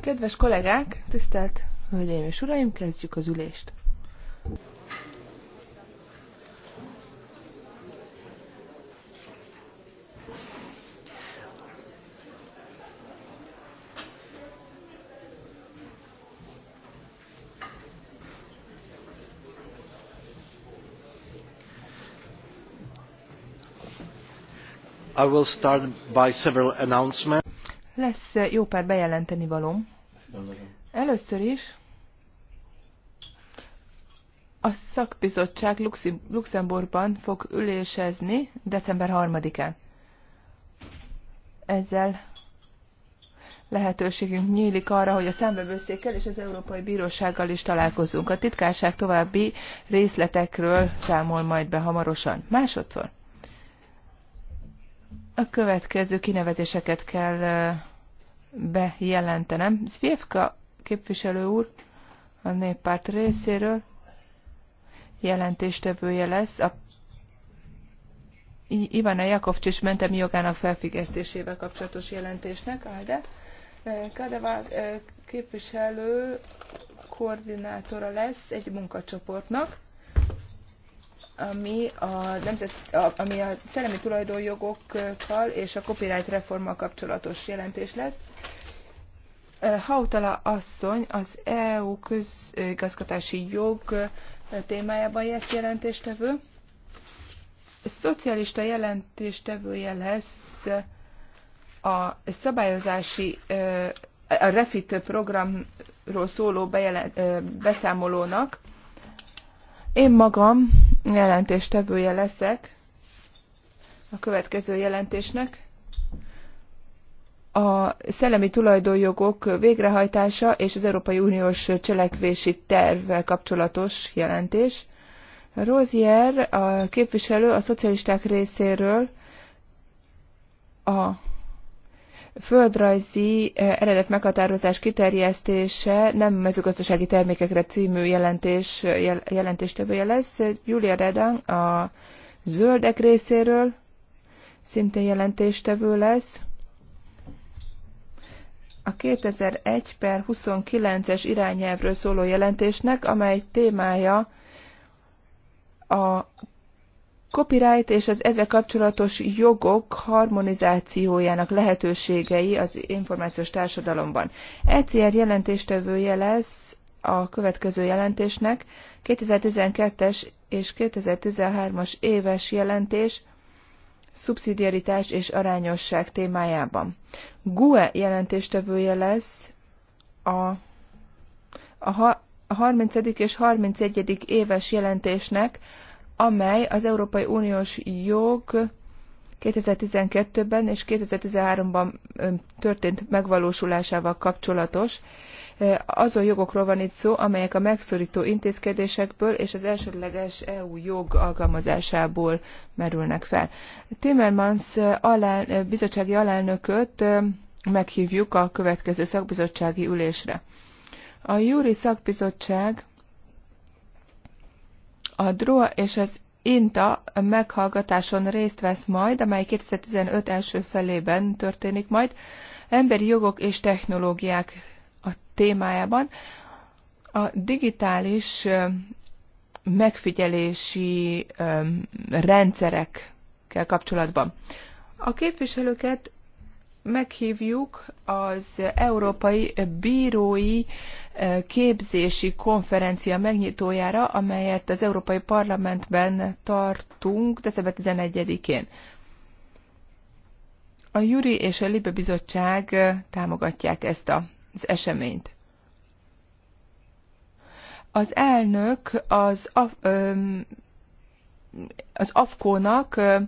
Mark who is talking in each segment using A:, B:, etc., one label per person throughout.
A: Kedves kollégák, tisztelt Hölgyeim és Uraim, kezdjük az ülést.
B: I will start by several announcements.
A: Lesz eh, jó pár bejelenteni valóm. Először is a szakbizottság Luxemburgban fog ülésezni december 3-án. Ezzel lehetőségünk nyílik arra, hogy a számbevőszékkel és az Európai Bírósággal is találkozunk. A titkárság további részletekről számol majd be hamarosan. Másodszor. A következő kinevezéseket kell bejelentenem. Zvievka képviselő úr a néppárt részéről jelentéstevője lesz a Ivana Jakovcsis jogán jogának felfüggesztésével kapcsolatos jelentésnek, Alde. Kadeva képviselő koordinátora lesz egy munkacsoportnak, ami a, nemzet, a, ami a szellemi tulajdonjogokkal és a copyright reformmal kapcsolatos jelentés lesz. Eh, Hautala asszony az EU közigazgatási jog eh, témájában lesz jelentéstevő. Szocialista jelentéstevője lesz eh, a szabályozási a REFIT programról szóló bejelent, beszámolónak. Én magam jelentéstevője leszek a következő jelentésnek. A szellemi tulajdonjogok végrehajtása és az Európai Uniós cselekvési tervvel kapcsolatos jelentés. Rozier, a képviselő a szocialisták részéről a földrajzi eh, eredet meghatározás kiterjesztése nem mezőgazdasági termékekre című jelentés, eh, jel, jelentéstevője lesz. Julia Redan a zöldek részéről szintén jelentéstevő lesz. A 2001 per 29-es irányelvről szóló jelentésnek, amely témája a copyright és az ezzel kapcsolatos jogok harmonizációjának lehetőségei az információs társadalomban. ECR jelentéstevője lesz a következő jelentésnek 2012-es és 2013-as éves jelentés szubszidiaritás és arányosság témájában. GUE jelentéstevője lesz a, a, a 30. és 31. éves jelentésnek, amely az Európai Uniós jog 2012-ben és 2013-ban történt megvalósulásával kapcsolatos. Azon jogokról van itt szó, amelyek a megszorító intézkedésekből és az elsődleges EU jog alkalmazásából merülnek fel. Timmermans alán, bizottsági alelnököt meghívjuk a következő szakbizottsági ülésre. A Júri szakbizottság a DROA és az INTA meghallgatáson részt vesz majd, amely 2015 első felében történik majd, emberi jogok és technológiák a témájában. A digitális megfigyelési rendszerekkel kapcsolatban. A képviselőket meghívjuk az Európai Bírói eh, Képzési Konferencia megnyitójára, amelyet az Európai Parlamentben tartunk december 11-én. A Juri és a Libe Bizottság eh, támogatják ezt az eseményt. Az elnök az, az AFKÓ-nak eh,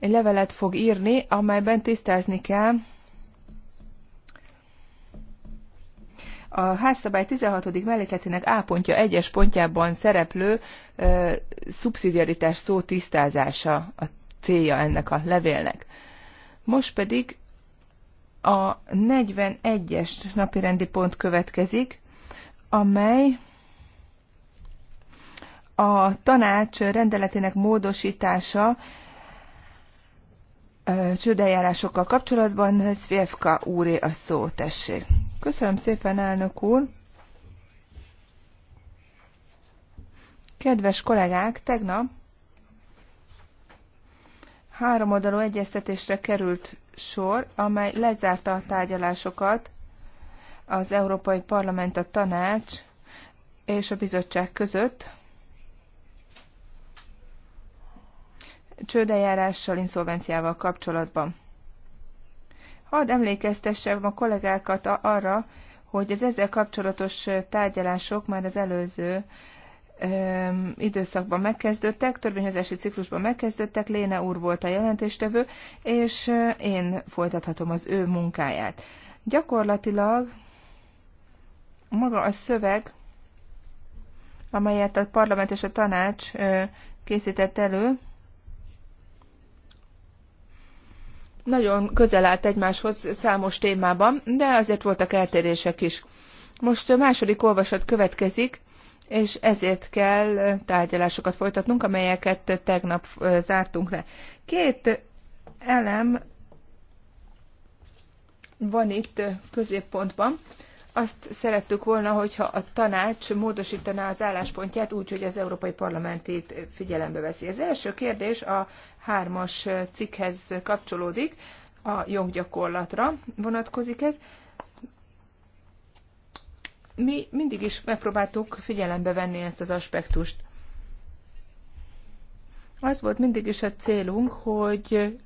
A: egy levelet fog írni, amelyben tisztázni kell a házszabály 16. mellékletének A pontja 1-es pontjában szereplő ö, szubszidiaritás szó tisztázása a célja ennek a levélnek. Most pedig a 41-es napirendi pont következik, amely a tanács rendeletének módosítása csődeljárásokkal kapcsolatban. Szvjevka úré a szó, tessék. Köszönöm szépen, elnök úr. Kedves kollégák, tegnap három oldalú egyeztetésre került sor, amely lezárta a tárgyalásokat az Európai Parlament, a Tanács és a Bizottság között csődejárással, inszolvenciával kapcsolatban. Hadd emlékeztessem a kollégákat arra, hogy az ezzel kapcsolatos tárgyalások már az előző időszakban megkezdődtek, törvényhozási ciklusban megkezdődtek, Léne úr volt a jelentéstevő, és én folytathatom az ő munkáját. Gyakorlatilag maga a szöveg, amelyet a parlament és a tanács készített elő, nagyon közel állt egymáshoz számos témában, de azért voltak eltérések is. Most a második olvasat következik, és ezért kell tárgyalásokat folytatnunk, amelyeket tegnap zártunk le. Két elem van itt középpontban azt szerettük volna, hogyha a tanács módosítaná az álláspontját úgy, hogy az Európai Parlamentét figyelembe veszi. Az első kérdés a hármas cikkhez kapcsolódik, a joggyakorlatra vonatkozik ez. Mi mindig is megpróbáltuk figyelembe venni ezt az aspektust. Az volt mindig is a célunk, hogy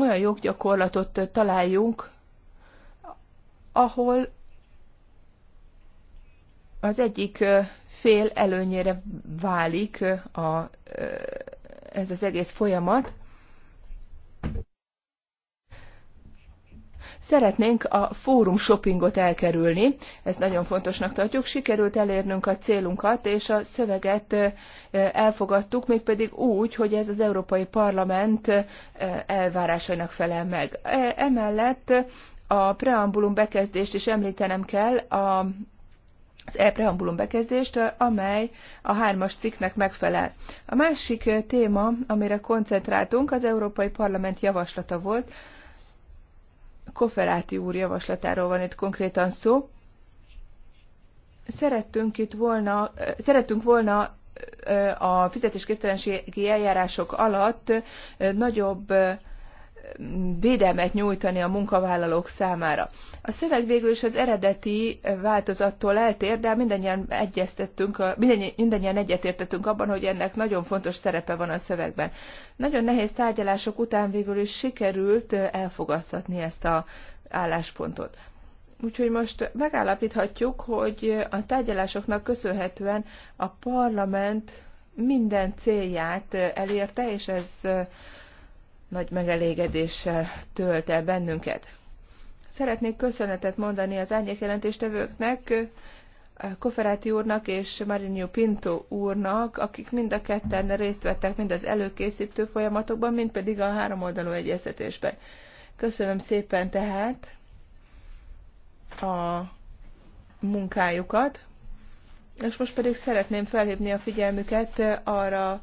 A: olyan joggyakorlatot találjunk, ahol az egyik fél előnyére válik a, ez az egész folyamat, Szeretnénk a fórum shoppingot elkerülni, ezt nagyon fontosnak tartjuk. Sikerült elérnünk a célunkat, és a szöveget elfogadtuk, mégpedig úgy, hogy ez az Európai Parlament elvárásainak felel meg. E, emellett a preambulum bekezdést is említenem kell, a az e-preambulum bekezdést, amely a hármas cikknek megfelel. A másik téma, amire koncentráltunk, az Európai Parlament javaslata volt, Koferáti úr javaslatáról van itt konkrétan szó. Szerettünk itt volna, szerettünk volna a fizetésképtelenségi eljárások alatt nagyobb védelmet nyújtani a munkavállalók számára. A szöveg végül is az eredeti változattól eltér, de mindannyian, egyeztettünk, mindannyian egyetértettünk abban, hogy ennek nagyon fontos szerepe van a szövegben. Nagyon nehéz tárgyalások után végül is sikerült elfogadtatni ezt a álláspontot. Úgyhogy most megállapíthatjuk, hogy a tárgyalásoknak köszönhetően a parlament minden célját elérte, és ez nagy megelégedéssel tölt el bennünket. Szeretnék köszönetet mondani az árnyékjelentéstevőknek, Koferáti úrnak és Marinho Pinto úrnak, akik mind a ketten részt vettek mind az előkészítő folyamatokban, mind pedig a háromoldalú egyeztetésben. Köszönöm szépen tehát a munkájukat, és most pedig szeretném felhívni a figyelmüket arra,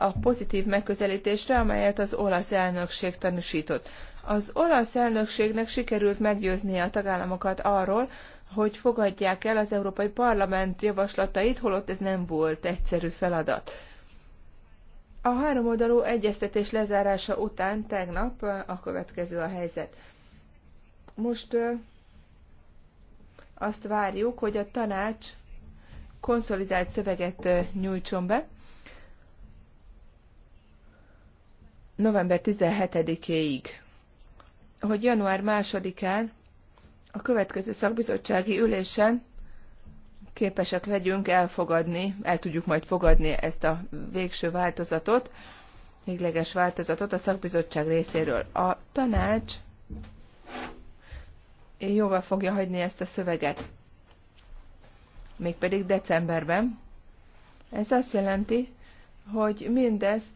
A: a pozitív megközelítésre, amelyet az olasz elnökség tanúsított. Az olasz elnökségnek sikerült meggyőznie a tagállamokat arról, hogy fogadják el az Európai Parlament javaslatait, holott ez nem volt egyszerű feladat. A háromoldalú egyeztetés lezárása után tegnap a következő a helyzet. Most azt várjuk, hogy a tanács konszolidált szöveget nyújtson be, november 17-éig, hogy január 2-án a következő szakbizottsági ülésen képesek legyünk elfogadni, el tudjuk majd fogadni ezt a végső változatot, végleges változatot a szakbizottság részéről. A tanács jóval fogja hagyni ezt a szöveget, mégpedig decemberben. Ez azt jelenti, hogy mindezt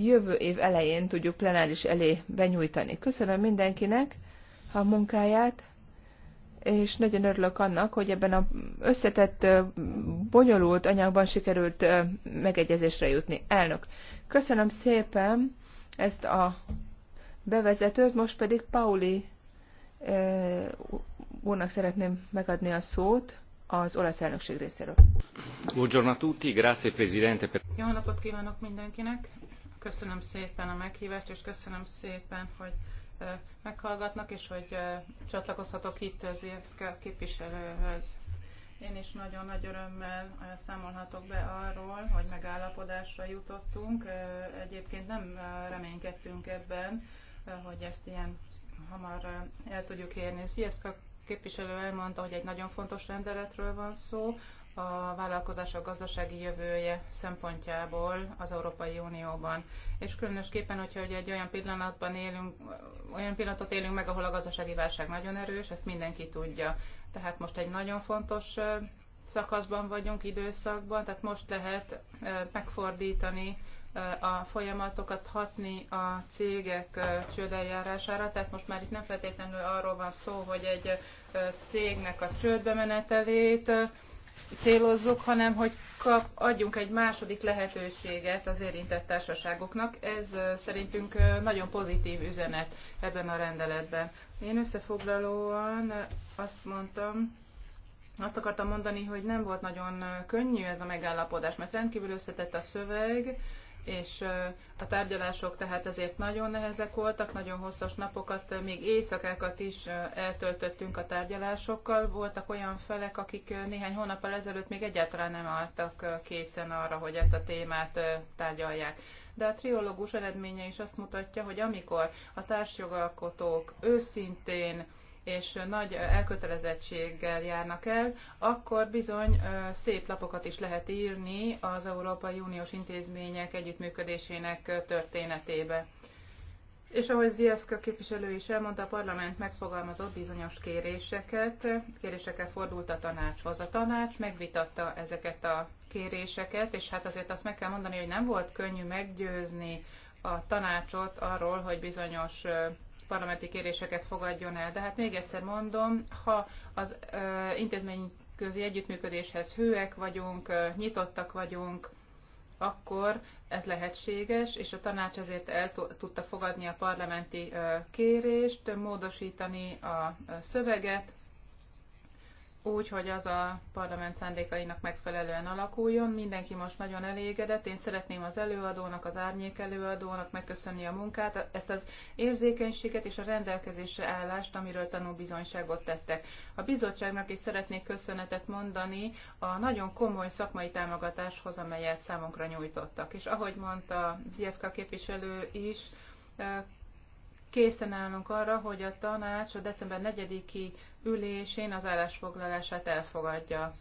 A: jövő év elején tudjuk plenáris elé benyújtani. Köszönöm mindenkinek a munkáját, és nagyon örülök annak, hogy ebben az összetett, bonyolult anyagban sikerült megegyezésre jutni. Elnök, köszönöm szépen ezt a bevezetőt, most pedig Pauli úrnak szeretném megadni a szót az olasz elnökség részéről.
B: Buongiorno a tutti, grazie presidente.
A: Jó napot kívánok mindenkinek! Köszönöm szépen a meghívást, és köszönöm szépen, hogy meghallgatnak, és hogy csatlakozhatok itt az ISZK képviselőhöz. Én is nagyon nagy örömmel számolhatok be arról, hogy megállapodásra jutottunk. Egyébként nem reménykedtünk ebben, hogy ezt ilyen hamar el tudjuk érni. Zvieszka képviselő elmondta, hogy egy nagyon fontos rendeletről van szó, a vállalkozások gazdasági jövője szempontjából az Európai Unióban. És különösképpen, hogyha ugye egy olyan pillanatban élünk, olyan pillanatot élünk meg, ahol a gazdasági válság nagyon erős, ezt mindenki tudja. Tehát most egy nagyon fontos szakaszban vagyunk, időszakban, tehát most lehet megfordítani a folyamatokat hatni a cégek csődeljárására, tehát most már itt nem feltétlenül arról van szó, hogy egy cégnek a csődbe menetelét célozzuk, hanem hogy kap, adjunk egy második lehetőséget az érintett társaságoknak. Ez szerintünk nagyon pozitív üzenet ebben a rendeletben. Én összefoglalóan azt mondtam, azt akartam mondani, hogy nem volt nagyon könnyű ez a megállapodás, mert rendkívül összetett a szöveg, és a tárgyalások tehát azért nagyon nehezek voltak, nagyon hosszas napokat, még éjszakákat is eltöltöttünk a tárgyalásokkal. Voltak olyan felek, akik néhány hónappal ezelőtt még egyáltalán nem álltak készen arra, hogy ezt a témát tárgyalják. De a triológus eredménye is azt mutatja, hogy amikor a társjogalkotók őszintén és nagy elkötelezettséggel járnak el, akkor bizony szép lapokat is lehet írni az Európai Uniós intézmények együttműködésének történetébe. És ahogy Zieszka képviselő is elmondta, a parlament megfogalmazott bizonyos kéréseket, kérésekkel fordult a tanácshoz. A tanács megvitatta ezeket a kéréseket, és hát azért azt meg kell mondani, hogy nem volt könnyű meggyőzni a tanácsot arról, hogy bizonyos parlamenti kéréseket fogadjon el. De hát még egyszer mondom, ha az intézmény közi együttműködéshez hűek vagyunk, nyitottak vagyunk, akkor ez lehetséges, és a tanács azért el tudta fogadni a parlamenti kérést, módosítani a szöveget, úgy, hogy az a parlament szándékainak megfelelően alakuljon. Mindenki most nagyon elégedett. Én szeretném az előadónak, az árnyék előadónak megköszönni a munkát, ezt az érzékenységet és a rendelkezésre állást, amiről tanúbizonyságot tettek. A bizottságnak is szeretnék köszönetet mondani a nagyon komoly szakmai támogatáshoz, amelyet számunkra nyújtottak. És ahogy mondta ZFK képviselő is, eh, készen állunk arra, hogy a tanács a december 4-i ülésén az állásfoglalását elfogadja.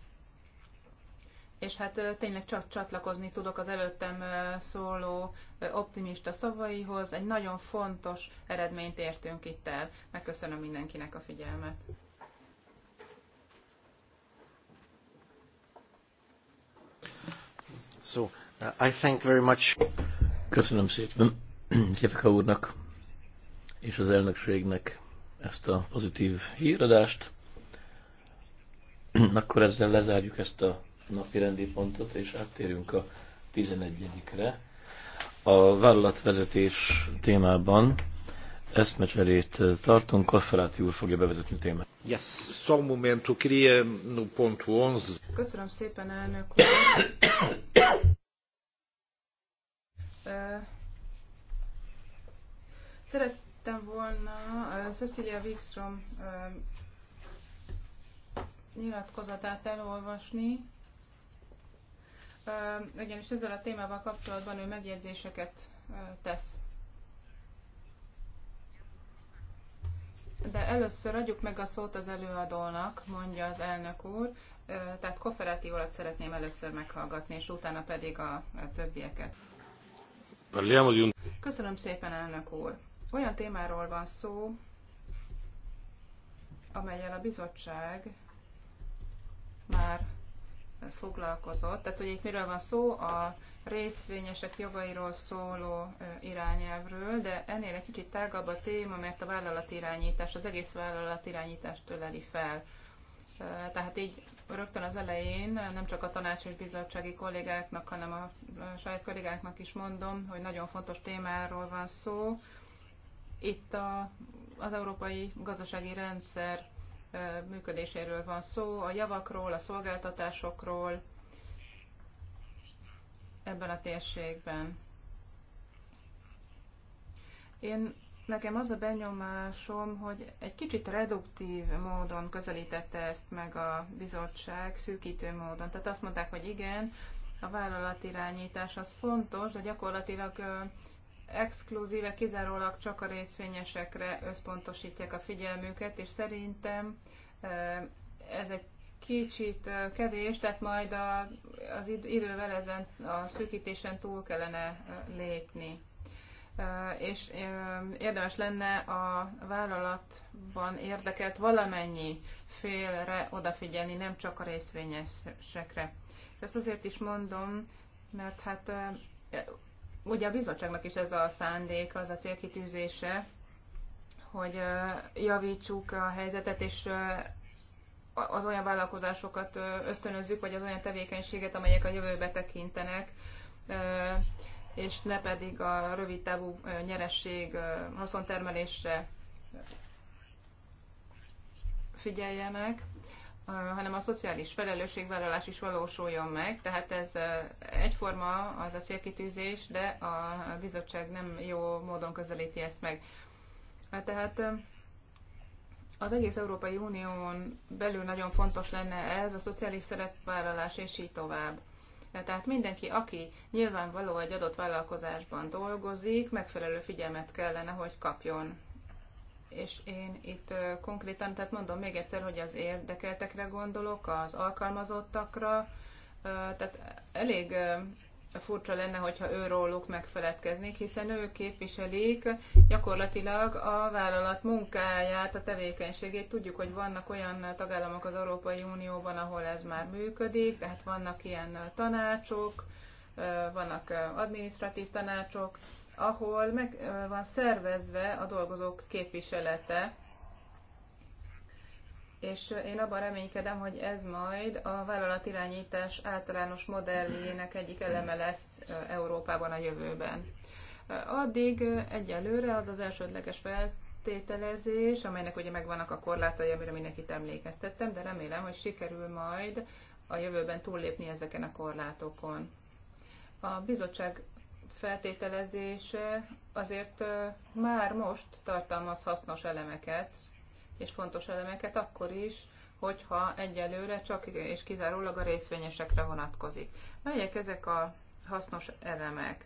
A: És hát tényleg csak csatlakozni tudok az előttem szóló optimista szavaihoz. Egy nagyon fontos eredményt értünk itt el. Megköszönöm mindenkinek a figyelmet.
B: So, uh, I thank very much.
C: Köszönöm szépen Szefika úrnak és az elnökségnek ezt a pozitív híradást. Akkor ezzel lezárjuk ezt a napi rendi pontot, és áttérünk a 11-re. A vállalatvezetés témában eszmecserét tartunk, Kafferáti úr fogja bevezetni a témát. Yes, só um momento,
B: no ponto 11.
A: Köszönöm szépen, elnök úr. Szeret, szerettem volna Cecilia Wikström nyilatkozatát elolvasni, ugyanis ezzel a témával kapcsolatban ő megjegyzéseket tesz. De először adjuk meg a szót az előadónak, mondja az elnök úr. Tehát Koferáti urat szeretném először meghallgatni, és utána pedig a többieket. Köszönöm szépen, elnök úr! Olyan témáról van szó, amelyel a bizottság már foglalkozott. Tehát, hogy itt miről van szó, a részvényesek jogairól szóló irányelvről, de ennél egy kicsit tágabb a téma, mert a vállalatirányítás, az egész vállalatirányítást töleli fel. Tehát így rögtön az elején nem csak a tanács és bizottsági kollégáknak, hanem a saját kollégáknak is mondom, hogy nagyon fontos témáról van szó, itt a, az európai gazdasági rendszer működéséről van szó, a javakról, a szolgáltatásokról ebben a térségben. Én nekem az a benyomásom, hogy egy kicsit reduktív módon közelítette ezt meg a bizottság, szűkítő módon. Tehát azt mondták, hogy igen, a vállalatirányítás az fontos, de gyakorlatilag exkluzíve kizárólag csak a részvényesekre összpontosítják a figyelmüket, és szerintem eh, ez egy kicsit eh, kevés, tehát majd a, az idővel ezen a szűkítésen túl kellene eh, lépni. És érdemes lenne a vállalatban érdekelt valamennyi félre odafigyelni, nem csak a részvényesekre. Ezt azért is mondom, mert hát Ugye a bizottságnak is ez a szándék, az a célkitűzése, hogy javítsuk a helyzetet, és az olyan vállalkozásokat ösztönözzük, vagy az olyan tevékenységet, amelyek a jövőbe tekintenek, és ne pedig a rövid távú nyeresség haszontermelésre figyeljenek hanem a szociális felelősségvállalás is valósuljon meg. Tehát ez egyforma az a célkitűzés, de a bizottság nem jó módon közelíti ezt meg. Hát tehát az egész Európai Unión belül nagyon fontos lenne ez, a szociális szerepvállalás és így tovább. Tehát mindenki, aki nyilvánvaló egy adott vállalkozásban dolgozik, megfelelő figyelmet kellene, hogy kapjon és én itt konkrétan, tehát mondom még egyszer, hogy az érdekeltekre gondolok, az alkalmazottakra, tehát elég furcsa lenne, hogyha őróluk megfeledkeznék, hiszen ők képviselik gyakorlatilag a vállalat munkáját, a tevékenységét. Tudjuk, hogy vannak olyan tagállamok az Európai Unióban, ahol ez már működik, tehát vannak ilyen tanácsok, vannak adminisztratív tanácsok, ahol meg van szervezve a dolgozók képviselete, és én abban reménykedem, hogy ez majd a vállalatirányítás általános modelljének egyik eleme lesz Európában a jövőben. Addig egyelőre az az elsődleges feltételezés, amelynek ugye megvannak a korlátai, amire mindenkit emlékeztettem, de remélem, hogy sikerül majd a jövőben túllépni ezeken a korlátokon. A bizottság feltételezése azért már most tartalmaz hasznos elemeket, és fontos elemeket akkor is, hogyha egyelőre csak és kizárólag a részvényesekre vonatkozik. Melyek ezek a hasznos elemek?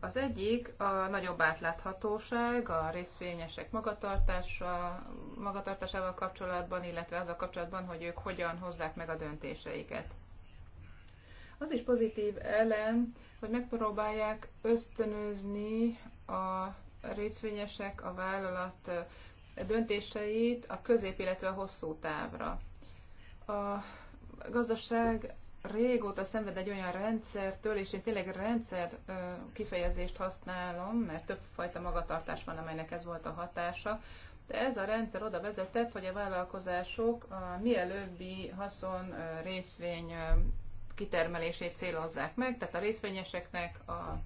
A: Az egyik a nagyobb átláthatóság a részvényesek magatartása, magatartásával kapcsolatban, illetve az a kapcsolatban, hogy ők hogyan hozzák meg a döntéseiket. Az is pozitív elem, hogy megpróbálják ösztönözni a részvényesek, a vállalat döntéseit a közép, illetve a hosszú távra. A gazdaság régóta szenved egy olyan rendszertől, és én tényleg rendszer kifejezést használom, mert többfajta magatartás van, amelynek ez volt a hatása, de ez a rendszer oda vezetett, hogy a vállalkozások a mielőbbi haszon részvény kitermelését célozzák meg, tehát a részvényeseknek, a,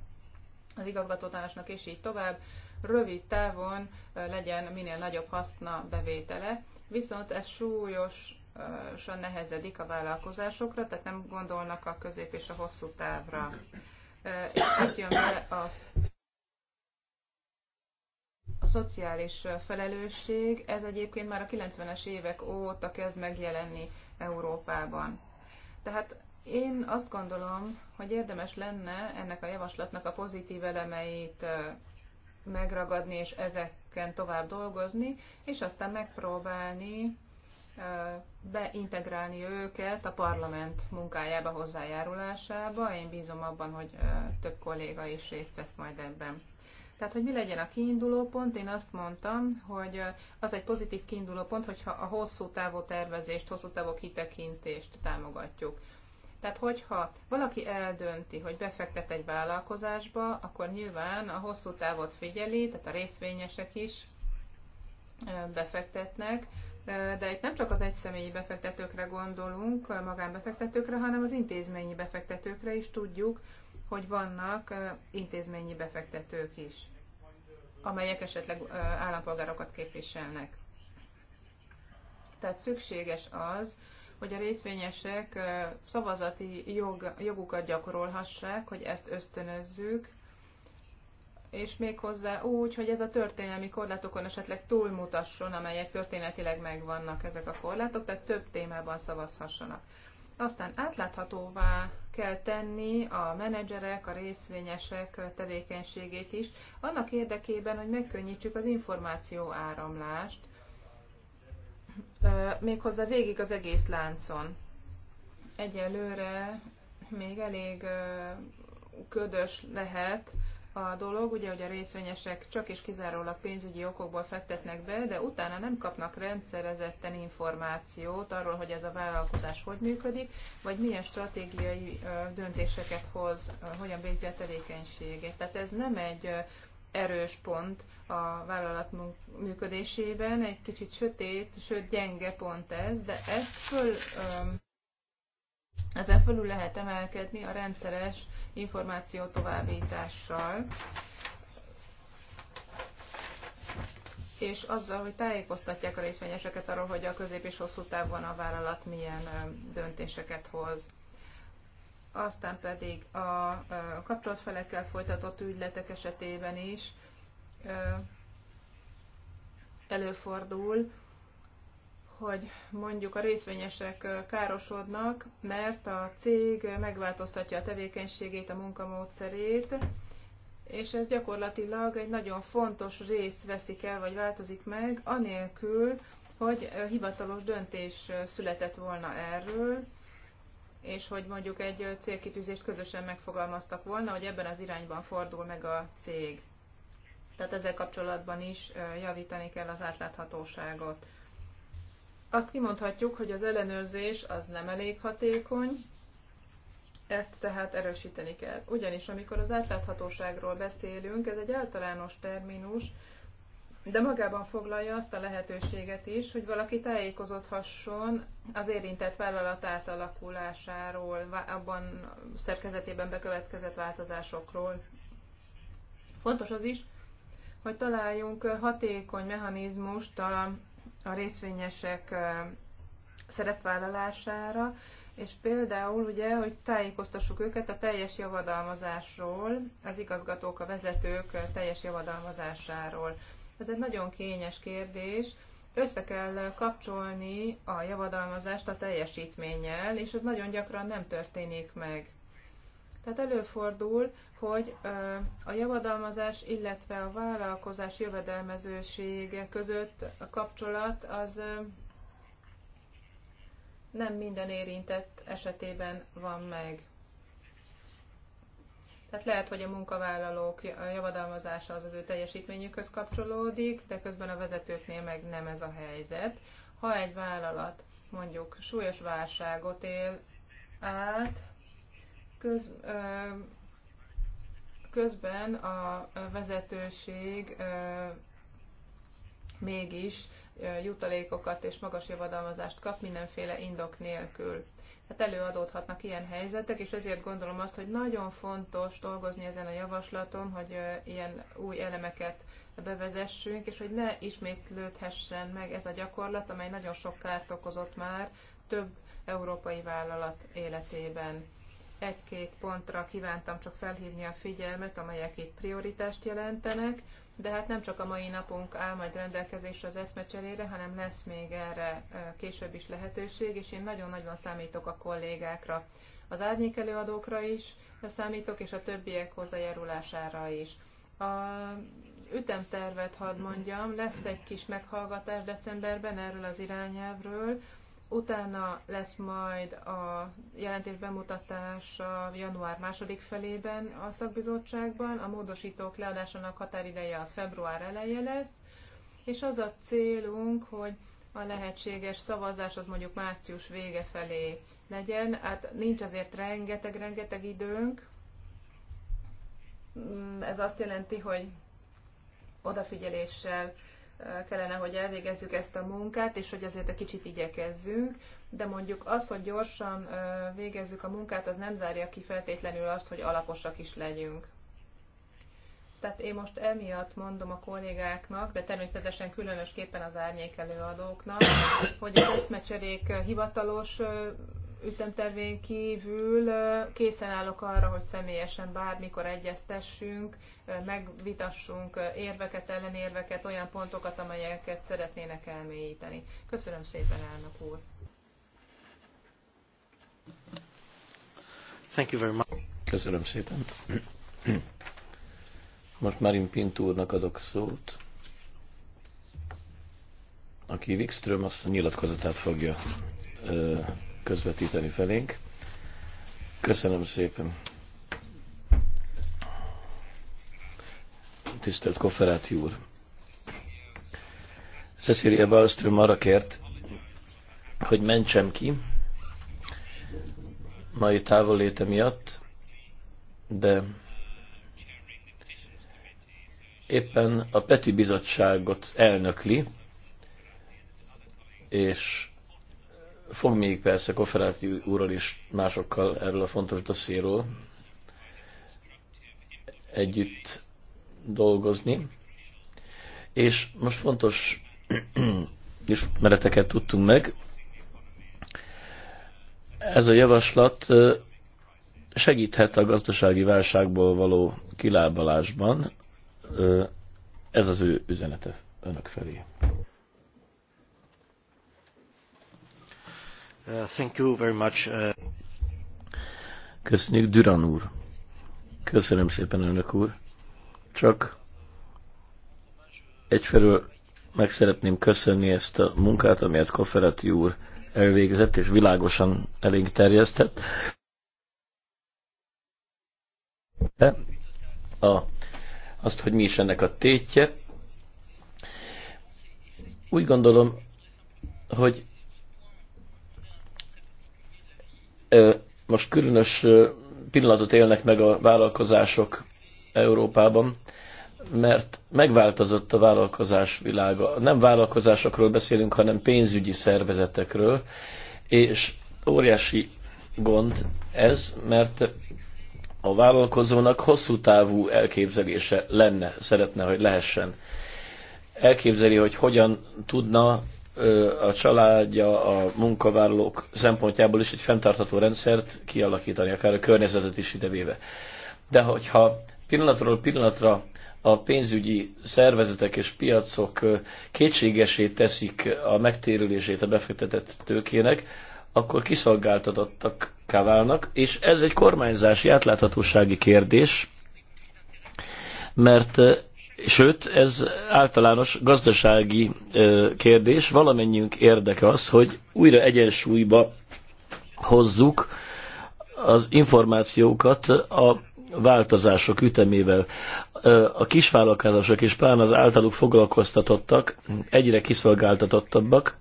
A: az igazgatótársnak és így tovább rövid távon legyen minél nagyobb haszna bevétele, viszont ez súlyos súlyosan nehezedik a vállalkozásokra, tehát nem gondolnak a közép és a hosszú távra. Itt jön be az a szociális felelősség, ez egyébként már a 90-es évek óta kezd megjelenni Európában. Tehát én azt gondolom, hogy érdemes lenne ennek a javaslatnak a pozitív elemeit megragadni és ezeken tovább dolgozni, és aztán megpróbálni beintegrálni őket a parlament munkájába, hozzájárulásába. Én bízom abban, hogy több kolléga is részt vesz majd ebben. Tehát, hogy mi legyen a kiinduló pont, én azt mondtam, hogy az egy pozitív kiinduló pont, hogyha a hosszú távú tervezést, hosszú távú kitekintést támogatjuk. Tehát, hogyha valaki eldönti, hogy befektet egy vállalkozásba, akkor nyilván a hosszú távot figyeli, tehát a részvényesek is befektetnek, de itt nem csak az egyszemélyi befektetőkre gondolunk, magánbefektetőkre, hanem az intézményi befektetőkre is tudjuk, hogy vannak intézményi befektetők is, amelyek esetleg állampolgárokat képviselnek. Tehát szükséges az, hogy a részvényesek szavazati jog, jogukat gyakorolhassák, hogy ezt ösztönözzük, és méghozzá úgy, hogy ez a történelmi korlátokon esetleg túlmutasson, amelyek történetileg megvannak ezek a korlátok, tehát több témában szavazhassanak. Aztán átláthatóvá kell tenni a menedzserek, a részvényesek tevékenységét is, annak érdekében, hogy megkönnyítsük az információ áramlást, méghozzá végig az egész láncon. Egyelőre még elég ködös lehet a dolog, ugye, hogy a részvényesek csak és kizárólag pénzügyi okokból fektetnek be, de utána nem kapnak rendszerezetten információt arról, hogy ez a vállalkozás hogy működik, vagy milyen stratégiai döntéseket hoz, hogyan végzi a tevékenységét. Tehát ez nem egy erős pont a vállalat működésében, egy kicsit sötét, sőt gyenge pont ez, de ezt föl, ezen fölül lehet emelkedni a rendszeres információ továbbítással, és azzal, hogy tájékoztatják a részvényeseket arról, hogy a közép és hosszú távon a vállalat milyen döntéseket hoz aztán pedig a kapcsolt felekkel folytatott ügyletek esetében is előfordul, hogy mondjuk a részvényesek károsodnak, mert a cég megváltoztatja a tevékenységét, a munkamódszerét, és ez gyakorlatilag egy nagyon fontos rész veszik el, vagy változik meg, anélkül, hogy hivatalos döntés született volna erről, és hogy mondjuk egy célkitűzést közösen megfogalmaztak volna, hogy ebben az irányban fordul meg a cég. Tehát ezzel kapcsolatban is javítani kell az átláthatóságot. Azt kimondhatjuk, hogy az ellenőrzés az nem elég hatékony, ezt tehát erősíteni kell. Ugyanis amikor az átláthatóságról beszélünk, ez egy általános terminus, de magában foglalja azt a lehetőséget is, hogy valaki tájékozódhasson az érintett vállalat átalakulásáról, abban szerkezetében bekövetkezett változásokról. Fontos az is, hogy találjunk hatékony mechanizmust a, a részvényesek szerepvállalására, és például ugye, hogy tájékoztassuk őket a teljes javadalmazásról, az igazgatók, a vezetők teljes javadalmazásáról. Ez egy nagyon kényes kérdés. Össze kell kapcsolni a javadalmazást a teljesítménnyel, és ez nagyon gyakran nem történik meg. Tehát előfordul, hogy a javadalmazás, illetve a vállalkozás jövedelmezősége között a kapcsolat az nem minden érintett esetében van meg. Tehát lehet, hogy a munkavállalók javadalmazása az az ő teljesítményükhöz kapcsolódik, de közben a vezetőknél meg nem ez a helyzet. Ha egy vállalat mondjuk súlyos válságot él át, köz, közben a vezetőség mégis jutalékokat és magas javadalmazást kap mindenféle indok nélkül hát előadódhatnak ilyen helyzetek, és ezért gondolom azt, hogy nagyon fontos dolgozni ezen a javaslaton, hogy ilyen új elemeket bevezessünk, és hogy ne ismétlődhessen meg ez a gyakorlat, amely nagyon sok kárt okozott már több európai vállalat életében. Egy-két pontra kívántam csak felhívni a figyelmet, amelyek itt prioritást jelentenek de hát nem csak a mai napunk áll majd rendelkezésre az eszmecserére, hanem lesz még erre később is lehetőség, és én nagyon-nagyon számítok a kollégákra, az árnyék előadókra is számítok, és a többiek hozzájárulására is. A ütemtervet hadd mondjam, lesz egy kis meghallgatás decemberben erről az irányelvről, Utána lesz majd a jelentés bemutatása január második felében a szakbizottságban, a módosítók leadásának határideje az február eleje lesz, és az a célunk, hogy a lehetséges szavazás az mondjuk március vége felé legyen. Hát nincs azért rengeteg-rengeteg időnk. Mm, ez azt jelenti, hogy odafigyeléssel kellene, hogy elvégezzük ezt a munkát, és hogy azért egy kicsit igyekezzünk, de mondjuk az, hogy gyorsan végezzük a munkát, az nem zárja ki feltétlenül azt, hogy alaposak is legyünk. Tehát én most emiatt mondom a kollégáknak, de természetesen különösképpen az árnyék előadóknak, hogy az eszmecserék hivatalos ütemtervén kívül készen állok arra, hogy személyesen bármikor egyeztessünk, megvitassunk érveket, ellenérveket, olyan pontokat, amelyeket szeretnének elmélyíteni. Köszönöm szépen, elnök úr!
B: Thank you very much.
C: Köszönöm szépen. Most Marin Pint úrnak adok szót, aki Wikström azt a nyilatkozatát fogja közvetíteni felénk. Köszönöm szépen. Tisztelt Kofferáti úr! Cecilia Ballström arra kért, hogy mentsem ki mai távolléte miatt, de éppen a Peti Bizottságot elnökli, és Fog még persze Koferáti úrral is másokkal erről a fontos dossziéról együtt dolgozni. És most fontos ismereteket tudtunk meg. Ez a javaslat segíthet a gazdasági válságból való kilábalásban. Ez az ő üzenete önök felé.
B: Uh, thank you very much. Uh,
C: Köszönjük, Duran úr. Köszönöm szépen, elnök úr. Csak egyfelől meg szeretném köszönni ezt a munkát, amelyet Koferati úr elvégzett és világosan elénk terjesztett. De a, azt, hogy mi is ennek a tétje. Úgy gondolom, hogy Most különös pillanatot élnek meg a vállalkozások Európában, mert megváltozott a vállalkozás világa. Nem vállalkozásokról beszélünk, hanem pénzügyi szervezetekről, és óriási gond ez, mert a vállalkozónak hosszú távú elképzelése lenne, szeretne, hogy lehessen. Elképzeli, hogy hogyan tudna a családja, a munkavállalók szempontjából is egy fenntartható rendszert kialakítani, akár a környezetet is idevéve. De hogyha pillanatról pillanatra a pénzügyi szervezetek és piacok kétségesé teszik a megtérülését a befektetett tőkének, akkor kiszolgáltatottak válnak, és ez egy kormányzási átláthatósági kérdés, mert Sőt, ez általános gazdasági kérdés. Valamennyiünk érdeke az, hogy újra egyensúlyba hozzuk az információkat a változások ütemével. A kisvállalkozások és pán az általuk foglalkoztatottak egyre kiszolgáltatottabbak.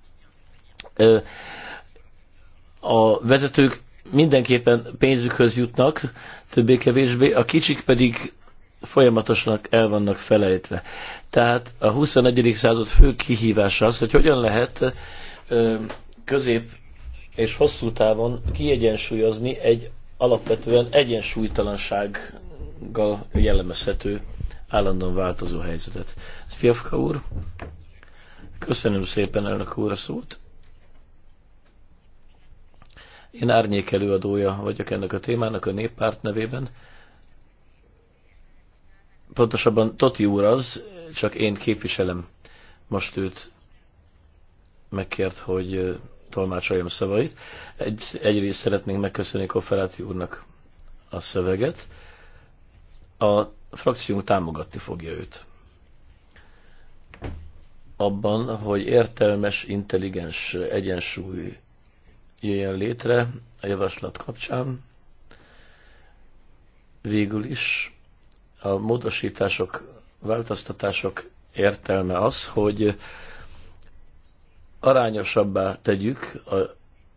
C: A vezetők mindenképpen pénzükhöz jutnak, többé-kevésbé, a kicsik pedig folyamatosan el vannak felejtve. Tehát a 21. század fő kihívása az, hogy hogyan lehet közép és hosszú távon kiegyensúlyozni egy alapvetően egyensúlytalansággal jellemezhető állandóan változó helyzetet. Fiafka úr, köszönöm szépen elnök úr a szót. Én árnyék előadója vagyok ennek a témának a néppárt nevében pontosabban Toti úr az, csak én képviselem most őt megkért, hogy tolmácsoljam szavait. Egy, egyrészt szeretnénk megköszönni Kofferáti úrnak a szöveget. A frakció támogatni fogja őt. Abban, hogy értelmes, intelligens egyensúly jöjjön létre a javaslat kapcsán, végül is a módosítások, változtatások értelme az, hogy arányosabbá tegyük a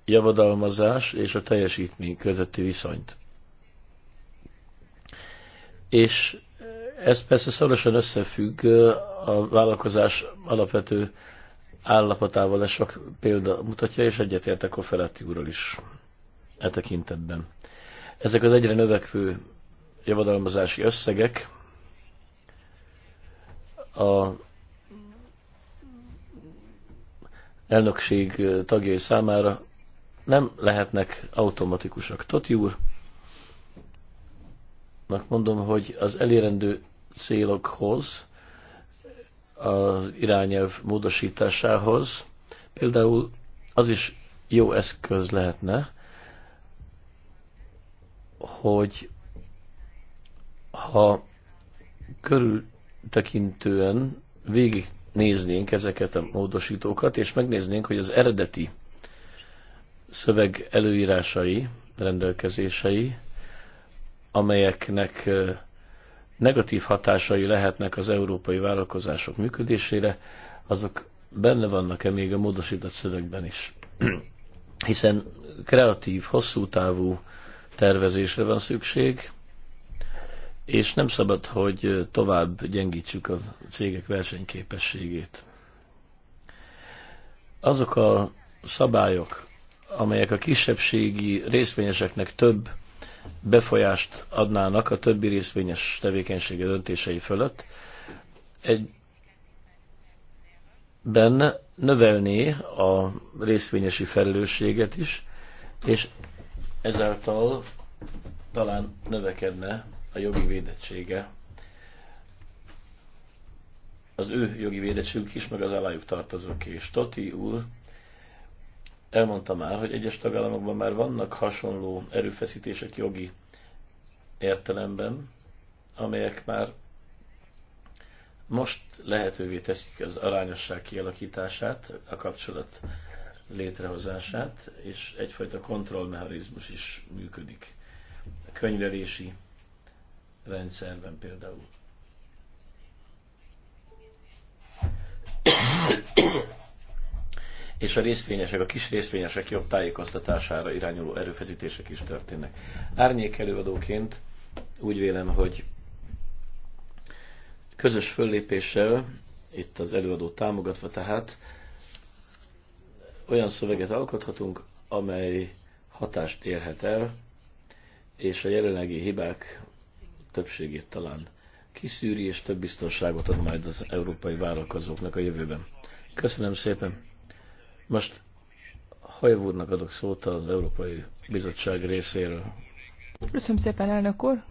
C: javadalmazás és a teljesítmény közötti viszonyt. És ez persze szorosan összefügg a vállalkozás alapvető állapotával, ez sok példa mutatja, és egyetértek a Feletti úrral is e tekintetben. Ezek az egyre növekvő javadalmazási összegek a elnökség tagjai számára nem lehetnek automatikusak. Toti úr, mondom, hogy az elérendő célokhoz, az irányelv módosításához például az is jó eszköz lehetne, hogy ha körültekintően végignéznénk ezeket a módosítókat, és megnéznénk, hogy az eredeti szöveg előírásai, rendelkezései, amelyeknek negatív hatásai lehetnek az európai vállalkozások működésére, azok benne vannak-e még a módosított szövegben is. Hiszen kreatív, hosszú távú tervezésre van szükség, és nem szabad, hogy tovább gyengítsük a cégek versenyképességét. Azok a szabályok, amelyek a kisebbségi részvényeseknek több befolyást adnának a többi részvényes tevékenysége döntései fölött, egy benne növelné a részvényesi felelősséget is, és ezáltal talán növekedne a jogi védettsége. Az ő jogi védettségük is, meg az alájuk tartozók is. Toti úr elmondta már, hogy egyes tagállamokban már vannak hasonló erőfeszítések jogi értelemben, amelyek már most lehetővé teszik az arányosság kialakítását, a kapcsolat létrehozását, és egyfajta kontrollmechanizmus is működik. A könyvelési rendszerben például. és a részvényesek, a kis részvényesek jobb tájékoztatására irányuló erőfeszítések is történnek. Árnyék előadóként úgy vélem, hogy közös föllépéssel, itt az előadó támogatva tehát, olyan szöveget alkothatunk, amely hatást érhet el, és a jelenlegi hibák többségét talán kiszűri, és több biztonságot ad majd az európai vállalkozóknak a jövőben. Köszönöm szépen. Most Hajev úrnak adok szót az Európai Bizottság részéről.
A: Köszönöm szépen, elnök úr!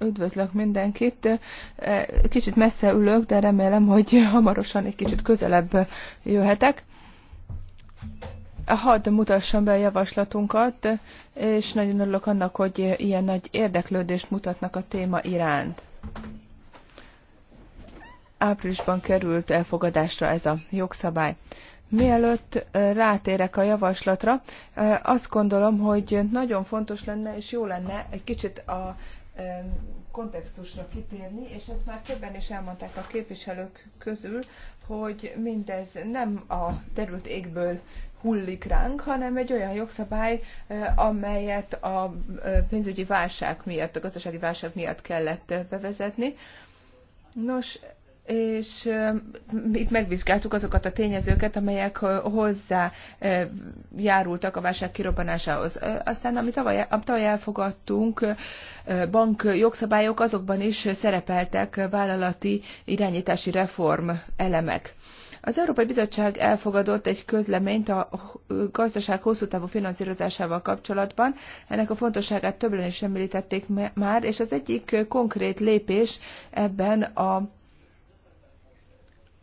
A: Üdvözlök mindenkit! E, kicsit messze ülök, de remélem, hogy hamarosan egy kicsit közelebb jöhetek. Hadd mutassam be a javaslatunkat, és nagyon örülök annak, hogy ilyen nagy érdeklődést mutatnak a téma iránt. Áprilisban került elfogadásra ez a jogszabály. Mielőtt rátérek a javaslatra, azt gondolom, hogy nagyon fontos lenne és jó lenne egy kicsit a kontextusra kitérni, és ezt már többen is elmondták a képviselők közül, hogy mindez nem a terült égből hullik ránk, hanem egy olyan jogszabály, amelyet a pénzügyi válság miatt, a gazdasági válság miatt kellett bevezetni. Nos, és itt megvizsgáltuk azokat a tényezőket, amelyek hozzá járultak a válság kirobbanásához. Aztán, amit tavaly, tavaly elfogadtunk, bank jogszabályok, azokban is szerepeltek vállalati irányítási reform elemek. Az Európai Bizottság elfogadott egy közleményt a gazdaság hosszú távú finanszírozásával kapcsolatban. Ennek a fontosságát többen is említették már, és az egyik konkrét lépés ebben a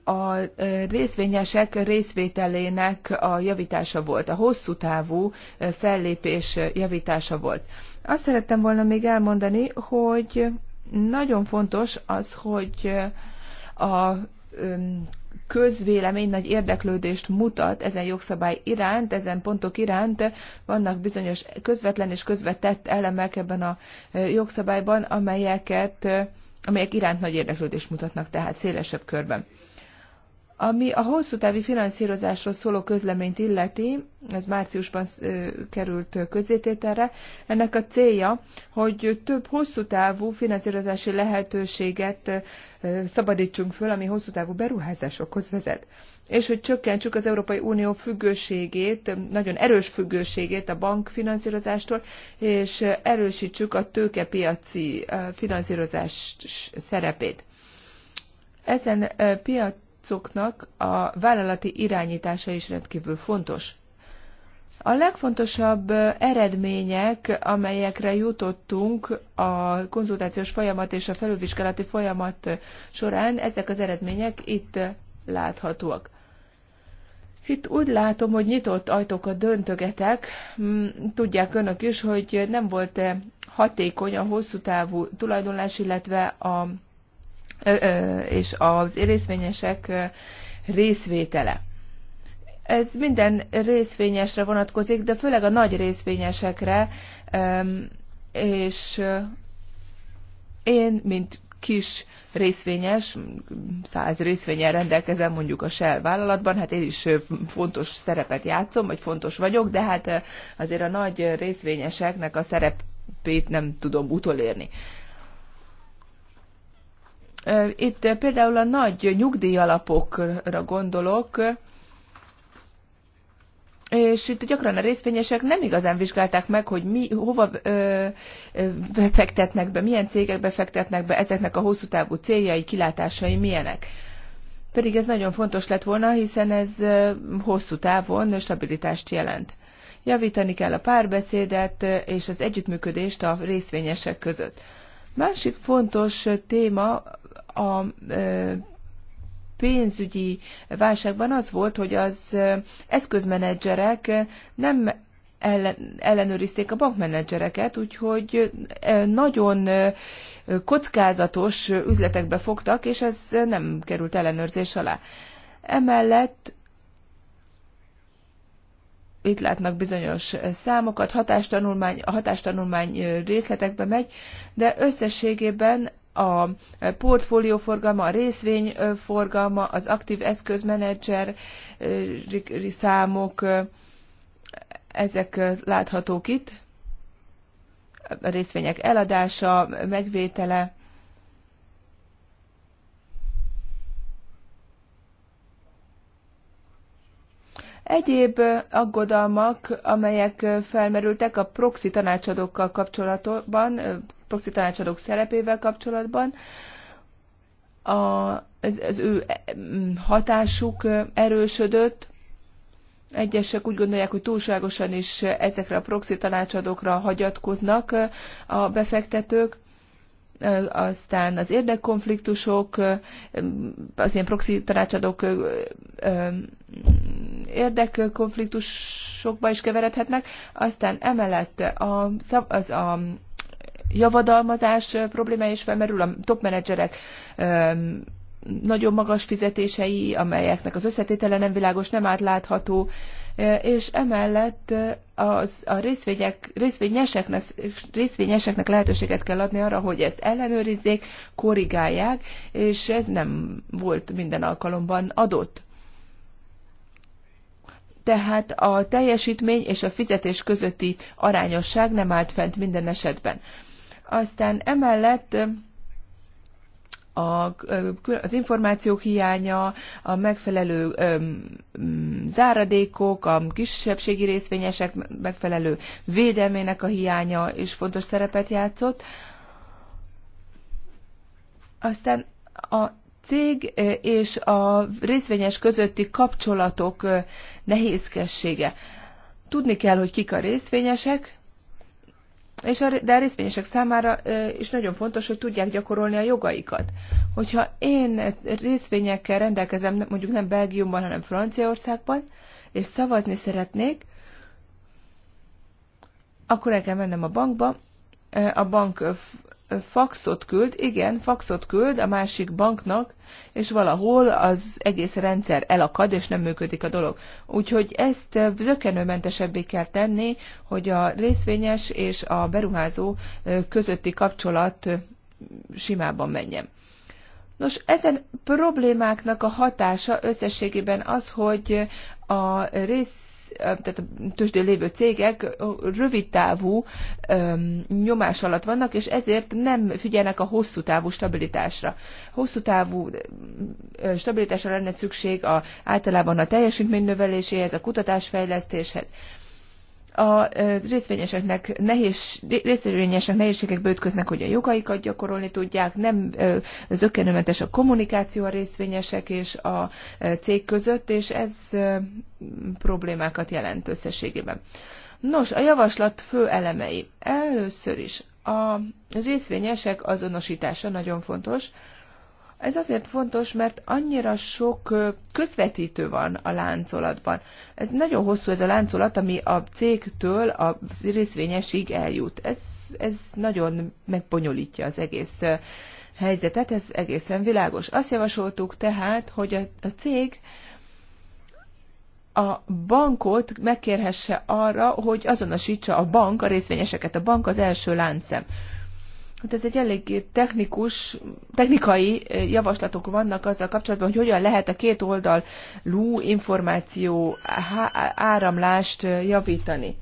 A: a e, részvényesek részvételének a javítása volt, a hosszú távú e, fellépés javítása volt. Azt szerettem volna még elmondani, hogy nagyon fontos az, hogy e, a közvélemény nagy érdeklődést mutat ezen jogszabály iránt, ezen pontok iránt. Vannak bizonyos közvetlen és közvetett elemek ebben a e, jogszabályban, amelyeket e, amelyek iránt nagy érdeklődést mutatnak, tehát szélesebb körben. Ami a hosszú távú finanszírozásról szóló közleményt illeti, ez márciusban került közzétételre, ennek a célja, hogy több hosszú távú finanszírozási lehetőséget szabadítsunk föl, ami hosszú távú beruházásokhoz vezet. És hogy csökkentsük az Európai Unió függőségét, nagyon erős függőségét a bankfinanszírozástól, és erősítsük a tőkepiaci finanszírozás szerepét. Ezen piac cuknak a vállalati irányítása is rendkívül fontos. A legfontosabb eredmények, amelyekre jutottunk a konzultációs folyamat és a felülvizsgálati folyamat során, ezek az eredmények itt láthatóak. Itt úgy látom, hogy nyitott ajtókat döntögetek. Mm, tudják önök is, hogy nem volt hatékony a hosszú távú tulajdonlás, illetve a és az részvényesek részvétele. Ez minden részvényesre vonatkozik, de főleg a nagy részvényesekre, és én, mint kis részvényes, száz részvényen rendelkezem mondjuk a Shell vállalatban, hát én is fontos szerepet játszom, vagy fontos vagyok, de hát azért a nagy részvényeseknek a szerepét nem tudom utolérni. Itt például a nagy nyugdíjalapokra gondolok, és itt gyakran a részvényesek nem igazán vizsgálták meg, hogy mi, hova ö, ö, fektetnek be, milyen cégekbe fektetnek be, ezeknek a hosszú távú céljai, kilátásai milyenek. Pedig ez nagyon fontos lett volna, hiszen ez hosszú távon stabilitást jelent. Javítani kell a párbeszédet és az együttműködést a részvényesek között. Másik fontos téma a pénzügyi válságban az volt, hogy az eszközmenedzserek nem ellenőrizték a bankmenedzsereket, úgyhogy nagyon kockázatos üzletekbe fogtak, és ez nem került ellenőrzés alá. Emellett itt látnak bizonyos számokat, hatástanulmány, a hatástanulmány részletekbe megy, de összességében a portfólió forgalma, a részvény forgalma, az aktív eszközmenedzser számok, ezek láthatók itt, a részvények eladása, megvétele, Egyéb aggodalmak, amelyek felmerültek a proxy tanácsadókkal kapcsolatban, proxy tanácsadók szerepével kapcsolatban. A, az, az ő e, mm, hatásuk erősödött, Egyesek úgy gondolják, hogy túlságosan is ezekre a proxy tanácsadókra hagyatkoznak a befektetők, aztán az érdekkonfliktusok, mm, az ilyen proxy tanácsadók mm, érdekkonfliktusokba is keveredhetnek, aztán emellett a, az a javadalmazás problémája is felmerül, a top menedzserek nagyon magas fizetései, amelyeknek az összetétele nem világos, nem átlátható, és emellett az, a részvények, részvényeseknek, részvényeseknek lehetőséget kell adni arra, hogy ezt ellenőrizzék, korrigálják, és ez nem volt minden alkalomban adott. Tehát a teljesítmény és a fizetés közötti arányosság nem állt fent minden esetben. Aztán emellett a, az információk hiánya, a megfelelő öm, záradékok, a kisebbségi részvényesek megfelelő védelmének a hiánya is fontos szerepet játszott. Aztán a cég és a részvényes közötti kapcsolatok nehézkessége. Tudni kell, hogy kik a részvényesek, és a, de a részvényesek számára is nagyon fontos, hogy tudják gyakorolni a jogaikat. Hogyha én részvényekkel rendelkezem, mondjuk nem Belgiumban, hanem Franciaországban, és szavazni szeretnék, akkor el kell mennem a bankba, a bank faxot küld, igen, faxot küld a másik banknak, és valahol az egész rendszer elakad, és nem működik a dolog. Úgyhogy ezt zökenőmentesebbé kell tenni, hogy a részvényes és a beruházó közötti kapcsolat simában menjen. Nos, ezen problémáknak a hatása összességében az, hogy a rész tehát a tőzsdén lévő cégek rövidtávú nyomás alatt vannak, és ezért nem figyelnek a hosszú távú stabilitásra. Hosszú távú stabilitásra lenne szükség a, általában a teljesítmény növeléséhez, a kutatásfejlesztéshez a részvényeseknek nehéz, részvényesek nehézségekbe ütköznek, hogy a jogaikat gyakorolni tudják, nem zökkenőmentes a kommunikáció a részvényesek és a cég között, és ez problémákat jelent összességében. Nos, a javaslat fő elemei. Először is a részvényesek azonosítása nagyon fontos. Ez azért fontos, mert annyira sok közvetítő van a láncolatban. Ez nagyon hosszú ez a láncolat, ami a cégtől a részvényesig eljut. Ez, ez nagyon megbonyolítja az egész helyzetet, ez egészen világos. Azt javasoltuk tehát, hogy a, a cég a bankot megkérhesse arra, hogy azonosítsa a bank, a részvényeseket. A bank az első láncem. Hát ez egy elég technikus, technikai eh, javaslatok vannak azzal kapcsolatban, hogy hogyan lehet a két oldalú információ áramlást eh, javítani.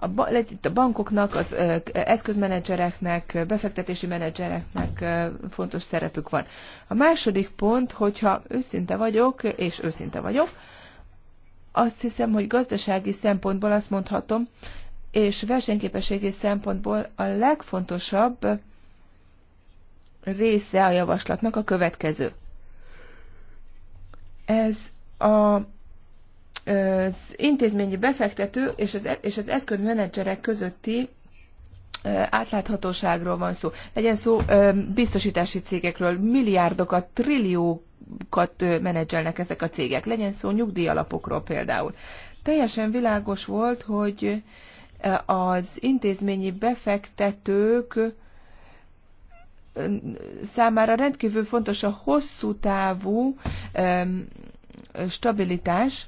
A: A, a bankoknak, az eh, eszközmenedzsereknek, befektetési menedzsereknek fontos szerepük van. A második pont, hogyha őszinte vagyok, és őszinte vagyok, azt hiszem, hogy gazdasági szempontból azt mondhatom, és versenyképességi szempontból a legfontosabb része a javaslatnak a következő. Ez a az intézményi befektető és az, és az eszköz menedzserek közötti átláthatóságról van szó. Legyen szó biztosítási cégekről, milliárdokat, trilliókat menedzselnek ezek a cégek. Legyen szó nyugdíjalapokról például. Teljesen világos volt, hogy az intézményi befektetők számára rendkívül fontos a hosszú távú stabilitás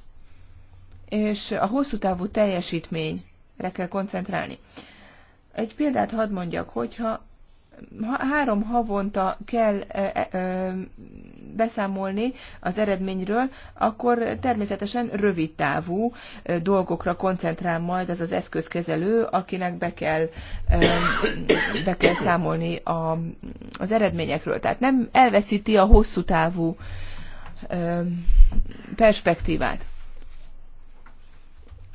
A: és a hosszú távú teljesítményre kell koncentrálni. Egy példát hadd mondjak, hogyha három havonta kell beszámolni az eredményről, akkor természetesen rövid távú dolgokra koncentrál majd az az eszközkezelő, akinek be kell, be kell számolni a, az eredményekről. Tehát nem elveszíti a hosszú távú perspektívát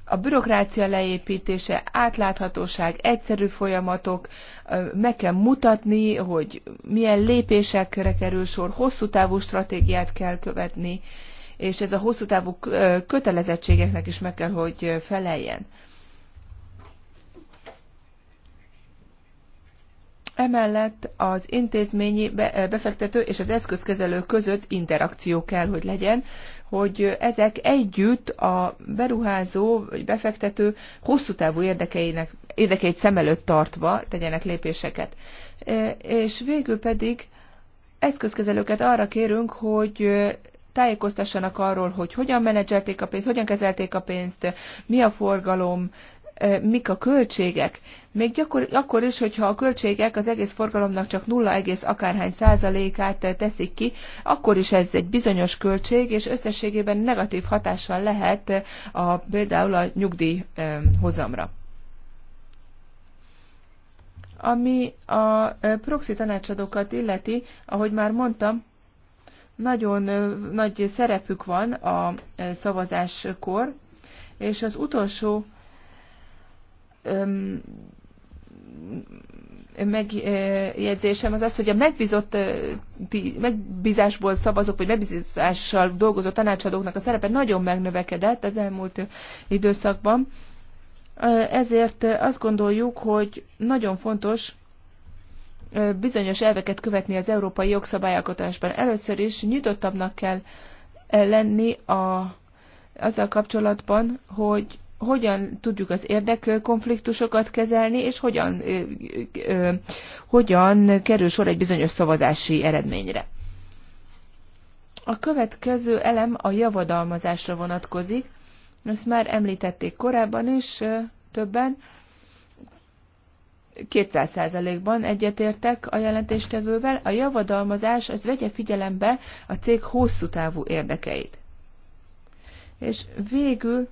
A: a bürokrácia leépítése, átláthatóság, egyszerű folyamatok, meg kell mutatni, hogy milyen lépésekre kerül sor, hosszú távú stratégiát kell követni, és ez a hosszú távú kötelezettségeknek is meg kell, hogy feleljen. Emellett az intézményi befektető és az eszközkezelő között interakció kell, hogy legyen, hogy ezek együtt a beruházó vagy befektető hosszú távú érdekeinek, érdekeit szem előtt tartva tegyenek lépéseket. E, és végül pedig eszközkezelőket arra kérünk, hogy tájékoztassanak arról, hogy hogyan menedzselték a pénzt, hogyan kezelték a pénzt, mi a forgalom, mik a költségek. Még gyakor, akkor is, hogyha a költségek az egész forgalomnak csak 0, akárhány százalékát teszik ki, akkor is ez egy bizonyos költség, és összességében negatív hatással lehet a, például a nyugdíj hozamra. Ami a proxy tanácsadókat illeti, ahogy már mondtam, nagyon nagy szerepük van a szavazáskor, és az utolsó megjegyzésem az az, hogy a megbízott, megbízásból szavazók, vagy megbízással dolgozó tanácsadóknak a szerepe nagyon megnövekedett az elmúlt időszakban. Ezért azt gondoljuk, hogy nagyon fontos bizonyos elveket követni az európai jogszabályalkotásban. Először is nyitottabbnak kell lenni a, azzal kapcsolatban, hogy hogyan tudjuk az érdekkonfliktusokat kezelni, és hogyan, hogyan kerül sor egy bizonyos szavazási eredményre. A következő elem a javadalmazásra vonatkozik. Ezt már említették korábban is többen. 200%-ban egyetértek a jelentéstevővel, a javadalmazás az vegye figyelembe a cég hosszú távú érdekeit. És végül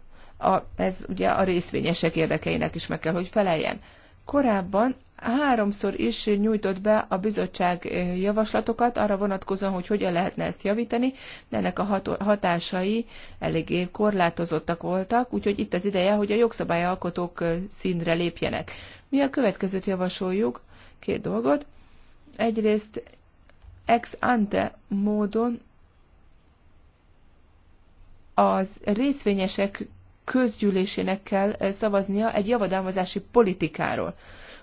A: a, ez ugye a részvényesek érdekeinek is meg kell, hogy feleljen. Korábban háromszor is nyújtott be a bizottság javaslatokat arra vonatkozóan, hogy hogyan lehetne ezt javítani, de ennek a hatásai eléggé korlátozottak voltak, úgyhogy itt az ideje, hogy a jogszabályalkotók színre lépjenek. Mi a következőt javasoljuk, két dolgot. Egyrészt ex ante módon az részvényesek közgyűlésének kell eh, szavaznia egy javadalmazási politikáról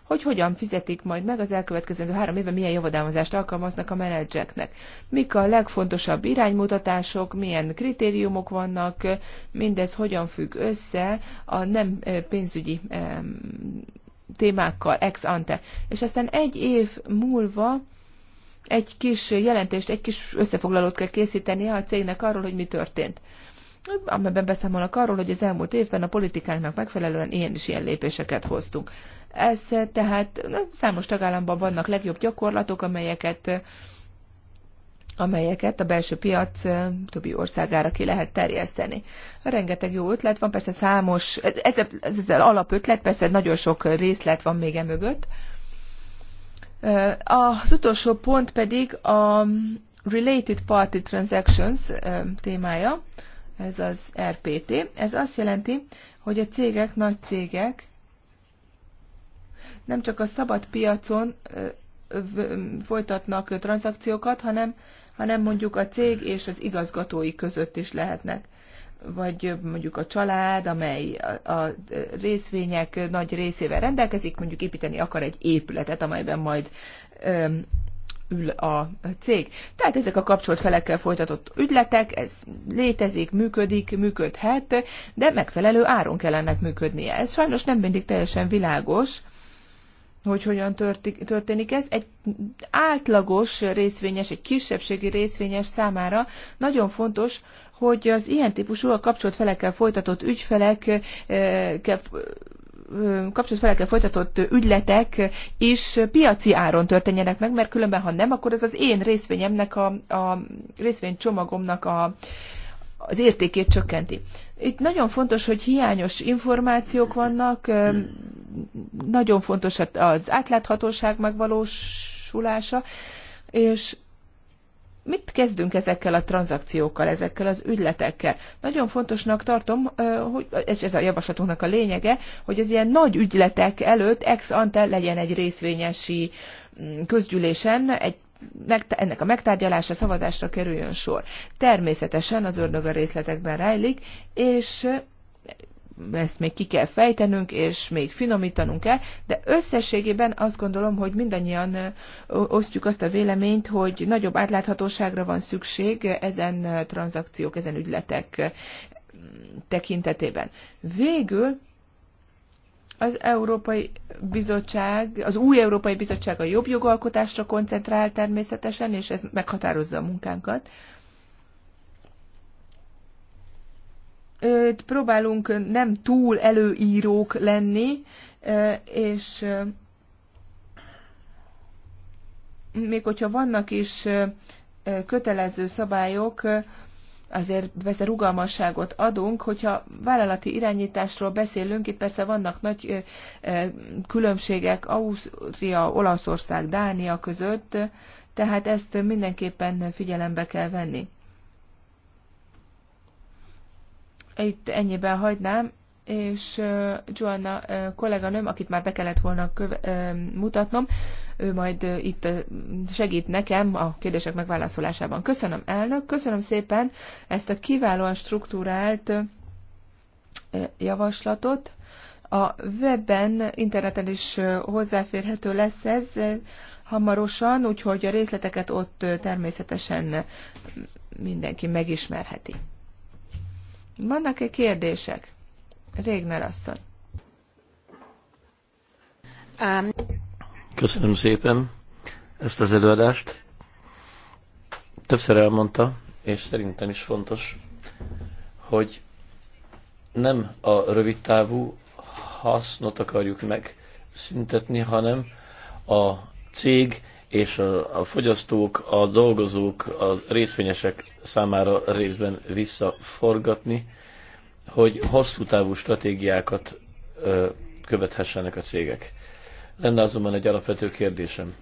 A: hogy hogyan fizetik majd meg az elkövetkezendő három éve milyen javadalmazást alkalmaznak a menedzseknek. Mik a legfontosabb iránymutatások, milyen kritériumok vannak, mindez hogyan függ össze a nem eh, pénzügyi témákkal, ex ante. És aztán egy év múlva egy kis jelentést, egy kis összefoglalót kell készítenie a cégnek arról, hogy mi történt amiben beszámolnak arról, hogy az elmúlt évben a politikánknak megfelelően ilyen is ilyen lépéseket hoztunk. Ez tehát számos tagállamban vannak legjobb gyakorlatok, amelyeket amelyeket a belső piac többi országára ki lehet terjeszteni. Rengeteg jó ötlet van, persze számos, ez, ez, ez alapötlet, persze nagyon sok részlet van még emögött. Az utolsó pont pedig a Related Party Transactions témája ez az RPT. Ez azt jelenti, hogy a cégek, nagy cégek nem csak a szabad piacon folytatnak tranzakciókat, hanem, hanem mondjuk a cég és az igazgatói között is lehetnek. Vagy mondjuk a család, amely a részvények nagy részével rendelkezik, mondjuk építeni akar egy épületet, amelyben majd ül a cég. Tehát ezek a kapcsolt felekkel folytatott ügyletek, ez létezik, működik, működhet, de megfelelő áron kell ennek működnie. Ez sajnos nem mindig teljesen világos, hogy hogyan történik ez. Egy átlagos részvényes, egy kisebbségi részvényes számára nagyon fontos, hogy az ilyen típusú a kapcsolt felekkel folytatott ügyfelekkel eh, kapcsolat felekkel folytatott ügyletek is piaci áron történjenek meg, mert különben, ha nem, akkor ez az én részvényemnek, a, a részvénycsomagomnak a, az értékét csökkenti. Itt nagyon fontos, hogy hiányos információk vannak, nagyon fontos hát az átláthatóság megvalósulása, és mit kezdünk ezekkel a tranzakciókkal, ezekkel az ügyletekkel? Nagyon fontosnak tartom, hogy ez ez a javaslatunknak a lényege, hogy az ilyen nagy ügyletek előtt ex ante legyen egy részvényesi mm, közgyűlésen egy ennek a megtárgyalása szavazásra kerüljön sor. Természetesen az ördög a részletekben rejlik, és ezt még ki kell fejtenünk, és még finomítanunk kell, de összességében azt gondolom, hogy mindannyian osztjuk azt a véleményt, hogy nagyobb átláthatóságra van szükség ezen tranzakciók, ezen ügyletek tekintetében. Végül az Európai Bizottság, az új Európai Bizottság a jobb jogalkotásra koncentrál természetesen, és ez meghatározza a munkánkat. próbálunk nem túl előírók lenni, és még hogyha vannak is kötelező szabályok, azért persze rugalmasságot adunk, hogyha vállalati irányításról beszélünk, itt persze vannak nagy különbségek Ausztria, Olaszország, Dánia között, tehát ezt mindenképpen figyelembe kell venni. itt ennyiben hagynám, és Joanna kolléganőm, akit már be kellett volna köve, mutatnom, ő majd itt segít nekem a kérdések megválaszolásában. Köszönöm, elnök, köszönöm szépen ezt a kiválóan struktúrált javaslatot. A webben, interneten is hozzáférhető lesz ez hamarosan, úgyhogy a részleteket ott természetesen mindenki megismerheti. Vannak-e kérdések? Régner asszony.
B: Um,
C: Köszönöm szépen ezt az előadást. Többször elmondta, és szerintem is fontos, hogy nem a rövidtávú hasznot akarjuk megszüntetni, hanem a cég és a, a fogyasztók, a dolgozók, a részvényesek számára részben visszaforgatni, hogy hosszú távú stratégiákat ö, követhessenek a cégek. Lenne azonban egy alapvető kérdésem.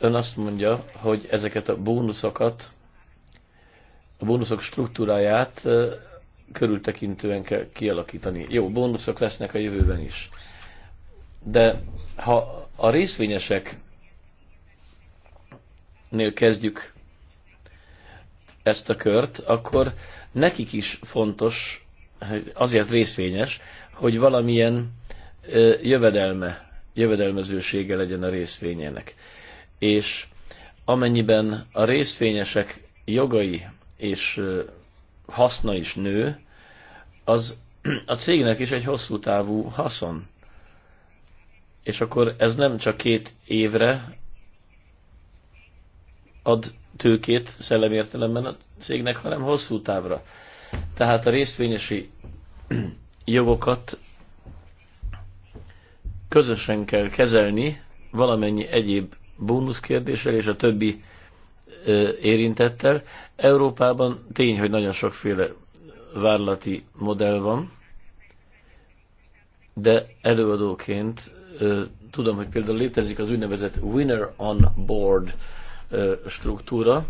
C: Ön azt mondja, hogy ezeket a bónuszokat, a bónuszok struktúráját ö, körültekintően kell kialakítani. Jó, bónuszok lesznek a jövőben is. De ha a részvényesek nél kezdjük ezt a kört, akkor nekik is fontos, azért részvényes, hogy valamilyen jövedelme, jövedelmezősége legyen a részvényének. És amennyiben a részvényesek jogai és haszna is nő, az a cégnek is egy hosszú távú haszon. És akkor ez nem csak két évre, ad tőkét szellemi értelemben a cégnek, hanem hosszú távra. Tehát a részvényesi jogokat közösen kell kezelni valamennyi egyéb bónuszkérdéssel és a többi ö, érintettel. Európában tény, hogy nagyon sokféle vállalati modell van, de előadóként ö, tudom, hogy például létezik az úgynevezett winner on board struktúra,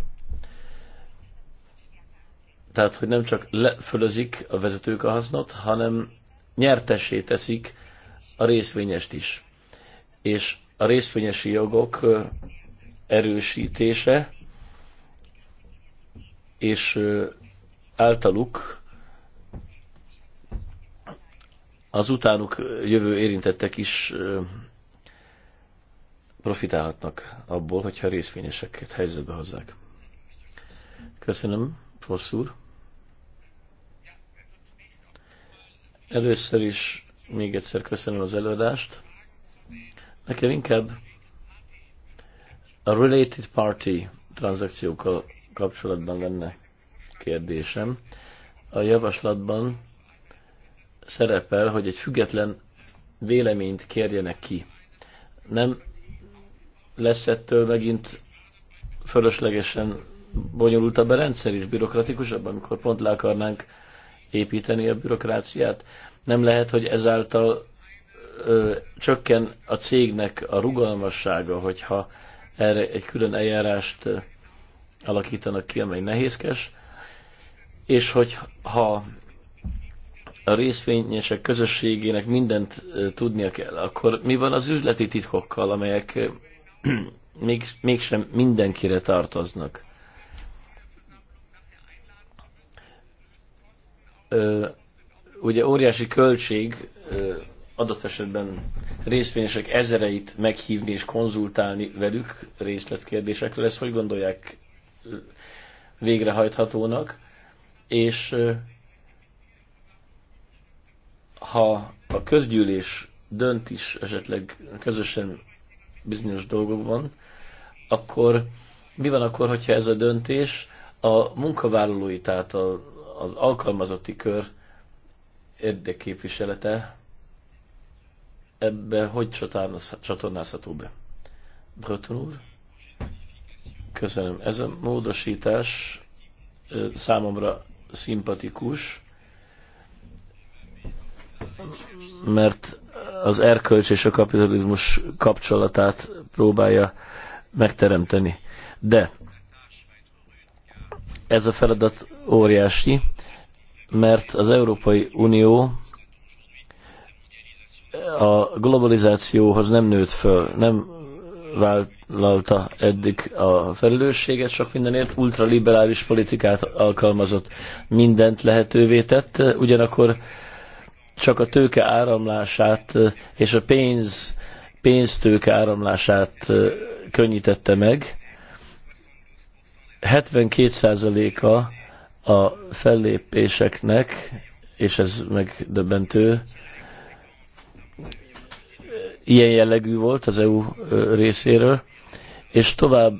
C: tehát hogy nem csak lefölözik a vezetők a hasznot, hanem nyertesé teszik a részvényest is. És a részvényesi jogok erősítése, és általuk az utánuk jövő érintettek is profitálhatnak abból, hogyha részvényeseket helyzetbe hozzák. Köszönöm, Fossz úr. Először is még egyszer köszönöm az előadást. Nekem inkább a related party tranzakciókkal kapcsolatban lenne kérdésem. A javaslatban szerepel, hogy egy független véleményt kérjenek ki. Nem lesz ettől megint fölöslegesen bonyolultabb a rendszer és bürokratikusabb, amikor pont le akarnánk építeni a bürokráciát. Nem lehet, hogy ezáltal ö, csökken a cégnek a rugalmassága, hogyha erre egy külön eljárást alakítanak ki, amely nehézkes, és hogy ha a részvényesek közösségének mindent tudnia kell, akkor mi van az üzleti titkokkal, amelyek még, mégsem mindenkire tartoznak. Ö, ugye óriási költség ö, adott esetben részvényesek ezereit meghívni és konzultálni velük részletkérdésekről, ezt hogy gondolják végrehajthatónak, és ö, ha a közgyűlés dönt is esetleg közösen bizonyos dolgokban, akkor mi van akkor, hogyha ez a döntés a munkavállalói, tehát a, az alkalmazotti kör érdekképviselete ebbe hogy csatornázható be? Breton úr? Köszönöm. Ez a módosítás számomra szimpatikus, mert az erkölcs és a kapitalizmus kapcsolatát próbálja megteremteni. De ez a feladat óriási, mert az Európai Unió a globalizációhoz nem nőtt föl, nem vállalta eddig a felelősséget sok mindenért, ultraliberális politikát alkalmazott, mindent lehetővé tett, ugyanakkor csak a tőke áramlását és a pénz, pénztőke áramlását könnyítette meg. 72%-a a fellépéseknek, és ez megdöbbentő, ilyen jellegű volt az EU részéről, és tovább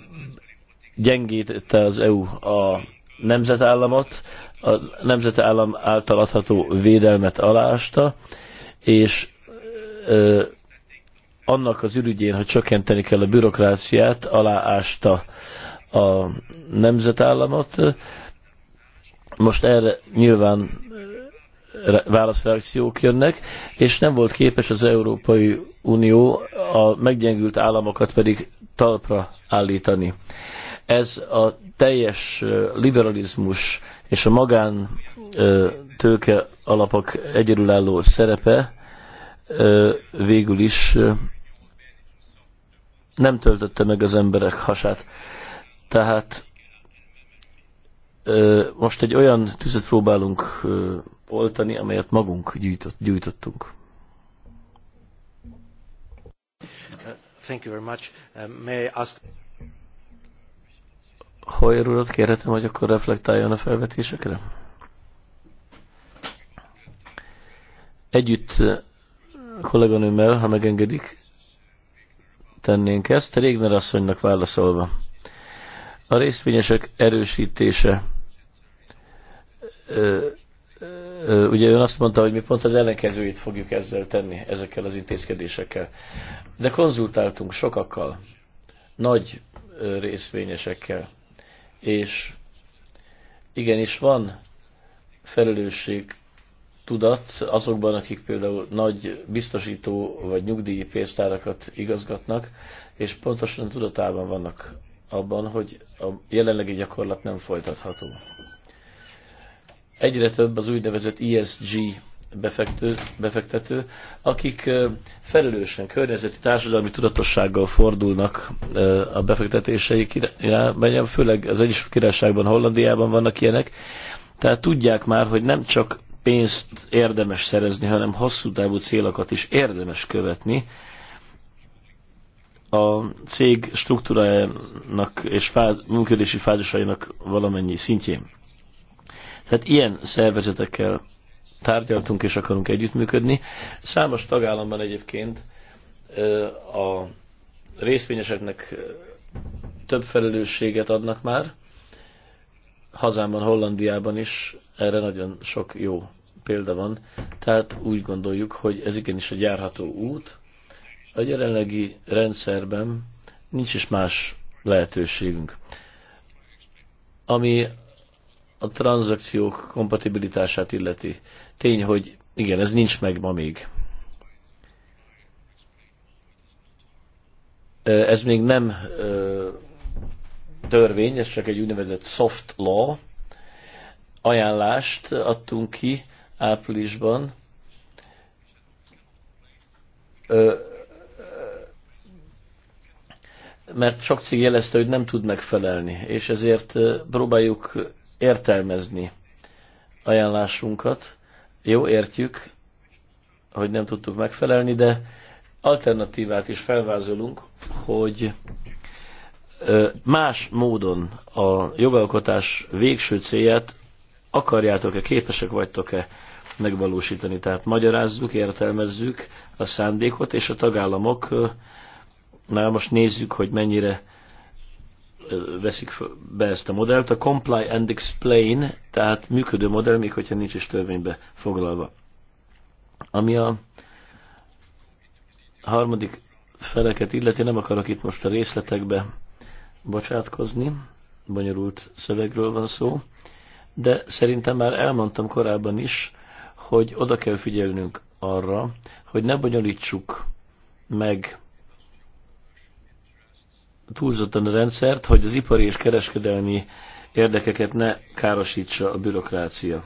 C: gyengítette az EU a nemzetállamot, a nemzetállam által adható védelmet alásta, és ö, annak az ürügyén, hogy csökkenteni kell a bürokráciát, aláásta a nemzetállamot. Most erre nyilván válaszreakciók jönnek, és nem volt képes az Európai Unió a meggyengült államokat pedig talpra állítani. Ez a teljes liberalizmus és a magán tőke alapok egyedülálló szerepe végül is nem töltötte meg az emberek hasát. Tehát most egy olyan tüzet próbálunk oltani, amelyet magunk gyűjtött, gyűjtöttünk.
B: Thank you very much. Uh, may I ask...
C: Hoyer urat kérhetem, hogy akkor reflektáljon a felvetésekre? Együtt eh, kolléganőmmel, ha megengedik, tennénk ezt, Régner asszonynak válaszolva. A részvényesek erősítése. Ö, eh, ö, eh, ugye ön azt mondta, hogy mi pont az ellenkezőjét fogjuk ezzel tenni, ezekkel az intézkedésekkel. De konzultáltunk sokakkal, nagy részvényesekkel és igenis van felelősség tudat azokban, akik például nagy biztosító vagy nyugdíjpénztárakat pénztárakat igazgatnak, és pontosan tudatában vannak abban, hogy a jelenlegi gyakorlat nem folytatható. Egyre több az úgynevezett ESG befektő, befektető, akik felelősen környezeti társadalmi tudatossággal fordulnak a befektetéseik irányába, főleg az Egyesült Királyságban, Hollandiában vannak ilyenek, tehát tudják már, hogy nem csak pénzt érdemes szerezni, hanem hosszú távú célokat is érdemes követni. A cég struktúrájának és fáz, működési fázisainak valamennyi szintjén. Tehát ilyen szervezetekkel tárgyaltunk és akarunk együttműködni. Számos tagállamban egyébként a részvényeseknek több felelősséget adnak már. Hazámban, Hollandiában is erre nagyon sok jó példa van. Tehát úgy gondoljuk, hogy ez igenis egy járható út. A jelenlegi rendszerben nincs is más lehetőségünk. Ami a tranzakciók kompatibilitását illeti. Tény, hogy igen, ez nincs meg ma még. Ez még nem törvény, ez csak egy úgynevezett soft law. Ajánlást adtunk ki áprilisban. Mert sok cég jelezte, hogy nem tud megfelelni, és ezért próbáljuk értelmezni ajánlásunkat jó, értjük, hogy nem tudtuk megfelelni, de alternatívát is felvázolunk, hogy más módon a jogalkotás végső célját akarjátok-e, képesek vagytok-e megvalósítani. Tehát magyarázzuk, értelmezzük a szándékot, és a tagállamok, na most nézzük, hogy mennyire veszik be ezt a modellt, a comply and explain, tehát működő modell, még hogyha nincs is törvénybe foglalva. Ami a harmadik feleket illeti, nem akarok itt most a részletekbe bocsátkozni, bonyolult szövegről van szó, de szerintem már elmondtam korábban is, hogy oda kell figyelnünk arra, hogy ne bonyolítsuk meg túlzottan a rendszert, hogy az ipari és kereskedelmi érdekeket ne károsítsa a bürokrácia.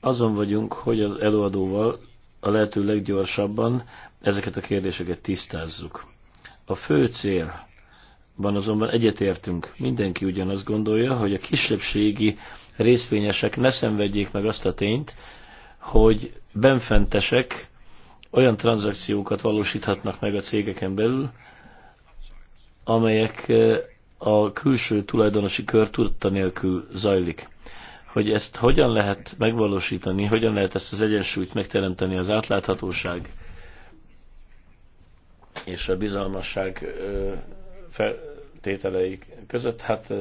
C: Azon vagyunk, hogy az előadóval a lehető leggyorsabban ezeket a kérdéseket tisztázzuk. A fő cél van azonban egyetértünk. Mindenki ugyanazt gondolja, hogy a kisebbségi részvényesek ne szenvedjék meg azt a tényt, hogy benfentesek olyan tranzakciókat valósíthatnak meg a cégeken belül, amelyek a külső tulajdonosi kör tudta nélkül zajlik. Hogy ezt hogyan lehet megvalósítani, hogyan lehet ezt az egyensúlyt megteremteni az átláthatóság és a bizalmasság feltételei között, hát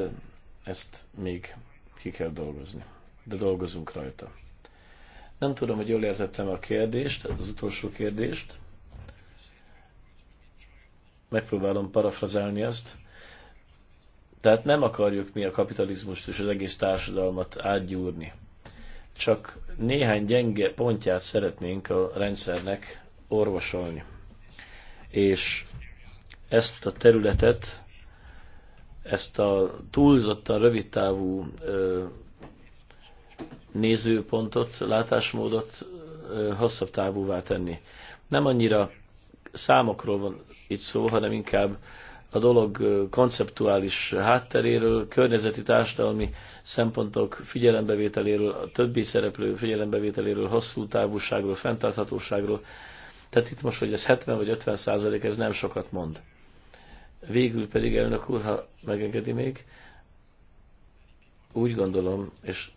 C: ezt még ki kell dolgozni. De dolgozunk rajta. Nem tudom, hogy jól értettem a kérdést, az utolsó kérdést megpróbálom parafrazálni azt. Tehát nem akarjuk mi a kapitalizmust és az egész társadalmat átgyúrni. Csak néhány gyenge pontját szeretnénk a rendszernek orvosolni. És ezt a területet, ezt a túlzottan rövidtávú nézőpontot, látásmódot hosszabb távúvá tenni. Nem annyira számokról van itt szó, hanem inkább a dolog konceptuális hátteréről, környezeti társadalmi szempontok figyelembevételéről, a többi szereplő figyelembevételéről, hosszú távúságról, fenntarthatóságról. Tehát itt most, hogy ez 70 vagy 50 százalék, ez nem sokat mond. Végül pedig, elnök úr, ha megengedi még, úgy gondolom, és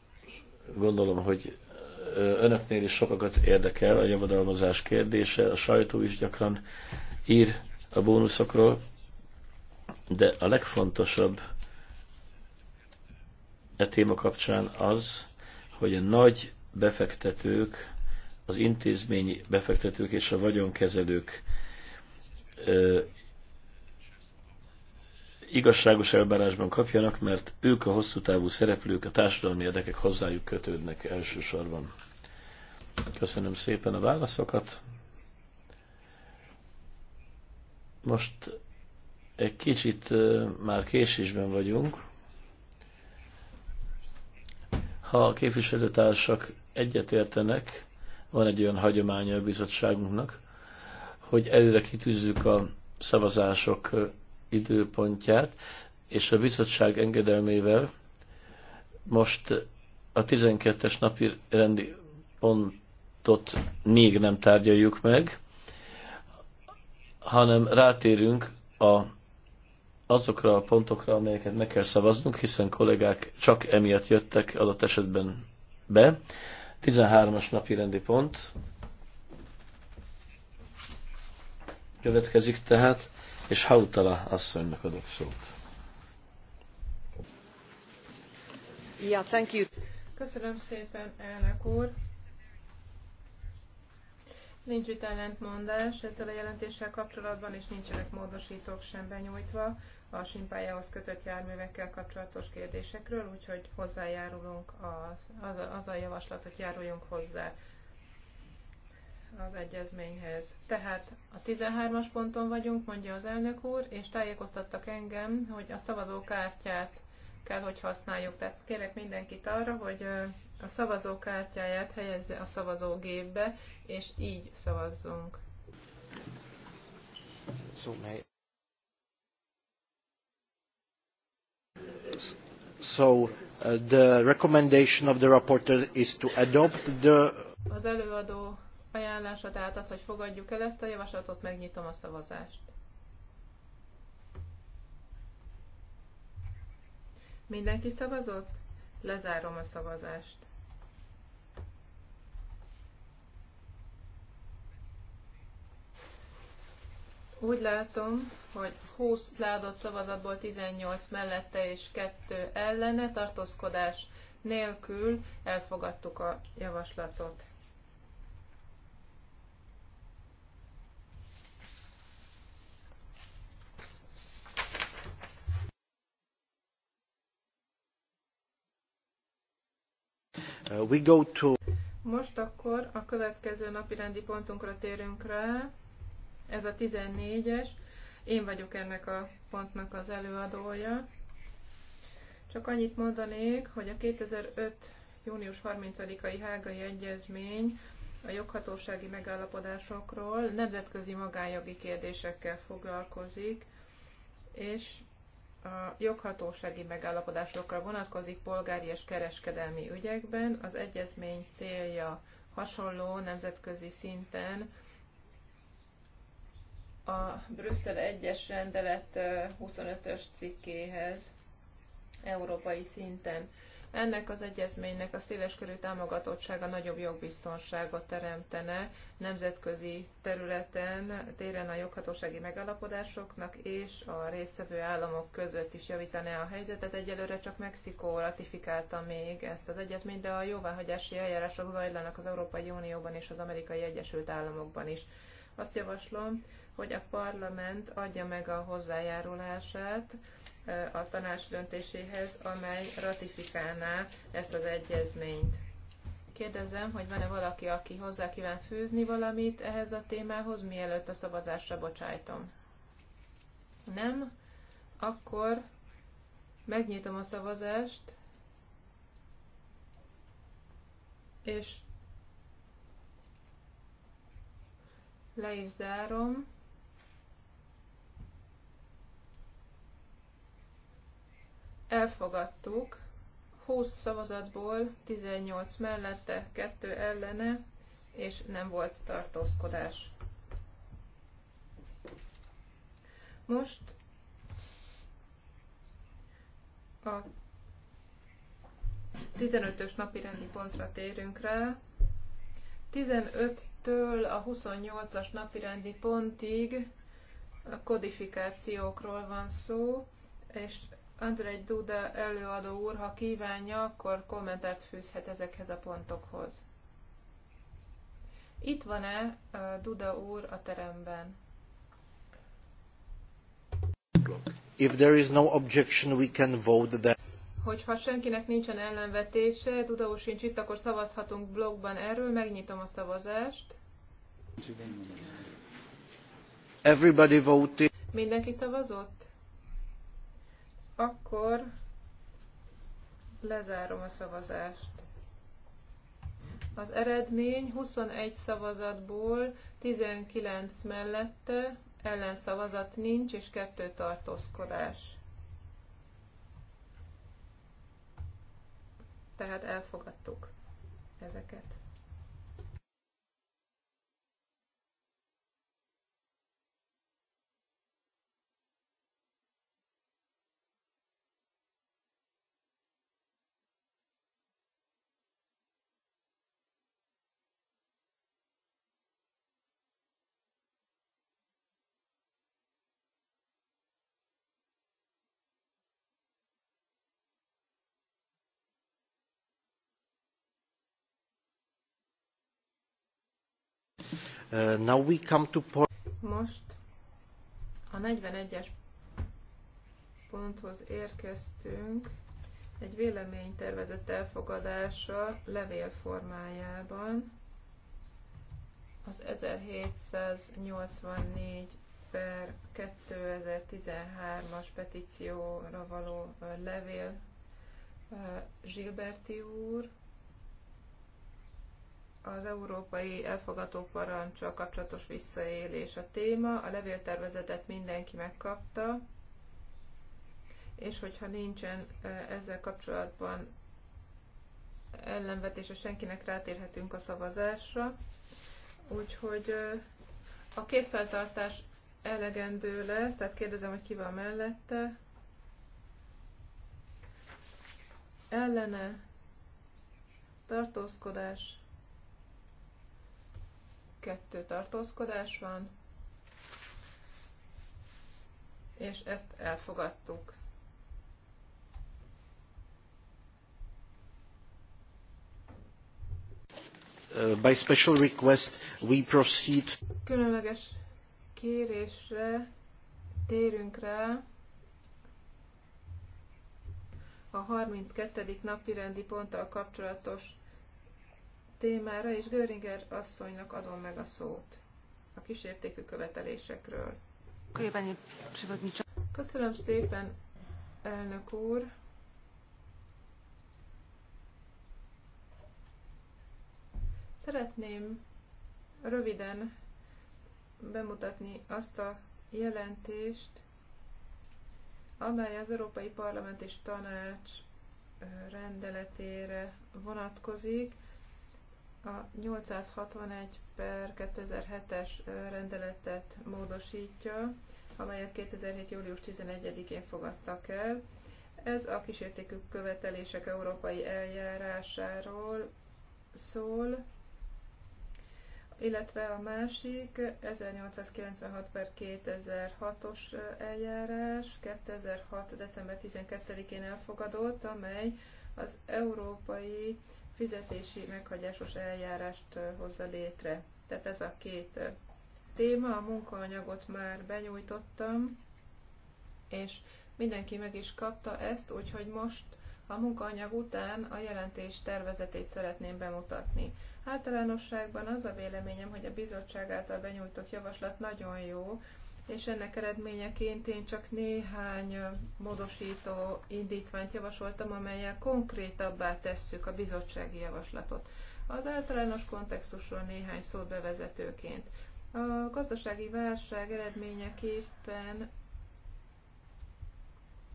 C: gondolom, hogy önöknél is sokakat érdekel a javadalmazás kérdése, a sajtó is gyakran ír a bónuszokról, de a legfontosabb e téma kapcsán az, hogy a nagy befektetők, az intézményi befektetők és a vagyonkezelők ö, igazságos elbárásban kapjanak, mert ők a hosszú távú szereplők, a társadalmi érdekek hozzájuk kötődnek elsősorban. Köszönöm szépen a válaszokat. Most egy kicsit már késésben vagyunk. Ha a képviselőtársak egyetértenek, van egy olyan hagyománya a bizottságunknak, hogy előre kitűzzük a szavazások időpontját, és a bizottság engedelmével most a 12-es napi rendi pont ajánlatot még nem tárgyaljuk meg, hanem rátérünk a, azokra a pontokra, amelyeket meg kell szavaznunk, hiszen kollégák csak emiatt jöttek adott esetben be. 13-as napi rendi pont következik tehát, és Hautala asszonynak adok szót.
A: Yeah, thank you. Köszönöm szépen, elnök úr. Nincs itt ellentmondás ezzel a jelentéssel kapcsolatban, és nincsenek módosítók sem benyújtva a simpályához kötött járművekkel kapcsolatos kérdésekről, úgyhogy hozzájárulunk, az, az, az a javaslat, hogy járuljunk hozzá az egyezményhez. Tehát a 13-as ponton vagyunk, mondja az elnök úr, és tájékoztattak engem, hogy a szavazókártyát kell, hogy használjuk. Tehát kérek mindenkit arra, hogy a szavazókártyáját helyezze a szavazógépbe, és így szavazzunk.
B: So, so uh, the recommendation of the rapporteur is to adopt the
A: Az előadó ajánlása tehát az, hogy fogadjuk el ezt a javaslatot, megnyitom a szavazást. Mindenki szavazott? Lezárom a szavazást. Úgy látom, hogy 20 leadott szavazatból 18 mellette és 2 ellene tartózkodás nélkül elfogadtuk a javaslatot.
B: Uh, we go to...
A: Most akkor a következő napi rendi pontunkra térünk rá. Ez a 14-es. Én vagyok ennek a pontnak az előadója. Csak annyit mondanék, hogy a 2005. június 30-ai hágai egyezmény a joghatósági megállapodásokról nemzetközi magánjogi kérdésekkel foglalkozik, és a joghatósági megállapodásokra vonatkozik polgári és kereskedelmi ügyekben. Az egyezmény célja hasonló nemzetközi szinten a Brüsszel 1-es rendelet 25-ös cikkéhez európai szinten. Ennek az egyezménynek a széleskörű támogatottsága nagyobb jogbiztonságot teremtene nemzetközi területen, téren a joghatósági megállapodásoknak és a résztvevő államok között is javítaná a helyzetet. Egyelőre csak Mexikó ratifikálta még ezt az egyezményt, de a jóváhagyási eljárások zajlanak az Európai Unióban és az Amerikai Egyesült Államokban is. Azt javaslom, hogy a parlament adja meg a hozzájárulását, a tanács döntéséhez, amely ratifikálná ezt az egyezményt. Kérdezem, hogy van-e valaki, aki hozzá kíván fűzni valamit ehhez a témához, mielőtt a szavazásra bocsájtom. Nem? Akkor megnyitom a szavazást, és le is zárom. elfogadtuk 20 szavazatból 18 mellette, 2 ellene, és nem volt tartózkodás. Most a 15-ös napi rendi pontra térünk rá. 15-től a 28-as napi rendi pontig a kodifikációkról van szó, és Andrzej Duda előadó úr, ha kívánja, akkor kommentárt fűzhet ezekhez a pontokhoz. Itt van-e Duda úr a teremben?
B: If there is no objection, we can vote that.
A: Hogyha senkinek nincsen ellenvetése, Duda úr sincs itt, akkor szavazhatunk blogban erről, megnyitom a szavazást.
B: Everybody voted.
A: Mindenki szavazott? Akkor lezárom a szavazást. Az eredmény 21 szavazatból 19 mellette ellenszavazat nincs és kettő tartózkodás. Tehát elfogadtuk ezeket.
B: Uh, now we come to point...
A: Most a 41-es ponthoz érkeztünk egy véleménytervezet elfogadása levél formájában az 1784 per 2013-as petícióra való levél Gilberti úr, az európai elfogató parancsal kapcsolatos visszaélés a téma. A levéltervezetet mindenki megkapta, és hogyha nincsen ezzel kapcsolatban ellenvetése senkinek, rátérhetünk a szavazásra. Úgyhogy a készfeltartás elegendő lesz, tehát kérdezem, hogy ki van mellette. Ellene tartózkodás kettő tartózkodás van, és ezt elfogadtuk.
B: Uh, by special request we proceed.
A: Különleges kérésre térünk rá a 32. napi rendi ponttal kapcsolatos témára, és Göringer asszonynak adom meg a szót a kísértékű követelésekről. Köszönöm szépen, elnök úr! Szeretném röviden bemutatni azt a jelentést, amely az Európai Parlament és Tanács rendeletére vonatkozik, a 861 per 2007-es rendeletet módosítja, amelyet 2007. július 11-én fogadtak el. Ez a kísértékű követelések európai eljárásáról szól, illetve a másik 1896 per 2006-os eljárás 2006. december 12-én elfogadott, amely az európai fizetési meghagyásos eljárást hozza létre. Tehát ez a két téma, a munkaanyagot már benyújtottam, és mindenki meg is kapta ezt, úgyhogy most a munkaanyag után a jelentés tervezetét szeretném bemutatni. Általánosságban az a véleményem, hogy a bizottság által benyújtott javaslat nagyon jó, és ennek eredményeként én csak néhány módosító indítványt javasoltam, amelyel konkrétabbá tesszük a bizottsági javaslatot. Az általános kontextusról néhány szót bevezetőként. A gazdasági válság eredményeképpen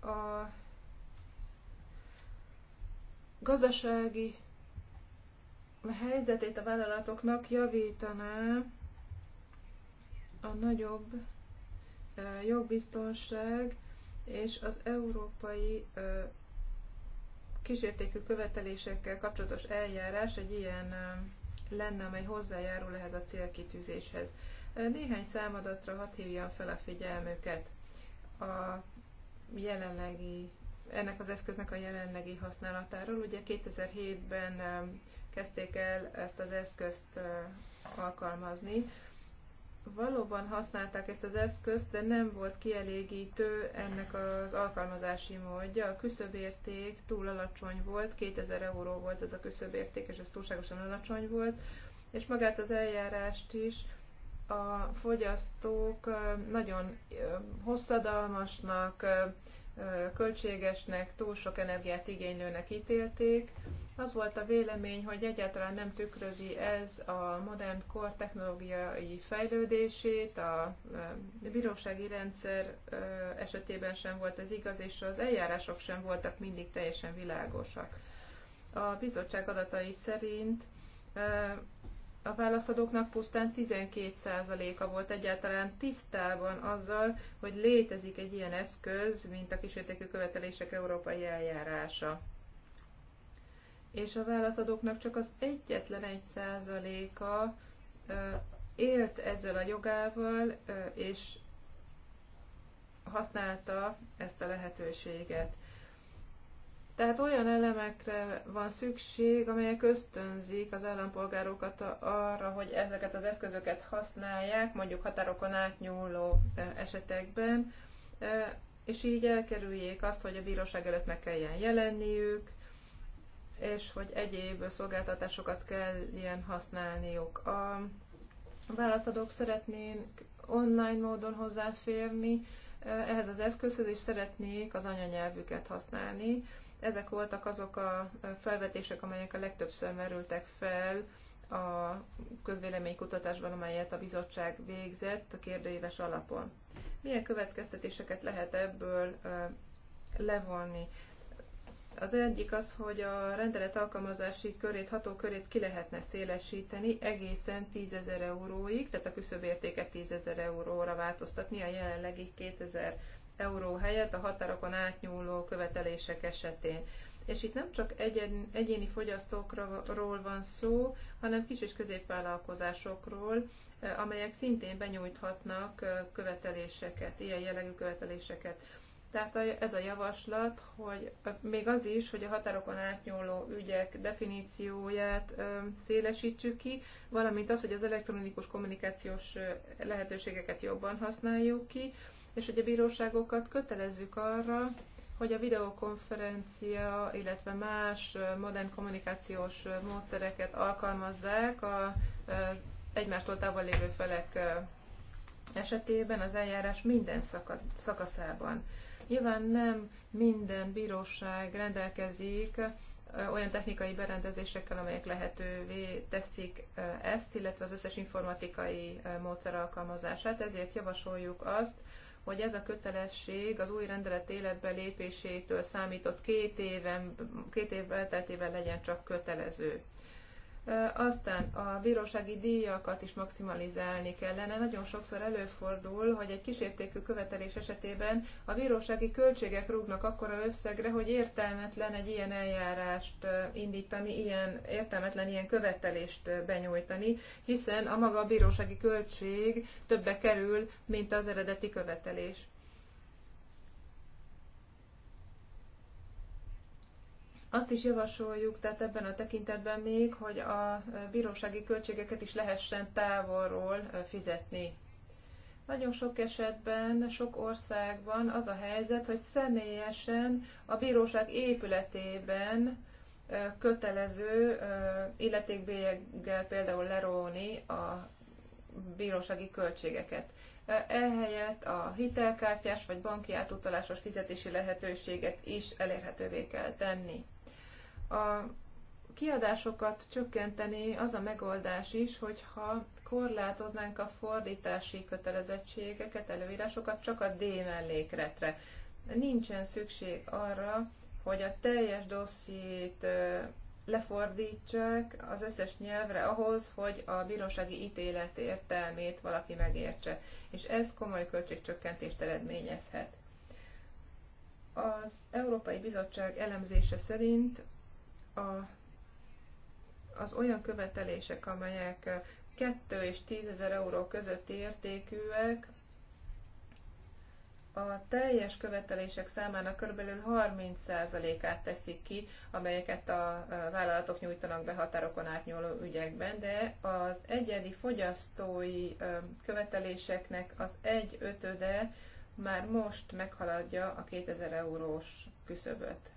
A: a gazdasági helyzetét a vállalatoknak javítaná a nagyobb jogbiztonság és az európai kísértékű követelésekkel kapcsolatos eljárás egy ilyen lenne, amely hozzájárul ehhez a célkitűzéshez. Néhány számadatra hadd hívjam fel a figyelmüket. A jelenlegi, ennek az eszköznek a jelenlegi használatáról. Ugye 2007-ben kezdték el ezt az eszközt alkalmazni valóban használták ezt az eszközt, de nem volt kielégítő ennek az alkalmazási módja. A küszöbérték túl alacsony volt, 2000 euró volt ez a küszöbérték, és ez túlságosan alacsony volt, és magát az eljárást is a fogyasztók nagyon hosszadalmasnak, költségesnek, túl sok energiát igénylőnek ítélték. Az volt a vélemény, hogy egyáltalán nem tükrözi ez a modern kor technológiai fejlődését, a bírósági rendszer esetében sem volt ez igaz, és az eljárások sem voltak mindig teljesen világosak. A bizottság adatai szerint a válaszadóknak pusztán 12%-a volt egyáltalán tisztában azzal, hogy létezik egy ilyen eszköz, mint a kisértékű követelések európai eljárása. És a válaszadóknak csak az egyetlen 1%-a élt ezzel a jogával, és használta ezt a lehetőséget. Tehát olyan elemekre van szükség, amelyek ösztönzik az állampolgárokat arra, hogy ezeket az eszközöket használják, mondjuk határokon átnyúló eh, esetekben, eh, és így elkerüljék azt, hogy a bíróság előtt meg kelljen jelenniük, és hogy egyéb szolgáltatásokat kell ilyen használniuk. A választadók szeretnénk online módon hozzáférni eh, ehhez az eszközhöz, és szeretnék az anyanyelvüket használni ezek voltak azok a felvetések, amelyek a legtöbbször merültek fel a közvéleménykutatásban, amelyet a bizottság végzett a kérdőíves alapon. Milyen következtetéseket lehet ebből levonni? Az egyik az, hogy a rendelet alkalmazási körét, hatókörét ki lehetne szélesíteni egészen 10.000 euróig, tehát a küszöbértéket 10.000 euróra változtatni a jelenlegi 2000 euró helyett a határokon átnyúló követelések esetén. És itt nem csak egyen, egyéni fogyasztókról van szó, hanem kis és középvállalkozásokról, amelyek szintén benyújthatnak követeléseket, ilyen jellegű követeléseket. Tehát ez a javaslat, hogy még az is, hogy a határokon átnyúló ügyek definícióját szélesítsük ki, valamint az, hogy az elektronikus kommunikációs lehetőségeket jobban használjuk ki, és hogy a bíróságokat kötelezzük arra, hogy a videokonferencia, illetve más modern kommunikációs módszereket alkalmazzák a egymástól távol lévő felek esetében az eljárás minden szakaszában. Nyilván nem minden bíróság rendelkezik olyan technikai berendezésekkel, amelyek lehetővé teszik ezt, illetve az összes informatikai módszer alkalmazását. Ezért javasoljuk azt, hogy ez a kötelesség az új rendelet életbe lépésétől számított két, éven, két év elteltével legyen csak kötelező. Aztán a bírósági díjakat is maximalizálni kellene. Nagyon sokszor előfordul, hogy egy kísértékű követelés esetében a bírósági költségek rúgnak akkora összegre, hogy értelmetlen egy ilyen eljárást indítani, ilyen értelmetlen ilyen követelést benyújtani, hiszen a maga a bírósági költség többe kerül, mint az eredeti követelés. Azt is javasoljuk, tehát ebben a tekintetben még, hogy a e, bírósági költségeket is lehessen távolról e, fizetni. Nagyon sok esetben, sok országban az a helyzet, hogy személyesen a bíróság épületében e, kötelező illetékbélyeggel például leróni a bírósági költségeket. Ehelyett a hitelkártyás vagy banki átutalásos fizetési lehetőséget is elérhetővé kell tenni a kiadásokat csökkenteni az a megoldás is, hogyha korlátoznánk a fordítási kötelezettségeket, előírásokat csak a D mellékletre. Nincsen szükség arra, hogy a teljes dossziét lefordítsák az összes nyelvre ahhoz, hogy a bírósági ítélet értelmét valaki megértse. És ez komoly költségcsökkentést eredményezhet. Az Európai Bizottság elemzése szerint a, az olyan követelések, amelyek 2 és 10 ezer euró közötti értékűek, a teljes követelések számának kb. 30%-át teszik ki, amelyeket a vállalatok nyújtanak be határokon átnyúló ügyekben, de az egyedi fogyasztói követeléseknek az egy ötöde már most meghaladja a 2000 eurós küszöböt.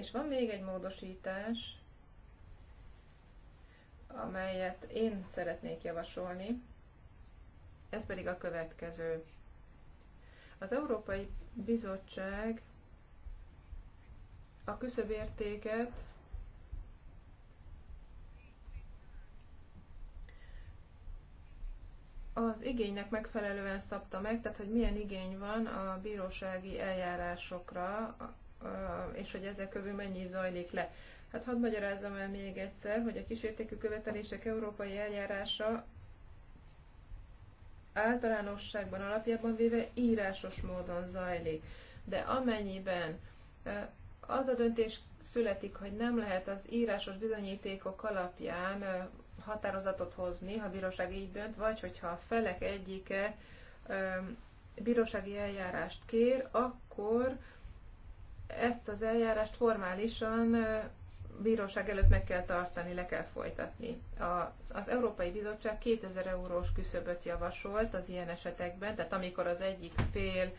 A: És van még egy módosítás, amelyet én szeretnék javasolni, ez pedig a következő. Az Európai Bizottság a küszöbértéket az igénynek megfelelően szabta meg, tehát hogy milyen igény van a bírósági eljárásokra és hogy ezek közül mennyi zajlik le. Hát hadd magyarázzam el még egyszer, hogy a kísértékű követelések európai eljárása általánosságban alapjában véve írásos módon zajlik. De amennyiben az a döntés születik, hogy nem lehet az írásos bizonyítékok alapján határozatot hozni, ha a bíróság így dönt, vagy hogyha a felek egyike bírósági eljárást kér, akkor ezt az eljárást formálisan bíróság előtt meg kell tartani, le kell folytatni. Az, az Európai Bizottság 2000 eurós küszöböt javasolt az ilyen esetekben, tehát amikor az egyik fél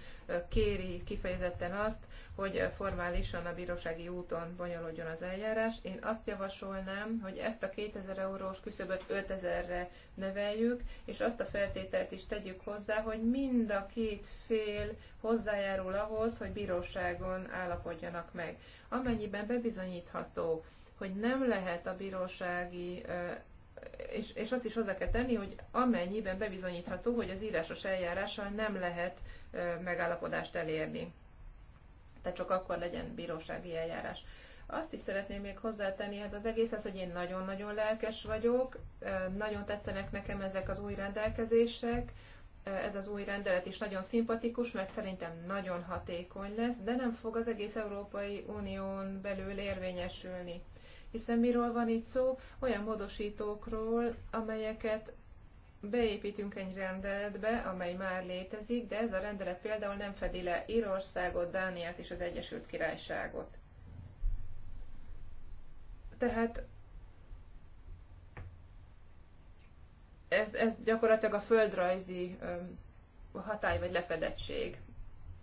A: kéri kifejezetten azt, hogy formálisan a bírósági úton bonyolódjon az eljárás. Én azt javasolnám, hogy ezt a 2000 eurós küszöböt 5000-re növeljük, és azt a feltételt is tegyük hozzá, hogy mind a két fél hozzájárul ahhoz, hogy bíróságon állapodjanak meg. Amennyiben bebizonyítható, hogy nem lehet a bírósági és, és azt is hozzá kell tenni, hogy amennyiben bebizonyítható, hogy az írásos eljárással nem lehet megállapodást elérni tehát csak akkor legyen bírósági eljárás. Azt is szeretném még hozzátenni ez az egész, az, hogy én nagyon-nagyon lelkes vagyok, nagyon tetszenek nekem ezek az új rendelkezések, ez az új rendelet is nagyon szimpatikus, mert szerintem nagyon hatékony lesz, de nem fog az egész Európai Unión belül érvényesülni. Hiszen miről van itt szó? Olyan módosítókról, amelyeket beépítünk egy rendeletbe, amely már létezik, de ez a rendelet például nem fedi le Írországot, Dániát és az Egyesült Királyságot. Tehát ez, ez gyakorlatilag a földrajzi hatály vagy lefedettség.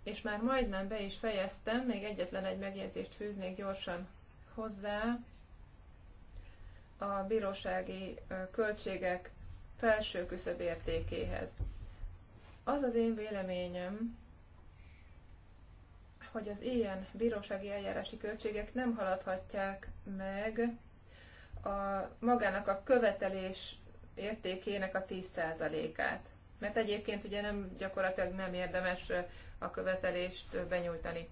A: És már majdnem be is fejeztem, még egyetlen egy megjegyzést fűznék gyorsan hozzá. A bírósági költségek felső küszöb értékéhez. Az az én véleményem, hogy az ilyen bírósági eljárási költségek nem haladhatják meg a magának a követelés értékének a 10%-át. Mert egyébként ugye nem, gyakorlatilag nem érdemes a követelést benyújtani.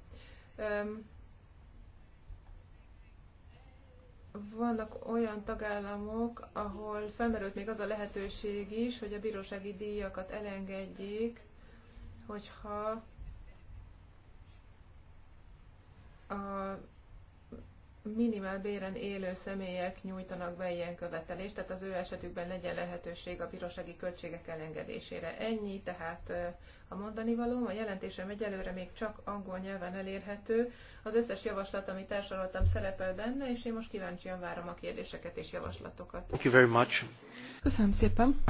A: vannak olyan tagállamok, ahol felmerült még az a lehetőség is, hogy a bírósági díjakat elengedjék, hogyha a minimál béren élő személyek nyújtanak be ilyen követelést, tehát az ő esetükben legyen lehetőség a bírósági költségek elengedésére. Ennyi tehát a mondani való. A jelentésem egyelőre még csak angol nyelven elérhető. Az összes javaslat, amit társadaltam, szerepel benne, és én most kíváncsian várom a kérdéseket és javaslatokat. Thank
B: you very much.
A: Köszönöm szépen.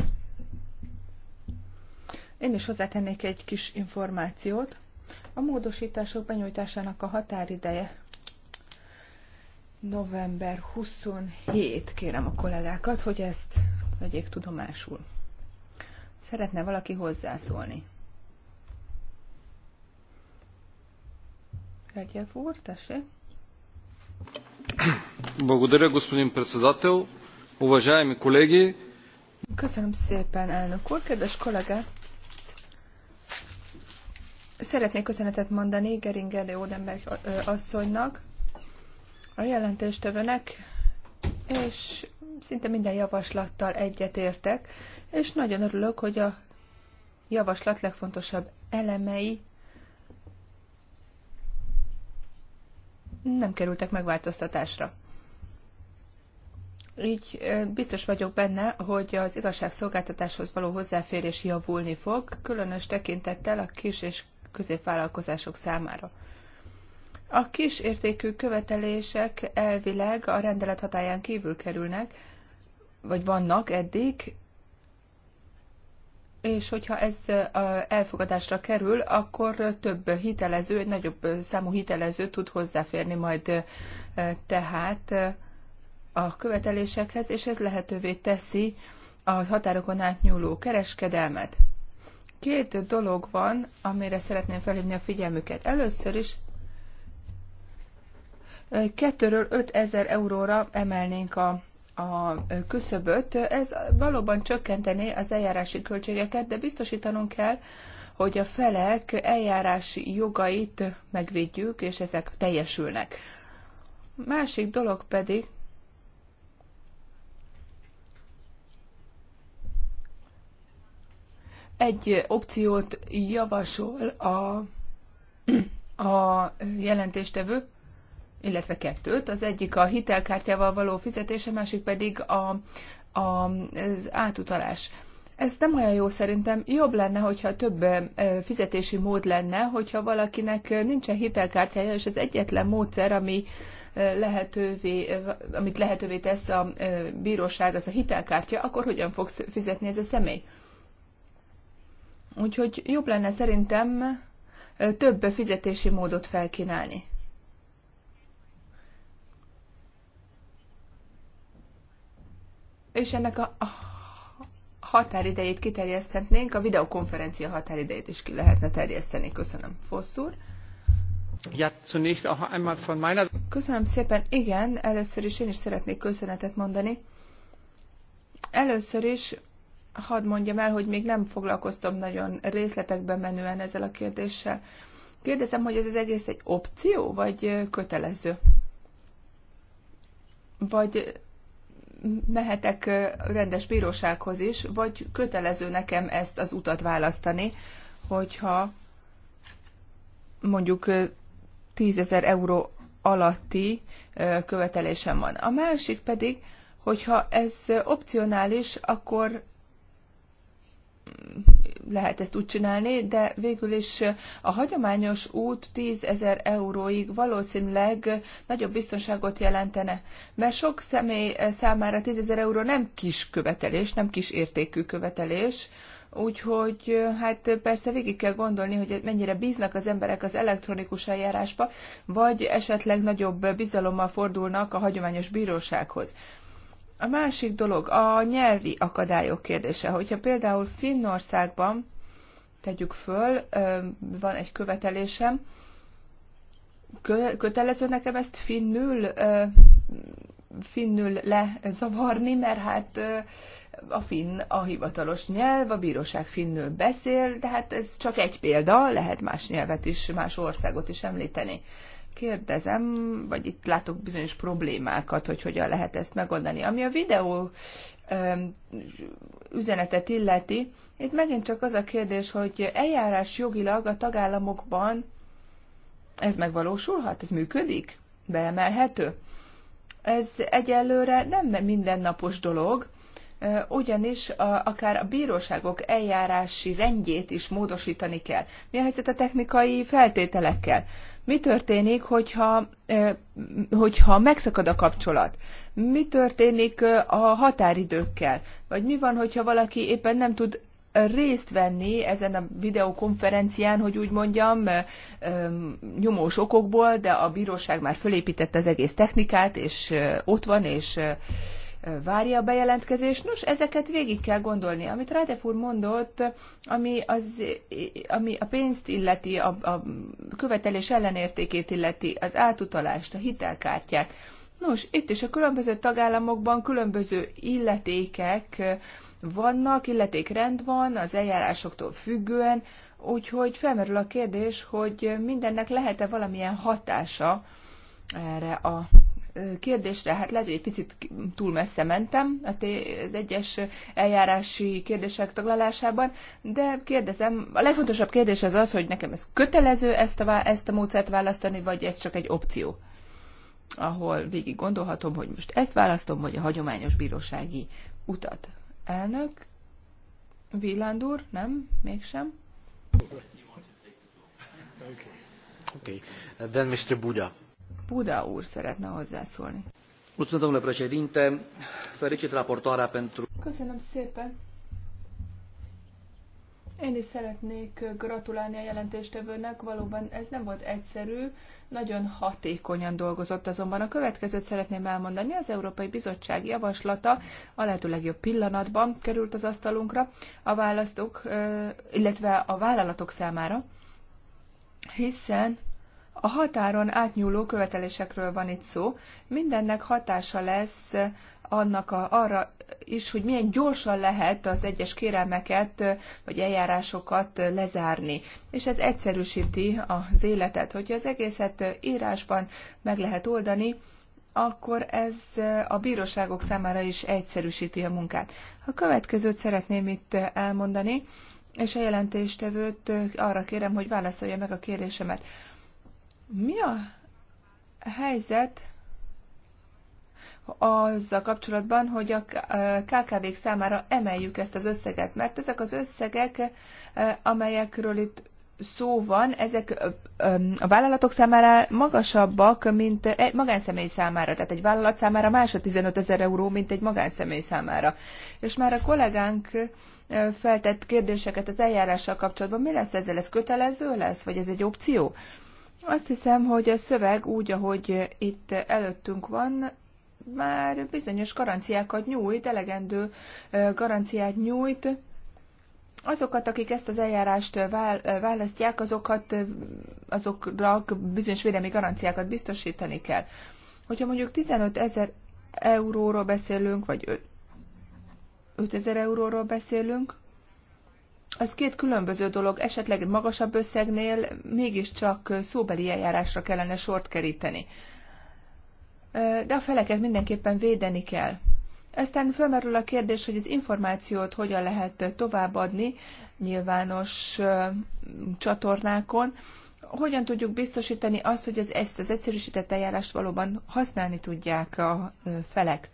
A: Én is hozzátennék egy kis információt. A módosítások benyújtásának a határideje november 27, kérem a kollégákat, hogy ezt vegyék tudomásul. Szeretne valaki hozzászólni? Regyev úr, tessék.
B: Благодаря, господин председател. Уважаеми колеги.
A: Köszönöm szépen, elnök úr, kedves kollega. Szeretnék köszönetet mondani Geringer Odenberg asszonynak, a jelentéstevőnek, és szinte minden javaslattal egyetértek, és nagyon örülök, hogy a javaslat legfontosabb elemei nem kerültek megváltoztatásra. Így biztos vagyok benne, hogy az igazságszolgáltatáshoz való hozzáférés javulni fog, különös tekintettel a kis és középvállalkozások számára. A kisértékű követelések elvileg a rendelet hatáján kívül kerülnek, vagy vannak eddig, és hogyha ez elfogadásra kerül, akkor több hitelező, egy nagyobb számú hitelező tud hozzáférni majd tehát a követelésekhez, és ez lehetővé teszi a határokon átnyúló kereskedelmet. Két dolog van, amire szeretném felhívni a figyelmüket. Először is 2-ről 5 ezer euróra emelnénk a a küszöböt, ez valóban csökkentené az eljárási költségeket, de biztosítanunk kell, hogy a felek eljárási jogait megvédjük, és ezek teljesülnek. Másik dolog pedig, egy opciót javasol a, a jelentéstevő, illetve kettőt. Az egyik a hitelkártyával való fizetés, a másik pedig a, a, az átutalás. Ez nem olyan jó szerintem. Jobb lenne, hogyha több fizetési mód lenne, hogyha valakinek nincsen hitelkártyája, és az egyetlen módszer, ami lehetővé, amit lehetővé tesz a bíróság, az a hitelkártya, akkor hogyan fogsz fizetni ez a személy? Úgyhogy jobb lenne szerintem több fizetési módot felkínálni. és ennek a határidejét kiterjeszthetnénk, a videokonferencia határidejét is ki lehetne terjeszteni. Köszönöm, Fosszúr.
C: Ja, zunächst auch einmal von meiner...
A: Köszönöm szépen. Igen, először is én is szeretnék köszönetet mondani. Először is hadd mondjam el, hogy még nem foglalkoztam nagyon részletekbe menően ezzel a kérdéssel. Kérdezem, hogy ez az egész egy opció, vagy kötelező? Vagy mehetek rendes bírósághoz is, vagy kötelező nekem ezt az utat választani, hogyha mondjuk 10.000 euró alatti követelésem van. A másik pedig, hogyha ez opcionális, akkor lehet ezt úgy csinálni, de végül is a hagyományos út 10 ezer euróig valószínűleg nagyobb biztonságot jelentene. Mert sok személy számára 10 ezer euró nem kis követelés, nem kis értékű követelés, Úgyhogy hát persze végig kell gondolni, hogy mennyire bíznak az emberek az elektronikus eljárásba, vagy esetleg nagyobb bizalommal fordulnak a hagyományos bírósághoz. A másik dolog a nyelvi akadályok kérdése. Hogyha például Finnországban, tegyük föl, van egy követelésem, kötelező nekem ezt finnül, finnül lezavarni, mert hát a finn a hivatalos nyelv, a bíróság finnül beszél, tehát ez csak egy példa, lehet más nyelvet is, más országot is említeni kérdezem, vagy itt látok bizonyos problémákat, hogy hogyan lehet ezt megoldani. Ami a videó üzenetet illeti, itt megint csak az a kérdés, hogy eljárás jogilag a tagállamokban ez megvalósulhat, ez működik, beemelhető. Ez egyelőre nem mindennapos dolog, ugyanis a, akár a bíróságok eljárási rendjét is módosítani kell. Mi a helyzet a technikai feltételekkel? Mi történik, hogyha, hogyha megszakad a kapcsolat? Mi történik a határidőkkel? Vagy mi van, hogyha valaki éppen nem tud részt venni ezen a videokonferencián, hogy úgy mondjam, nyomós okokból, de a bíróság már fölépítette az egész technikát, és ott van, és várja a bejelentkezést. Nos, ezeket végig kell gondolni. Amit Rádef úr mondott, ami, az, ami a pénzt illeti, a, a követelés ellenértékét illeti, az átutalást, a hitelkártyát. Nos, itt is a különböző tagállamokban különböző illetékek vannak, illetékrend van az eljárásoktól függően, úgyhogy felmerül a kérdés, hogy mindennek lehet-e valamilyen hatása erre a kérdésre, hát lehet, hogy egy picit túl messze mentem az egyes eljárási kérdések taglalásában, de kérdezem, a legfontosabb kérdés az az, hogy nekem ez kötelező ezt a, ezt a módszert választani, vagy ez csak egy opció, ahol végig gondolhatom, hogy most ezt választom, vagy a hagyományos bírósági utat. Elnök, Villand nem, mégsem.
C: Okay. Okay.
B: Then Mr. Buda.
A: Buda úr szeretne hozzászólni.
B: Mulțumesc, domnule președinte. Fericit raportoarea pentru...
A: Köszönöm szépen. Én is szeretnék gratulálni a jelentéstevőnek, valóban ez nem volt egyszerű, nagyon hatékonyan dolgozott azonban. A következőt szeretném elmondani, az Európai Bizottság javaslata a lehető legjobb pillanatban került az asztalunkra a választók, illetve a vállalatok számára, hiszen a határon átnyúló követelésekről van itt szó. Mindennek hatása lesz annak a, arra is, hogy milyen gyorsan lehet az egyes kérelmeket vagy eljárásokat lezárni. És ez egyszerűsíti az életet. Hogyha az egészet írásban meg lehet oldani, akkor ez a bíróságok számára is egyszerűsíti a munkát. A következőt szeretném itt elmondani, és a jelentéstevőt arra kérem, hogy válaszolja meg a kérésemet. Mi a helyzet azzal kapcsolatban, hogy a KKV-k számára emeljük ezt az összeget, mert ezek az összegek, amelyekről itt szó van, ezek a vállalatok számára magasabbak, mint egy magánszemély számára. Tehát egy vállalat számára más a 15 ezer euró, mint egy magánszemély számára. És már a kollégánk feltett kérdéseket az eljárással kapcsolatban, mi lesz ezzel? Ez kötelező lesz, vagy ez egy opció? Azt hiszem, hogy a szöveg úgy, ahogy itt előttünk van, már bizonyos garanciákat nyújt, elegendő garanciát nyújt. Azokat, akik ezt az eljárást választják, azokat, azokra bizonyos védelmi garanciákat biztosítani kell. Hogyha mondjuk 15 ezer euróról beszélünk, vagy 5 ezer euróról beszélünk, az két különböző dolog, esetleg magasabb összegnél mégiscsak szóbeli eljárásra kellene sort keríteni. De a feleket mindenképpen védeni kell. Aztán felmerül a kérdés, hogy az információt hogyan lehet továbbadni nyilvános csatornákon, hogyan tudjuk biztosítani azt, hogy az, ezt az egyszerűsített eljárást valóban használni tudják a felek.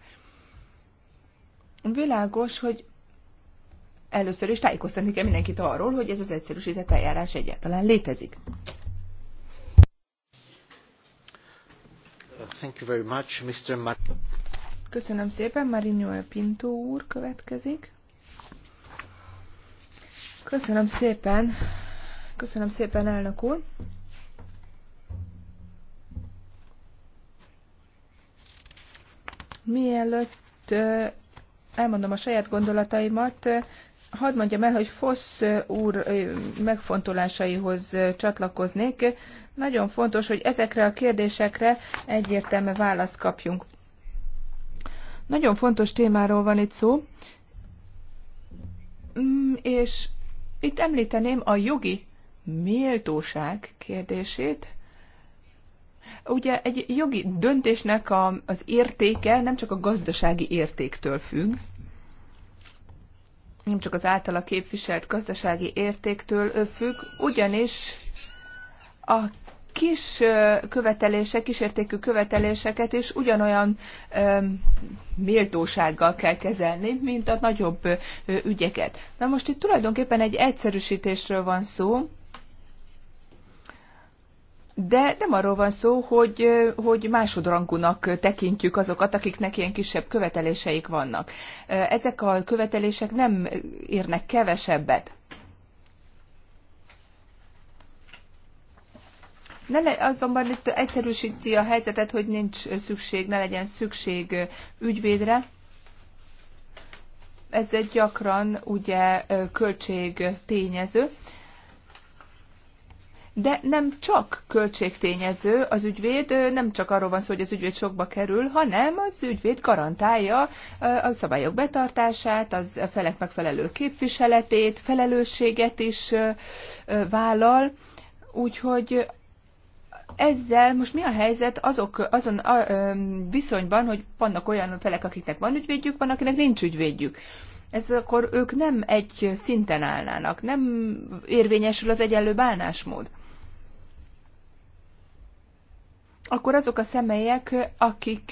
A: Világos, hogy először is tájékoztatni kell mindenkit arról, hogy ez az egyszerűsített eljárás egyáltalán létezik.
B: Thank you very much, Mr. Mar-
A: Köszönöm szépen, Marinho Pinto úr következik. Köszönöm szépen, köszönöm szépen, elnök úr. Mielőtt elmondom a saját gondolataimat, hadd mondjam el, hogy Fosz úr megfontolásaihoz csatlakoznék. Nagyon fontos, hogy ezekre a kérdésekre egyértelmű választ kapjunk. Nagyon fontos témáról van itt szó, mm, és itt említeném a jogi méltóság kérdését. Ugye egy jogi döntésnek a, az értéke nem csak a gazdasági értéktől függ, nem csak az általa képviselt gazdasági értéktől függ, ugyanis a kis követelések, kisértékű követeléseket is ugyanolyan ö, méltósággal kell kezelni, mint a nagyobb ügyeket. Na most itt tulajdonképpen egy egyszerűsítésről van szó, de nem arról van szó, hogy, hogy másodrangúnak tekintjük azokat, akiknek ilyen kisebb követeléseik vannak. Ezek a követelések nem érnek kevesebbet. Ne le, azonban itt egyszerűsíti a helyzetet, hogy nincs szükség, ne legyen szükség ügyvédre. Ez egy gyakran ugye költség tényező de nem csak költségtényező az ügyvéd, nem csak arról van szó, hogy az ügyvéd sokba kerül, hanem az ügyvéd garantálja a szabályok betartását, az felek megfelelő képviseletét, felelősséget is vállal, úgyhogy ezzel most mi a helyzet azok, azon a, ö, viszonyban, hogy vannak olyan felek, akiknek van ügyvédjük, van, akinek nincs ügyvédjük. Ez akkor ők nem egy szinten állnának, nem érvényesül az egyenlő bánásmód akkor azok a személyek, akik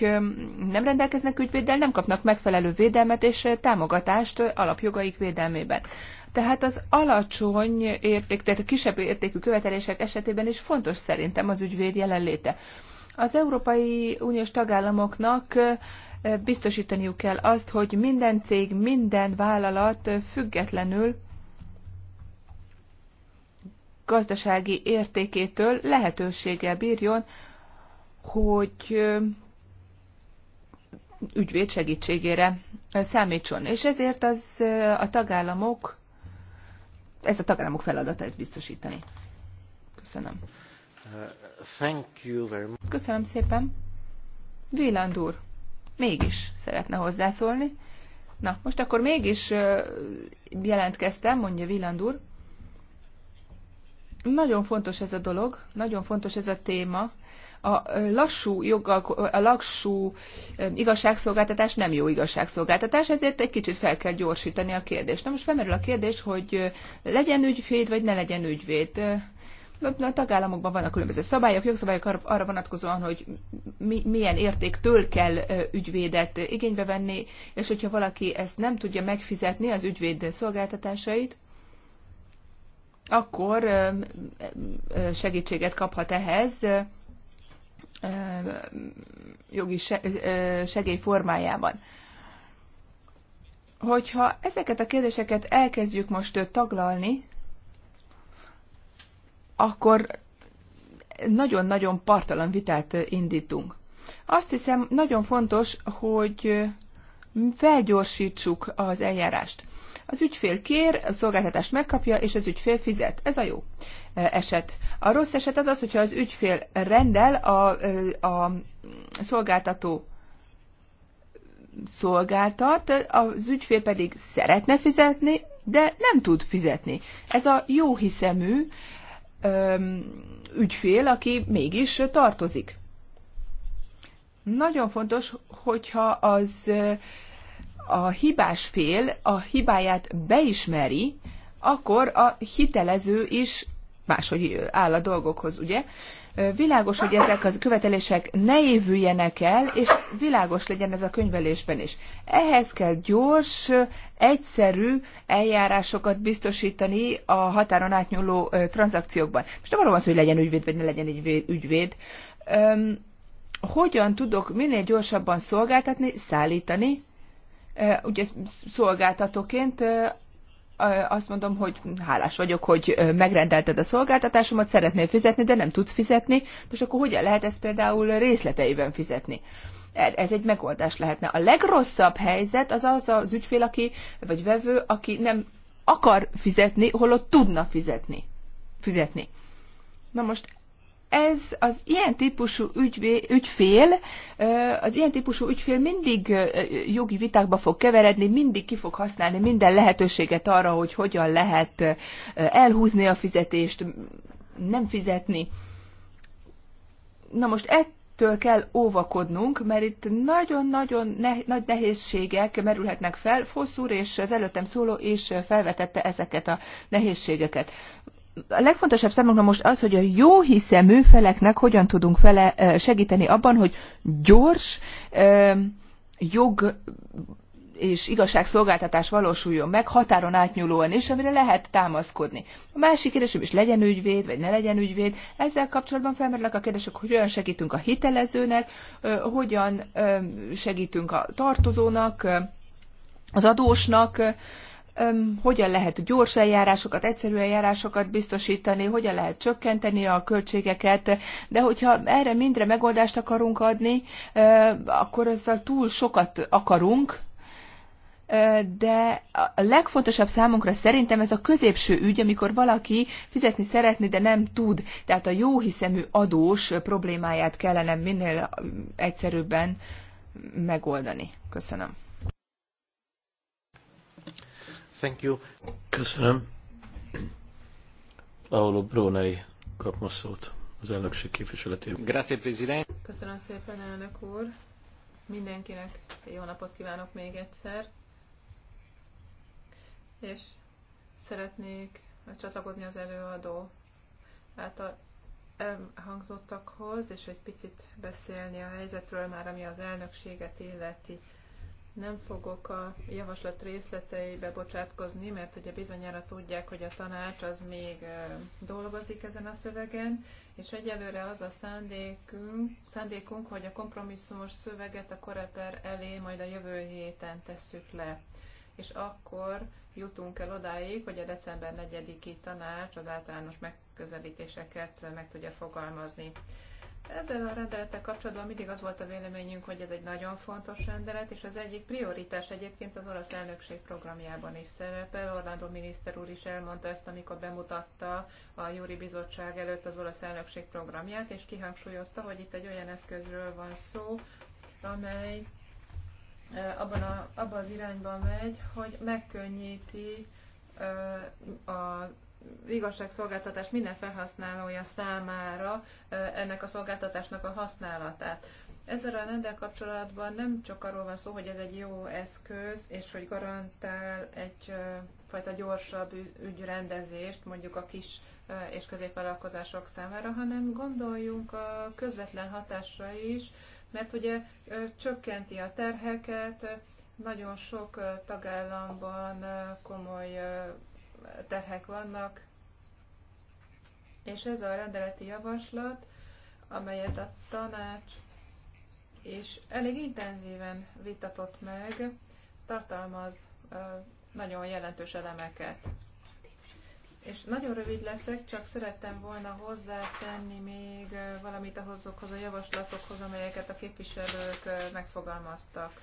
A: nem rendelkeznek ügyvéddel, nem kapnak megfelelő védelmet és támogatást alapjogaik védelmében. Tehát az alacsony érték, tehát a kisebb értékű követelések esetében is fontos szerintem az ügyvéd jelenléte. Az Európai Uniós tagállamoknak biztosítaniuk kell azt, hogy minden cég, minden vállalat függetlenül gazdasági értékétől lehetőséggel bírjon hogy ügyvéd segítségére számítson. És ezért az a tagállamok, ez a tagállamok feladata ezt biztosítani. Köszönöm.
B: thank you very much.
A: Köszönöm szépen. Vélánd úr, mégis szeretne hozzászólni. Na, most akkor mégis jelentkeztem, mondja Vélánd úr. Nagyon fontos ez a dolog, nagyon fontos ez a téma, a lassú, jogalko- a lassú igazságszolgáltatás nem jó igazságszolgáltatás, ezért egy kicsit fel kell gyorsítani a kérdést. Na most felmerül a kérdés, hogy legyen ügyvéd, vagy ne legyen ügyvéd a tagállamokban vannak különböző szabályok, jogszabályok arra vonatkozóan, hogy mi, milyen értéktől kell ügyvédet igénybe venni, és hogyha valaki ezt nem tudja megfizetni az ügyvéd szolgáltatásait, akkor segítséget kaphat ehhez jogi segély formájában. Hogyha ezeket a kérdéseket elkezdjük most taglalni, akkor nagyon-nagyon partalan vitát indítunk. Azt hiszem, nagyon fontos, hogy felgyorsítsuk az eljárást. Az ügyfél kér, a szolgáltatást megkapja, és az ügyfél fizet. Ez a jó eset. A rossz eset az az, hogyha az ügyfél rendel, a, a szolgáltató szolgáltat, az ügyfél pedig szeretne fizetni, de nem tud fizetni. Ez a jó hiszemű öm, ügyfél, aki mégis tartozik. Nagyon fontos, hogyha az a hibás fél a hibáját beismeri, akkor a hitelező is máshogy áll a dolgokhoz, ugye? Világos, hogy ezek az követelések ne évüljenek el, és világos legyen ez a könyvelésben is. Ehhez kell gyors, egyszerű eljárásokat biztosítani a határon átnyúló tranzakciókban. Most nem arról van szó, hogy legyen ügyvéd, vagy ne legyen ügyvéd. Öm, hogyan tudok minél gyorsabban szolgáltatni, szállítani ugye szolgáltatóként azt mondom, hogy hálás vagyok, hogy megrendelted a szolgáltatásomat, szeretnél fizetni, de nem tudsz fizetni, most akkor hogyan lehet ezt például részleteiben fizetni? Er-, ez egy megoldás lehetne. A legrosszabb helyzet az az az ügyfél, aki, vagy vevő, aki nem akar fizetni, holott tudna fizetni. fizetni. Na most ez az ilyen típusú ügyvé, ügyfél, az ilyen típusú ügyfél mindig jogi vitákba fog keveredni, mindig ki fog használni minden lehetőséget arra, hogy hogyan lehet elhúzni a fizetést, nem fizetni. Na most ettől kell óvakodnunk, mert itt nagyon-nagyon ne, nagy nehézségek merülhetnek fel. Fosszúr és az előttem szóló is felvetette ezeket a nehézségeket a legfontosabb számunkra most az, hogy a jó hiszemű feleknek hogyan tudunk fele segíteni abban, hogy gyors jog és igazságszolgáltatás valósuljon meg határon átnyúlóan, és amire lehet támaszkodni. A másik kérdésem is legyen ügyvéd, vagy ne legyen ügyvéd. Ezzel kapcsolatban felmerülnek a kérdések, hogy hogyan segítünk a hitelezőnek, hogyan segítünk a tartozónak, az adósnak, hogyan lehet gyors eljárásokat, egyszerű eljárásokat biztosítani, hogyan lehet csökkenteni a költségeket, de hogyha erre mindre megoldást akarunk adni, akkor ezzel túl sokat akarunk, de a legfontosabb számunkra szerintem ez a középső ügy, amikor valaki fizetni szeretni, de nem tud. Tehát a jóhiszemű adós problémáját kellene minél egyszerűbben megoldani. Köszönöm.
C: Thank you. Köszönöm. Paolo Brónei kap most szót az elnökség képviseletében. Grazie,
B: President.
A: Köszönöm szépen, elnök úr. Mindenkinek jó napot kívánok még egyszer. És szeretnék csatlakozni az előadó által hangzottakhoz, és egy picit beszélni a helyzetről már, ami az elnökséget illeti. Nem fogok a javaslat részleteibe bocsátkozni, mert ugye bizonyára tudják, hogy a tanács az még dolgozik ezen a szövegen, és egyelőre az a szándékunk, szándékunk hogy a kompromisszumos szöveget a koreper elé majd a jövő héten tesszük le. És akkor jutunk el odáig, hogy a december 4-i tanács az általános megközelítéseket meg tudja fogalmazni. Ezzel a rendelettel kapcsolatban mindig az volt a véleményünk, hogy ez egy nagyon fontos rendelet, és az egyik prioritás egyébként az orosz elnökség programjában is szerepel. Orlando miniszter úr is elmondta ezt, amikor bemutatta a Júri Bizottság előtt az orosz elnökség programját, és kihangsúlyozta, hogy itt egy olyan eszközről van szó, amely e, abban, a, abban az irányban megy, hogy megkönnyíti e, a igazságszolgáltatás minden felhasználója számára ennek a szolgáltatásnak a használatát. Ezzel a rendel kapcsolatban nem csak arról van szó, hogy ez egy jó eszköz, és hogy garantál egyfajta gyorsabb ügyrendezést mondjuk a kis és középvállalkozások számára, hanem gondoljunk a közvetlen hatásra is, mert ugye csökkenti a terheket, nagyon sok tagállamban komoly terhek vannak, és ez a rendeleti javaslat, amelyet a tanács és elég intenzíven vitatott meg, tartalmaz nagyon jelentős elemeket. És nagyon rövid leszek, csak szerettem volna hozzátenni még valamit ahhozokhoz a javaslatokhoz, amelyeket a képviselők megfogalmaztak.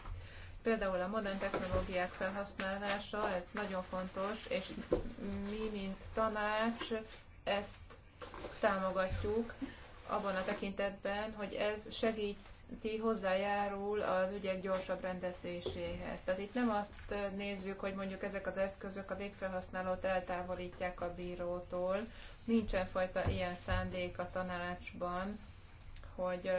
A: Például a modern technológiák felhasználása, ez nagyon fontos, és mi, mint tanács, ezt támogatjuk abban a tekintetben, hogy ez segíti, hozzájárul az ügyek gyorsabb rendezéséhez. Tehát itt nem azt nézzük, hogy mondjuk ezek az eszközök a végfelhasználót eltávolítják a bírótól. Nincsen fajta ilyen szándék a tanácsban, hogy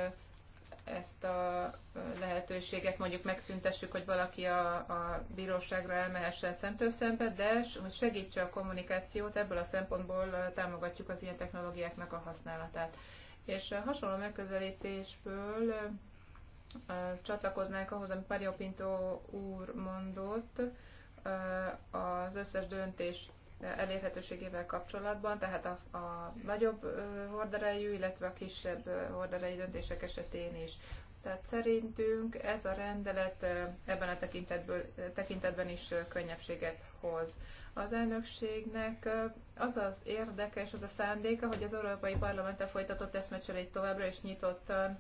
A: ezt a lehetőséget, mondjuk megszüntessük, hogy valaki a, a bíróságra elmehessen szemtől szembe, de hogy segítse a kommunikációt, ebből a szempontból támogatjuk az ilyen technológiáknak a használatát. És hasonló megközelítésből csatlakoznánk ahhoz, amit Mario Pinto úr mondott, az összes döntés elérhetőségével kapcsolatban, tehát a, a nagyobb horderejű, illetve a kisebb horderejű döntések esetén is. Tehát szerintünk ez a rendelet ebben a tekintetben is könnyebbséget hoz. Az elnökségnek az az érdekes, az a szándéka, hogy az Európai Parlamenttel folytatott egy továbbra is nyitottan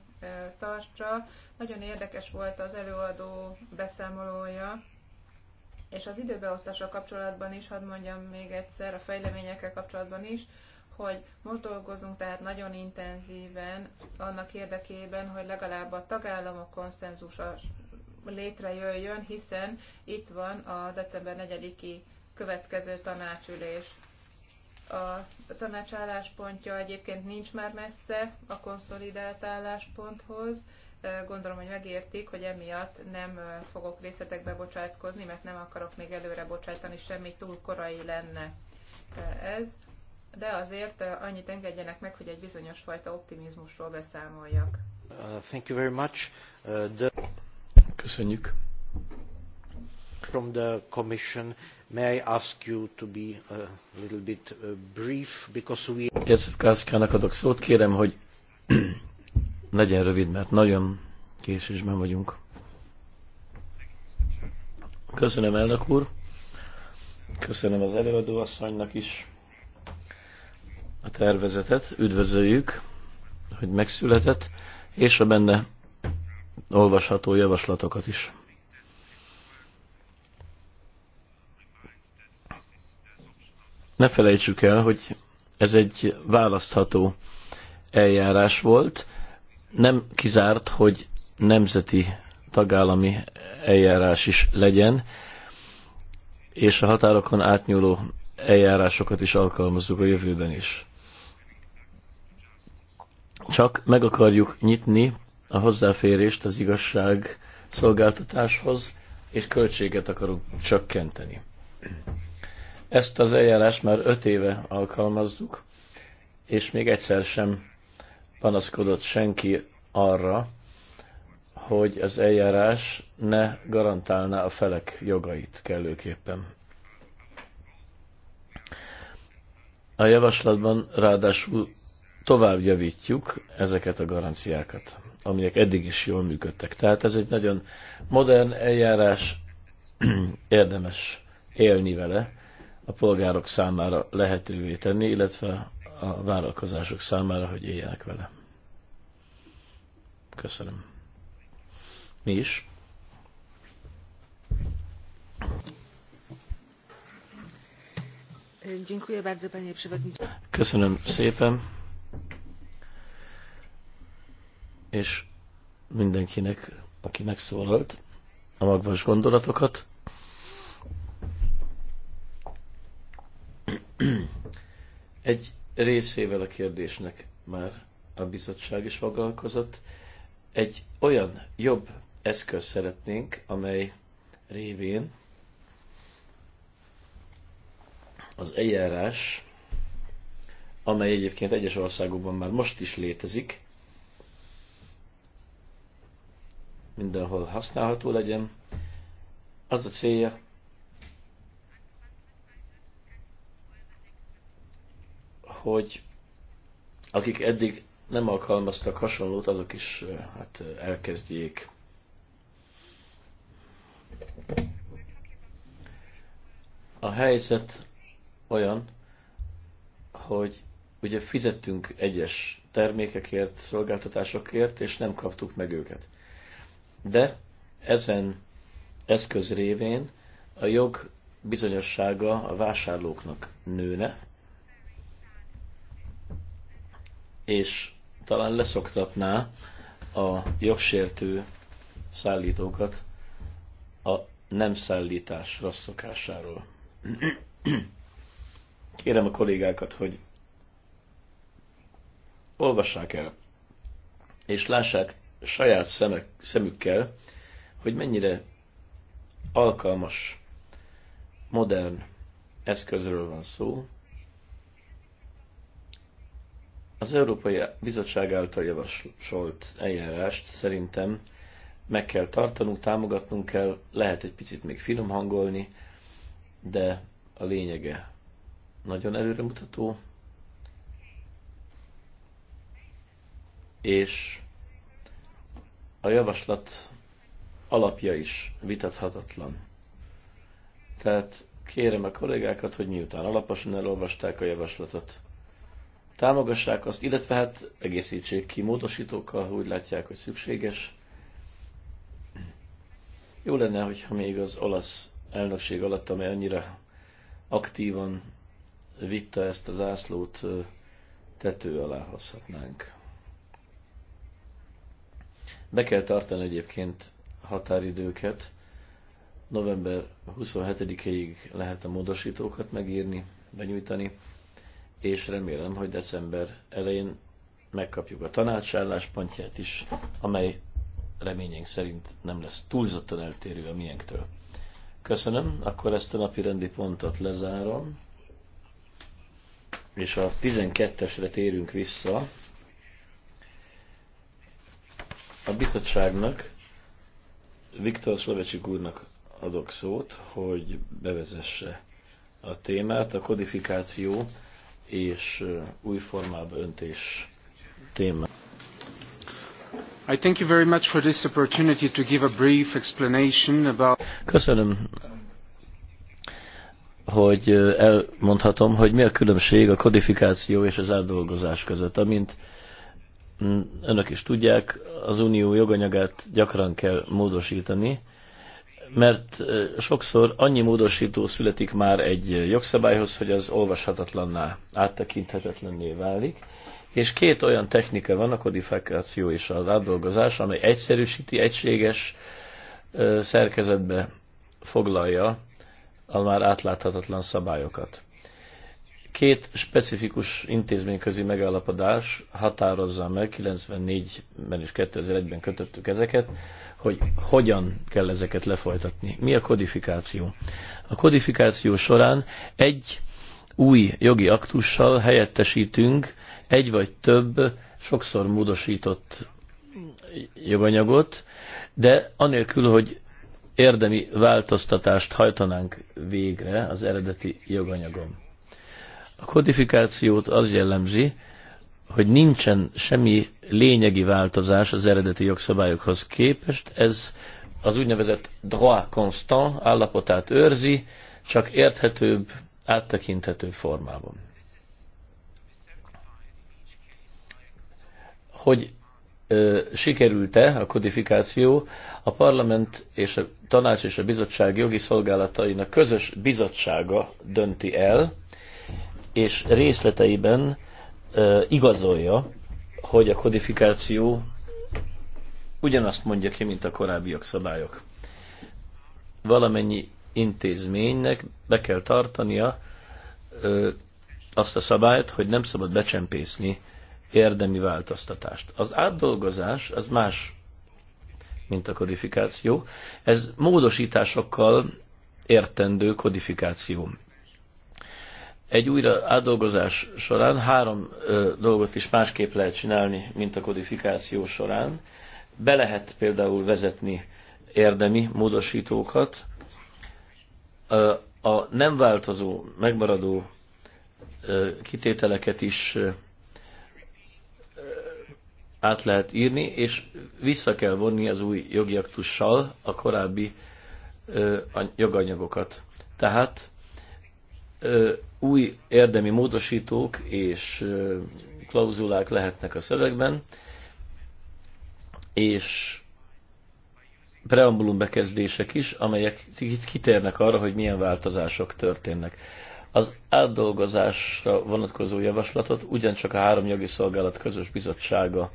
A: tartsa. Nagyon érdekes volt az előadó beszámolója és az időbeosztással kapcsolatban is, hadd mondjam még egyszer, a fejleményekkel kapcsolatban is, hogy most dolgozunk tehát nagyon intenzíven annak érdekében, hogy legalább a tagállamok konszenzusa létrejöjjön, hiszen itt van a december 4-i következő tanácsülés. A tanácsálláspontja egyébként nincs már messze a konszolidált állásponthoz, Gondolom, hogy megértik, hogy emiatt nem fogok részletekbe bocsátkozni, mert nem akarok még előre bocsátani, semmi túl korai lenne ez. De azért annyit engedjenek meg, hogy egy bizonyos fajta optimizmusról beszámoljak.
B: Uh, thank you very much. Uh, the... Köszönjük. From the Commission, may I ask you to be a uh, little bit uh, brief, because we...
C: Jezef Kászkának adok szót, kérem, hogy legyen rövid, mert nagyon késésben vagyunk. Köszönöm, elnök úr. Köszönöm az előadóasszonynak is a tervezetet. Üdvözöljük, hogy megszületett, és a benne olvasható javaslatokat is. Ne felejtsük el, hogy ez egy választható eljárás volt, nem kizárt, hogy nemzeti tagállami eljárás is legyen, és a határokon átnyúló eljárásokat is alkalmazzuk a jövőben is. Csak meg akarjuk nyitni a hozzáférést az igazság szolgáltatáshoz, és költséget akarunk csökkenteni. Ezt az eljárást már öt éve alkalmazzuk, és még egyszer sem panaszkodott senki arra, hogy az eljárás ne garantálná a felek jogait kellőképpen. A javaslatban ráadásul tovább javítjuk ezeket a garanciákat, amelyek eddig is jól működtek. Tehát ez egy nagyon modern eljárás, érdemes élni vele, a polgárok számára lehetővé tenni, illetve a vállalkozások számára, hogy éljenek vele. Köszönöm. Mi is? Köszönöm szépen, és mindenkinek, aki megszólalt a magvas gondolatokat. Egy részével a kérdésnek már a bizottság is foglalkozott. Egy olyan jobb eszköz szeretnénk, amely révén az eljárás, amely egyébként egyes országokban már most is létezik, mindenhol használható legyen. Az a célja, hogy akik eddig nem alkalmaztak hasonlót, azok is hát elkezdjék. A helyzet olyan, hogy ugye fizettünk egyes termékekért, szolgáltatásokért, és nem kaptuk meg őket. De ezen eszköz révén a jog bizonyossága a vásárlóknak nőne, és talán leszoktatná a jogsértő szállítókat a nem szállítás rossz szokásáról. Kérem a kollégákat, hogy olvassák el, és lássák saját szemek, szemükkel, hogy mennyire alkalmas, modern eszközről van szó, az Európai Bizottság által javasolt eljárást szerintem meg kell tartanunk, támogatnunk kell, lehet egy picit még finom hangolni, de a lényege nagyon előremutató, és a javaslat alapja is vitathatatlan. Tehát kérem a kollégákat, hogy miután alaposan elolvasták a javaslatot, támogassák azt, illetve hát egészítsék ki módosítókkal, ha úgy látják, hogy szükséges. Jó lenne, hogyha még az olasz elnökség alatt, amely annyira aktívan vitte ezt az ászlót, tető alá hozhatnánk. Be kell tartani egyébként határidőket. November 27-ig lehet a módosítókat megírni, benyújtani és remélem, hogy december elején megkapjuk a tanács pontját is, amely reményénk szerint nem lesz túlzottan eltérő a miénktől. Köszönöm, akkor ezt a napi rendi pontot lezárom, és a 12-esre térünk vissza. A bizottságnak, Viktor Szlovecsik úrnak adok szót, hogy bevezesse a témát, a kodifikáció és új formába öntés téma.
B: I thank you very much for this opportunity to give a brief explanation about
C: Köszönöm hogy elmondhatom, hogy mi a különbség a kodifikáció és az átdolgozás között. Amint önök is tudják, az unió joganyagát gyakran kell módosítani, mert sokszor annyi módosító születik már egy jogszabályhoz, hogy az olvashatatlanná, áttekinthetetlenné válik, és két olyan technika van, a kodifikáció és az átdolgozás, amely egyszerűsíti, egységes szerkezetbe foglalja a már átláthatatlan szabályokat. Két specifikus intézményközi megállapodás határozza meg, 94-ben és 2001-ben kötöttük ezeket, hogy hogyan kell ezeket lefolytatni. Mi a kodifikáció? A kodifikáció során egy új jogi aktussal helyettesítünk egy vagy több sokszor módosított joganyagot, de anélkül, hogy érdemi változtatást hajtanánk végre az eredeti joganyagon. A kodifikációt az jellemzi, hogy nincsen semmi lényegi változás az eredeti jogszabályokhoz képest, ez az úgynevezett droit constant állapotát őrzi, csak érthetőbb, áttekinthető formában. Hogy ö, sikerült-e a kodifikáció, a parlament és a tanács és a bizottság jogi szolgálatainak közös bizottsága dönti el, és részleteiben igazolja, hogy a kodifikáció ugyanazt mondja ki, mint a korábbiak szabályok. Valamennyi intézménynek be kell tartania ö, azt a szabályt, hogy nem szabad becsempészni érdemi változtatást. Az átdolgozás az más, mint a kodifikáció. Ez módosításokkal értendő kodifikáció egy újra átdolgozás során három ö, dolgot is másképp lehet csinálni, mint a kodifikáció során. Be lehet például vezetni érdemi módosítókat. Ö, a nem változó, megmaradó ö, kitételeket is ö, át lehet írni, és vissza kell vonni az új jogi aktussal a korábbi ö, a joganyagokat. Tehát ö, új érdemi módosítók és klauzulák lehetnek a szövegben, és preambulum bekezdések is, amelyek kitérnek arra, hogy milyen változások történnek. Az átdolgozásra vonatkozó javaslatot ugyancsak a három jogi szolgálat közös bizottsága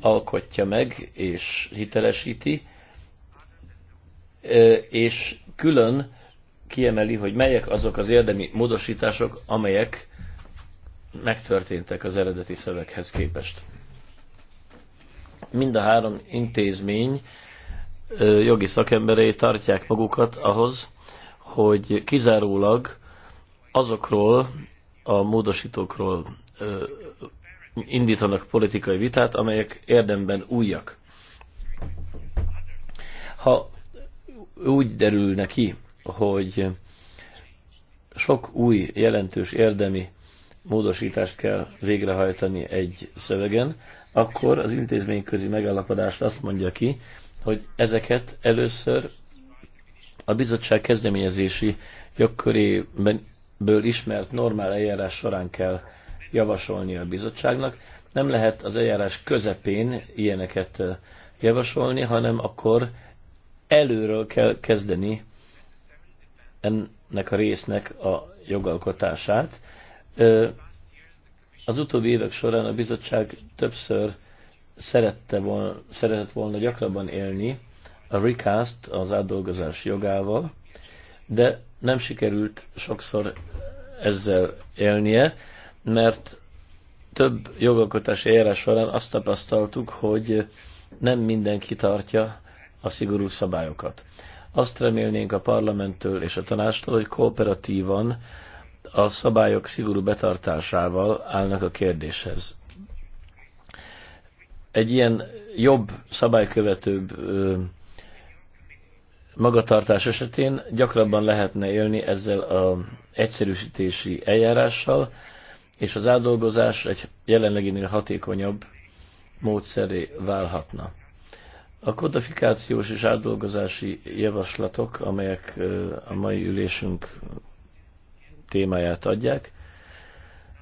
C: alkotja meg és hitelesíti, és külön kiemeli, hogy melyek azok az érdemi módosítások, amelyek megtörténtek az eredeti szöveghez képest. Mind a három intézmény jogi szakemberei tartják magukat ahhoz, hogy kizárólag azokról a módosítókról indítanak politikai vitát, amelyek érdemben újak. Ha úgy derülne ki hogy sok új, jelentős érdemi módosítást kell végrehajtani egy szövegen, akkor az intézményközi megállapodást azt mondja ki, hogy ezeket először a bizottság kezdeményezési jogköréből ismert normál eljárás során kell javasolni a bizottságnak. Nem lehet az eljárás közepén ilyeneket javasolni, hanem akkor előről kell kezdeni ennek a résznek a jogalkotását. Az utóbbi évek során a bizottság többször szerette volna, szeretett volna gyakrabban élni a recast, az átdolgozás jogával, de nem sikerült sokszor ezzel élnie, mert több jogalkotási eljárás során azt tapasztaltuk, hogy nem mindenki tartja a szigorú szabályokat. Azt remélnénk a parlamenttől és a tanástól, hogy kooperatívan a szabályok szigorú betartásával állnak a kérdéshez. Egy ilyen jobb, szabálykövetőbb magatartás esetén gyakrabban lehetne élni ezzel az egyszerűsítési eljárással, és az átdolgozás egy jelenleginél hatékonyabb módszeré válhatna. A kodifikációs és átdolgozási javaslatok, amelyek a mai ülésünk témáját adják,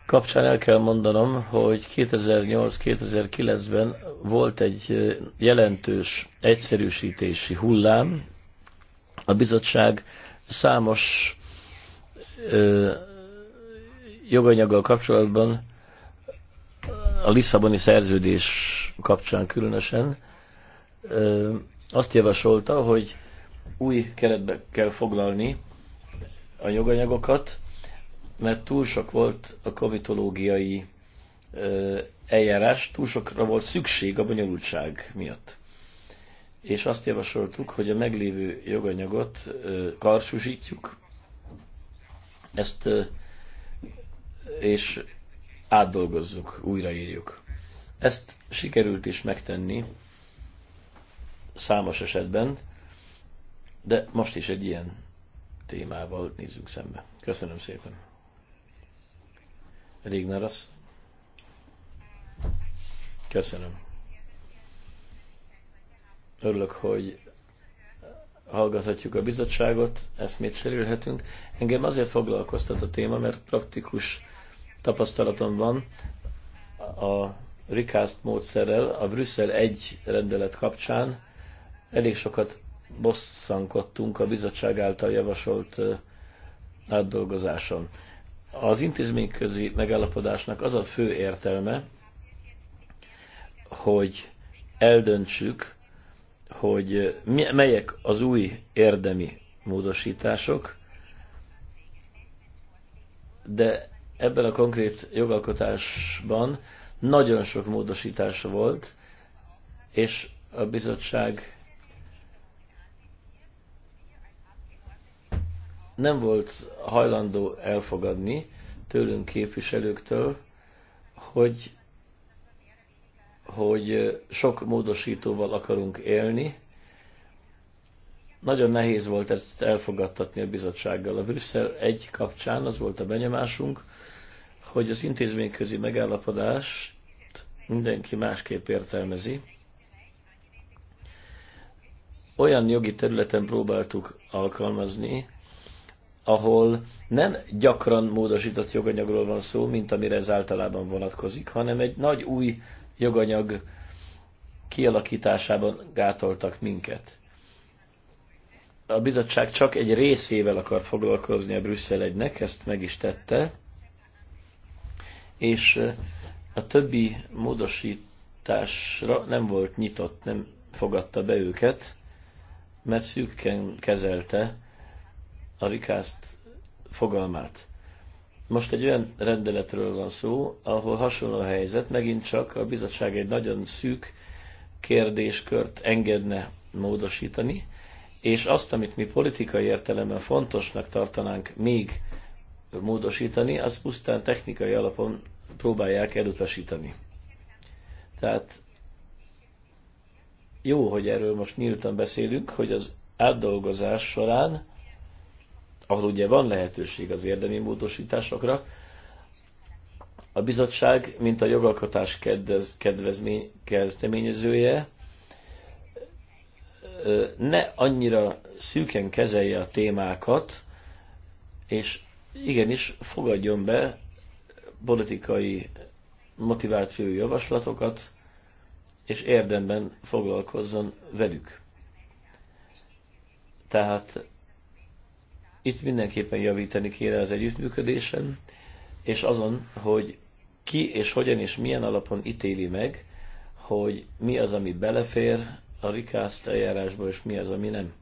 C: kapcsán el kell mondanom, hogy 2008-2009-ben volt egy jelentős egyszerűsítési hullám. A bizottság számos ö, joganyaggal kapcsolatban, a Lisszaboni szerződés kapcsán különösen, azt javasolta, hogy új keretbe kell foglalni a joganyagokat, mert túl sok volt a komitológiai eljárás, túl sokra volt szükség a bonyolultság miatt. És azt javasoltuk, hogy a meglévő joganyagot karsusítjuk, ezt és átdolgozzuk, újraírjuk. Ezt sikerült is megtenni számos esetben, de most is egy ilyen témával nézzük szembe. Köszönöm szépen. Régner Köszönöm. Örülök, hogy hallgathatjuk a bizottságot, eszmét cserélhetünk. Engem azért foglalkoztat a téma, mert praktikus tapasztalatom van a Rikászt módszerrel, a Brüsszel egy rendelet kapcsán, Elég sokat bosszankodtunk a bizottság által javasolt átdolgozáson. Az intézményközi megállapodásnak az a fő értelme, hogy eldöntsük, hogy melyek az új érdemi módosítások, de ebben a konkrét jogalkotásban nagyon sok módosítás volt, és a bizottság nem volt hajlandó elfogadni tőlünk képviselőktől, hogy, hogy sok módosítóval akarunk élni. Nagyon nehéz volt ezt elfogadtatni a bizottsággal. A Brüsszel egy kapcsán az volt a benyomásunk, hogy az intézményközi megállapodást mindenki másképp értelmezi. Olyan jogi területen próbáltuk alkalmazni, ahol nem gyakran módosított joganyagról van szó, mint amire ez általában vonatkozik, hanem egy nagy új joganyag kialakításában gátoltak minket. A bizottság csak egy részével akart foglalkozni a Brüsszel egynek, ezt meg is tette, és a többi módosításra nem volt nyitott, nem fogadta be őket, mert szűkken kezelte a rikászt fogalmát. Most egy olyan rendeletről van szó, ahol hasonló a helyzet, megint csak a bizottság egy nagyon szűk kérdéskört engedne módosítani, és azt, amit mi politikai értelemben fontosnak tartanánk még módosítani, az pusztán technikai alapon próbálják elutasítani. Tehát jó, hogy erről most nyíltan beszélünk, hogy az átdolgozás során ahol ugye van lehetőség az érdemi módosításokra, a bizottság, mint a jogalkotás kedvez, kedvezmény, kezdeményezője, ne annyira szűken kezelje a témákat, és igenis fogadjon be politikai motivációi javaslatokat, és érdemben foglalkozzon velük. Tehát itt mindenképpen javítani kéne az együttműködésen, és azon, hogy ki és hogyan és milyen alapon ítéli meg, hogy mi az, ami belefér a rikászt eljárásba, és mi az, ami nem.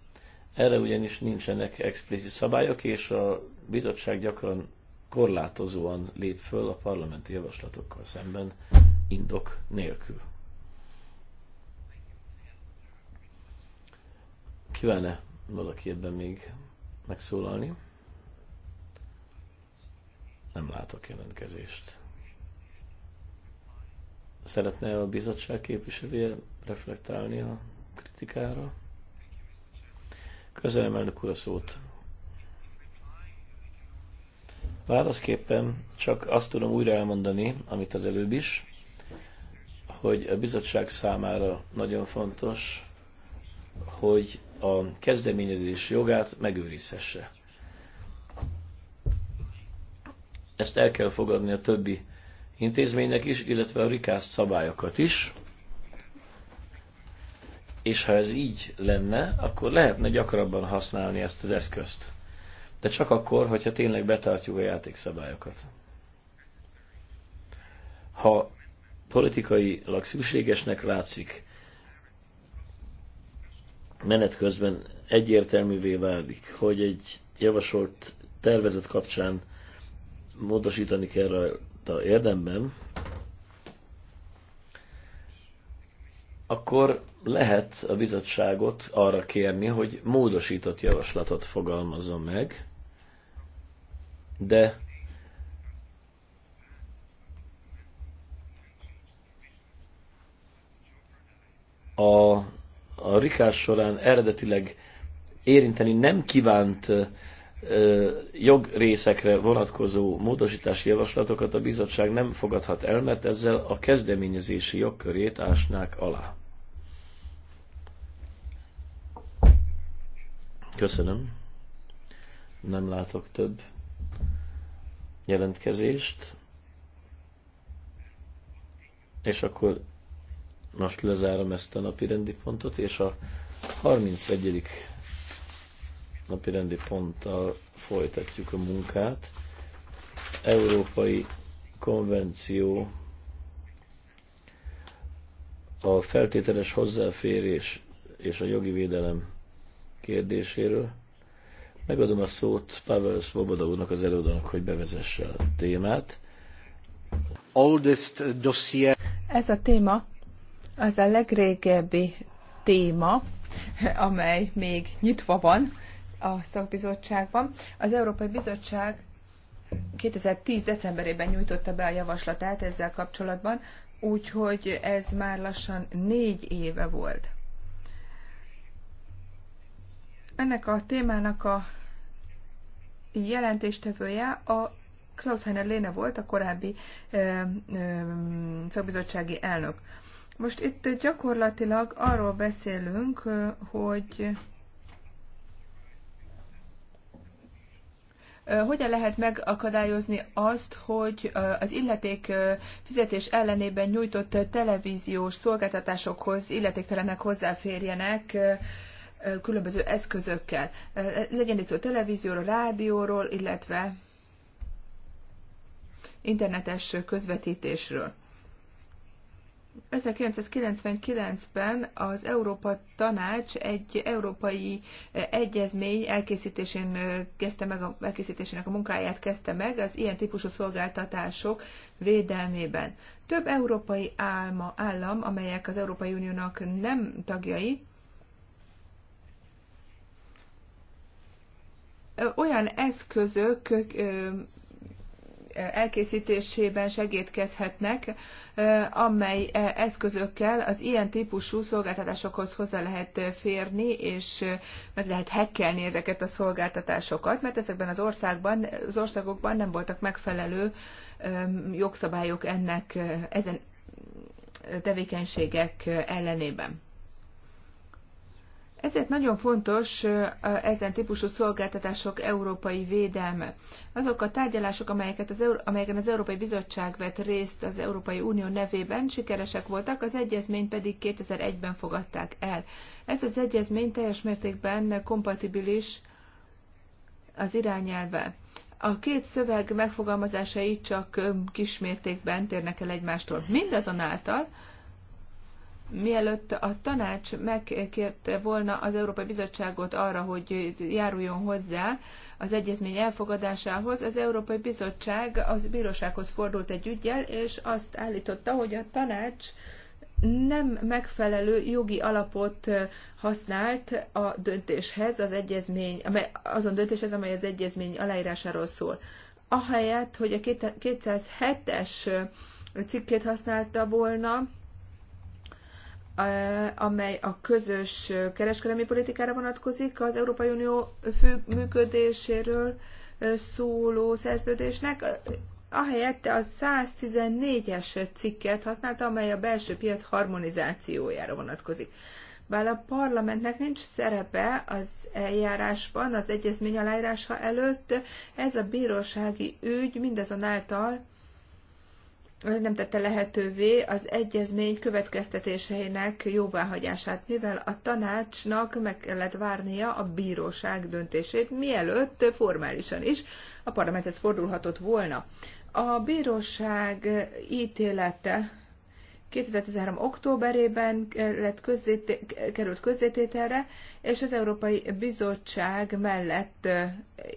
C: Erre ugyanis nincsenek explicit szabályok, és a bizottság gyakran korlátozóan lép föl a parlamenti javaslatokkal szemben indok nélkül. Kívánne valaki ebben még megszólalni? Nem látok jelentkezést. Szeretne a bizottság képviselője reflektálni a kritikára? Közelem elnök úr a szót. Válaszképpen csak azt tudom újra elmondani, amit az előbb is, hogy a bizottság számára nagyon fontos, hogy a kezdeményezés jogát megőrizhesse. Ezt el kell fogadni a többi intézménynek is, illetve a rikászt szabályokat is. És ha ez így lenne, akkor lehetne gyakrabban használni ezt az eszközt. De csak akkor, hogyha tényleg betartjuk a játékszabályokat. Ha politikailag szükségesnek látszik menet közben egyértelművé válik, hogy egy javasolt tervezet kapcsán módosítani kell rajta érdemben, akkor lehet a bizottságot arra kérni, hogy módosított javaslatot fogalmazzon meg, de a a Rikás során eredetileg érinteni nem kívánt jogrészekre vonatkozó módosítási javaslatokat a bizottság nem fogadhat el, mert ezzel a kezdeményezési jogkörét ásnák alá. Köszönöm. Nem látok több jelentkezést. És akkor most lezárom ezt a napi rendi pontot, és a 31. napi rendi ponttal folytatjuk a munkát. Európai Konvenció a feltételes hozzáférés és a jogi védelem kérdéséről. Megadom a szót Pavel Svoboda úrnak, az előadónak, hogy bevezesse a témát. Oldest dossier.
A: Ez a téma az a legrégebbi téma, amely még nyitva van a szakbizottságban. Az Európai Bizottság 2010. decemberében nyújtotta be a javaslatát ezzel kapcsolatban, úgyhogy ez már lassan négy éve volt. Ennek a témának a jelentéstevője a Klaus Heiner Léne volt, a korábbi ö, ö, szakbizottsági elnök. Ö, most itt gyakorlatilag arról beszélünk, hogy hogyan lehet megakadályozni azt, hogy az illeték fizetés ellenében nyújtott televíziós szolgáltatásokhoz illetéktelenek hozzáférjenek különböző eszközökkel. Legyen itt szó televízióról, rádióról, illetve internetes közvetítésről. 1999-ben az Európa Tanács egy európai eh, egyezmény elkészítésén eh, kezdte meg a, elkészítésének a munkáját kezdte meg az ilyen típusú szolgáltatások védelmében. Több európai álma, állam, amelyek az Európai Uniónak nem tagjai, eh, olyan eszközök elkészítésében segítkezhetnek, amely eszközökkel az ilyen típusú szolgáltatásokhoz hozzá lehet férni, és meg lehet hekkelni ezeket a szolgáltatásokat, mert ezekben az, országban, az országokban nem voltak megfelelő jogszabályok ennek ezen tevékenységek ellenében. Ezért nagyon fontos ezen típusú szolgáltatások európai védelme. Azok a tárgyalások, amelyeket az, amelyeken az Európai Bizottság vett részt az Európai Unió nevében, sikeresek voltak, az egyezményt pedig 2001-ben fogadták el. Ez az egyezmény teljes mértékben kompatibilis az irányelve. A két szöveg megfogalmazásai csak kismértékben térnek el egymástól. Mindazonáltal, mielőtt a tanács megkérte volna az Európai Bizottságot arra, hogy járuljon hozzá az egyezmény elfogadásához, az Európai Bizottság az bírósághoz fordult egy ügyjel, és azt állította, hogy a tanács nem megfelelő jogi alapot használt a döntéshez, az egyezmény, azon döntéshez, amely az egyezmény aláírásáról szól. Ahelyett, hogy a 207-es cikkét használta volna, amely a közös kereskedelmi politikára vonatkozik az Európai Unió fő működéséről szóló szerződésnek. Ahelyett a 114-es cikket használta, amely a belső piac harmonizációjára vonatkozik. Bár a parlamentnek nincs szerepe az eljárásban, az egyezmény aláírása előtt, ez a bírósági ügy mindazonáltal nem tette lehetővé az egyezmény következtetéseinek jóváhagyását, mivel a tanácsnak meg kellett várnia a bíróság döntését, mielőtt formálisan is a parlamenthez fordulhatott volna. A bíróság ítélete 2013. októberében lett közzét, került közzétételre, és az Európai Bizottság mellett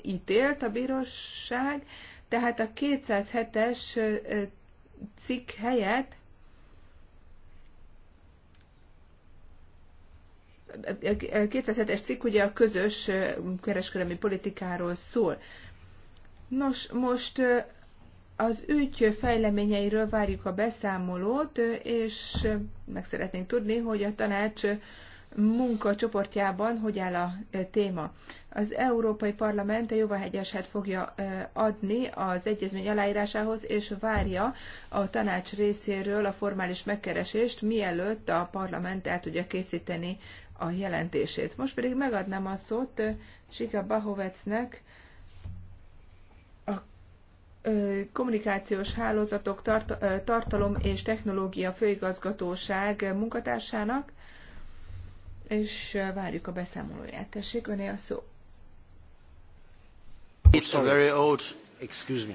A: ítélt a bíróság, tehát a 207-es cikk helyett a 207-es cikk ugye a közös kereskedelmi politikáról szól. Nos, most az ügy fejleményeiről várjuk a beszámolót, és meg szeretnénk tudni, hogy a tanács munka csoportjában, hogy áll a téma. Az Európai Parlament a jóváhegyeset fogja adni az egyezmény aláírásához, és várja a tanács részéről a formális megkeresést, mielőtt a parlament el tudja készíteni a jelentését. Most pedig megadnám a szót Sika Bahovecnek, a kommunikációs hálózatok, tartalom és technológia főigazgatóság munkatársának, és várjuk a beszámolóját. Tessék, öné a szó.
B: It's a very old, excuse me.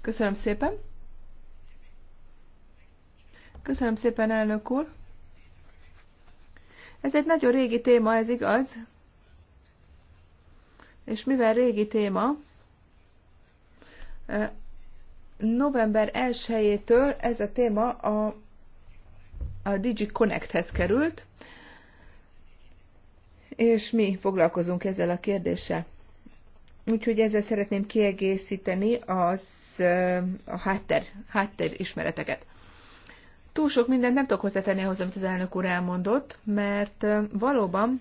A: Köszönöm szépen. Köszönöm szépen, elnök úr. Ez egy nagyon régi téma, ez igaz. És mivel régi téma, november 1-től ez a téma a a Digi Connecthez került, és mi foglalkozunk ezzel a kérdéssel. Úgyhogy ezzel szeretném kiegészíteni az, a háttér, háttér ismereteket. Túl sok mindent nem tudok hozzátenni ahhoz, amit az elnök úr elmondott, mert valóban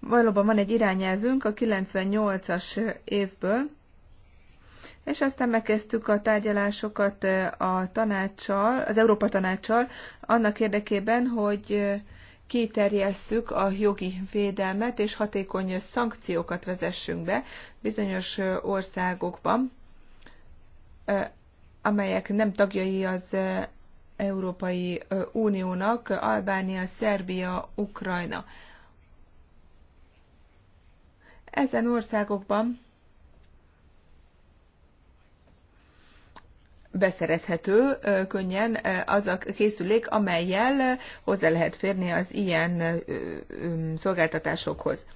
A: valóban van egy irányelvünk a 98-as évből, és aztán megkezdtük a tárgyalásokat a tanácssal, az Európa tanácssal, annak érdekében, hogy kiterjesszük a jogi védelmet, és hatékony szankciókat vezessünk be bizonyos országokban, amelyek nem tagjai az Európai Uniónak, Albánia, Szerbia, Ukrajna. Ezen országokban beszerezhető könnyen az a készülék, amelyel hozzá lehet férni az ilyen szolgáltatásokhoz.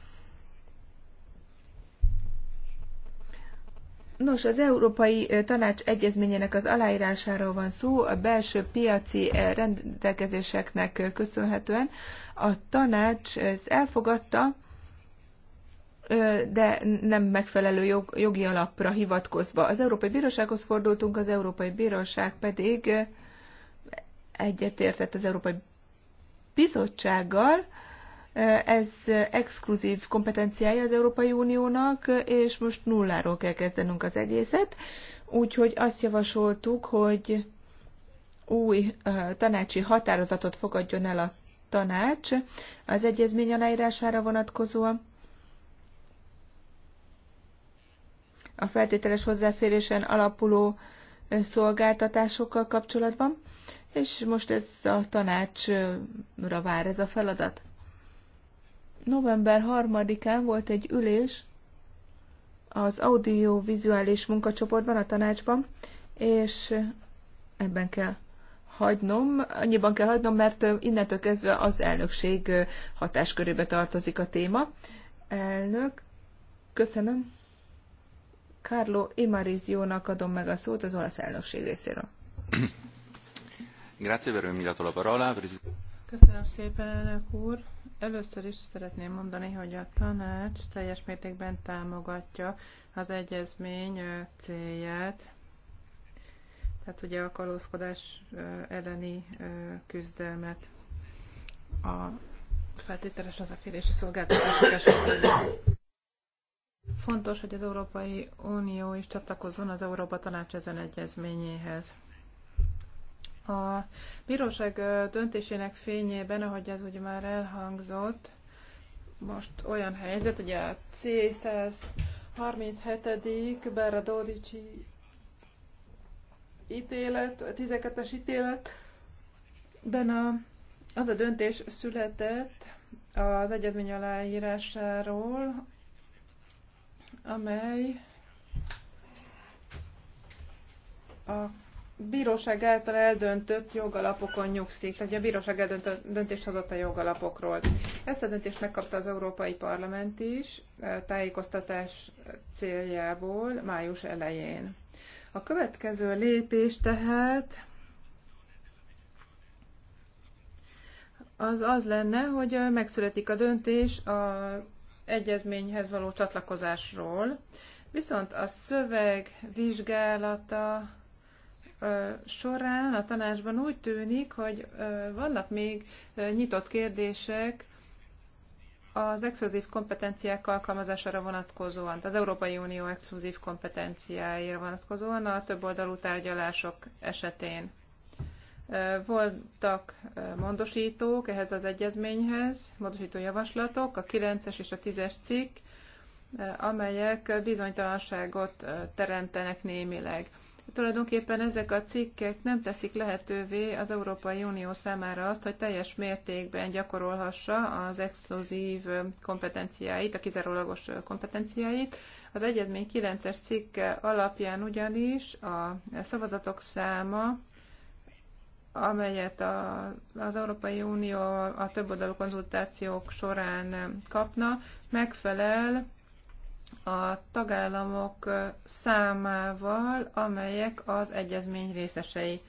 A: Nos, az Európai Tanács egyezményének az aláírásáról van szó, a belső piaci rendelkezéseknek köszönhetően a tanács elfogadta, de nem megfelelő jog, jogi alapra hivatkozva. Az Európai Bírósághoz fordultunk, az Európai Bíróság pedig egyetértett az Európai Bizottsággal, ez exkluzív kompetenciája az Európai Uniónak, és most nulláról kell kezdenünk az egészet, úgyhogy azt javasoltuk, hogy új tanácsi határozatot fogadjon el a tanács az egyezmény aláírására vonatkozóan, a feltételes hozzáférésen alapuló szolgáltatásokkal kapcsolatban, és most ez a tanácsra vár ez a feladat. November 3-án volt egy ülés az audiovizuális munkacsoportban, a tanácsban, és ebben kell hagynom, annyiban kell hagynom, mert innentől kezdve az elnökség hatáskörébe tartozik a téma. Elnök, köszönöm. Carlo Imarizionak adom meg a szót az olasz elnökség részéről.
C: Grazie per dato la parola.
A: Köszönöm szépen, elnök úr. Először is szeretném mondani, hogy a tanács teljes mértékben támogatja az egyezmény célját, tehát ugye a kalózkodás elleni küzdelmet a feltételes az a félési szolgáltatások esetében. Fontos, hogy az Európai Unió is csatlakozzon az Európa Tanács ezen egyezményéhez. A bíróság döntésének fényében, ahogy ez ugye már elhangzott, most olyan helyzet, hogy a C137. Berra Dodicsi ítélet, 12-es ítéletben a, az a döntés született az egyezmény aláírásáról, amely a bíróság által eldöntött jogalapokon nyugszik, tehát a bíróság eldöntött döntést hozott a jogalapokról. Ezt a döntést megkapta az Európai Parlament is eh, tájékoztatás céljából május elején. A következő lépés tehát az az lenne, hogy megszületik a döntés a egyezményhez való csatlakozásról, viszont a szöveg vizsgálata során a tanácsban úgy tűnik, hogy vannak még nyitott kérdések az exkluzív kompetenciák alkalmazására vonatkozóan, az Európai Unió exkluzív kompetenciáira vonatkozóan a oldalú tárgyalások esetén. Voltak módosítók ehhez az egyezményhez, módosító javaslatok, a 9-es és a 10-es cikk, amelyek bizonytalanságot teremtenek némileg. Tulajdonképpen ezek a cikkek nem teszik lehetővé az Európai Unió számára azt, hogy teljes mértékben gyakorolhassa az exkluzív kompetenciáit, a kizárólagos kompetenciáit. Az egyezmény 9-es cikke alapján ugyanis a szavazatok száma amelyet a, az Európai Unió a oldalú konzultációk során kapna, megfelel a tagállamok számával, amelyek az egyezmény részesei.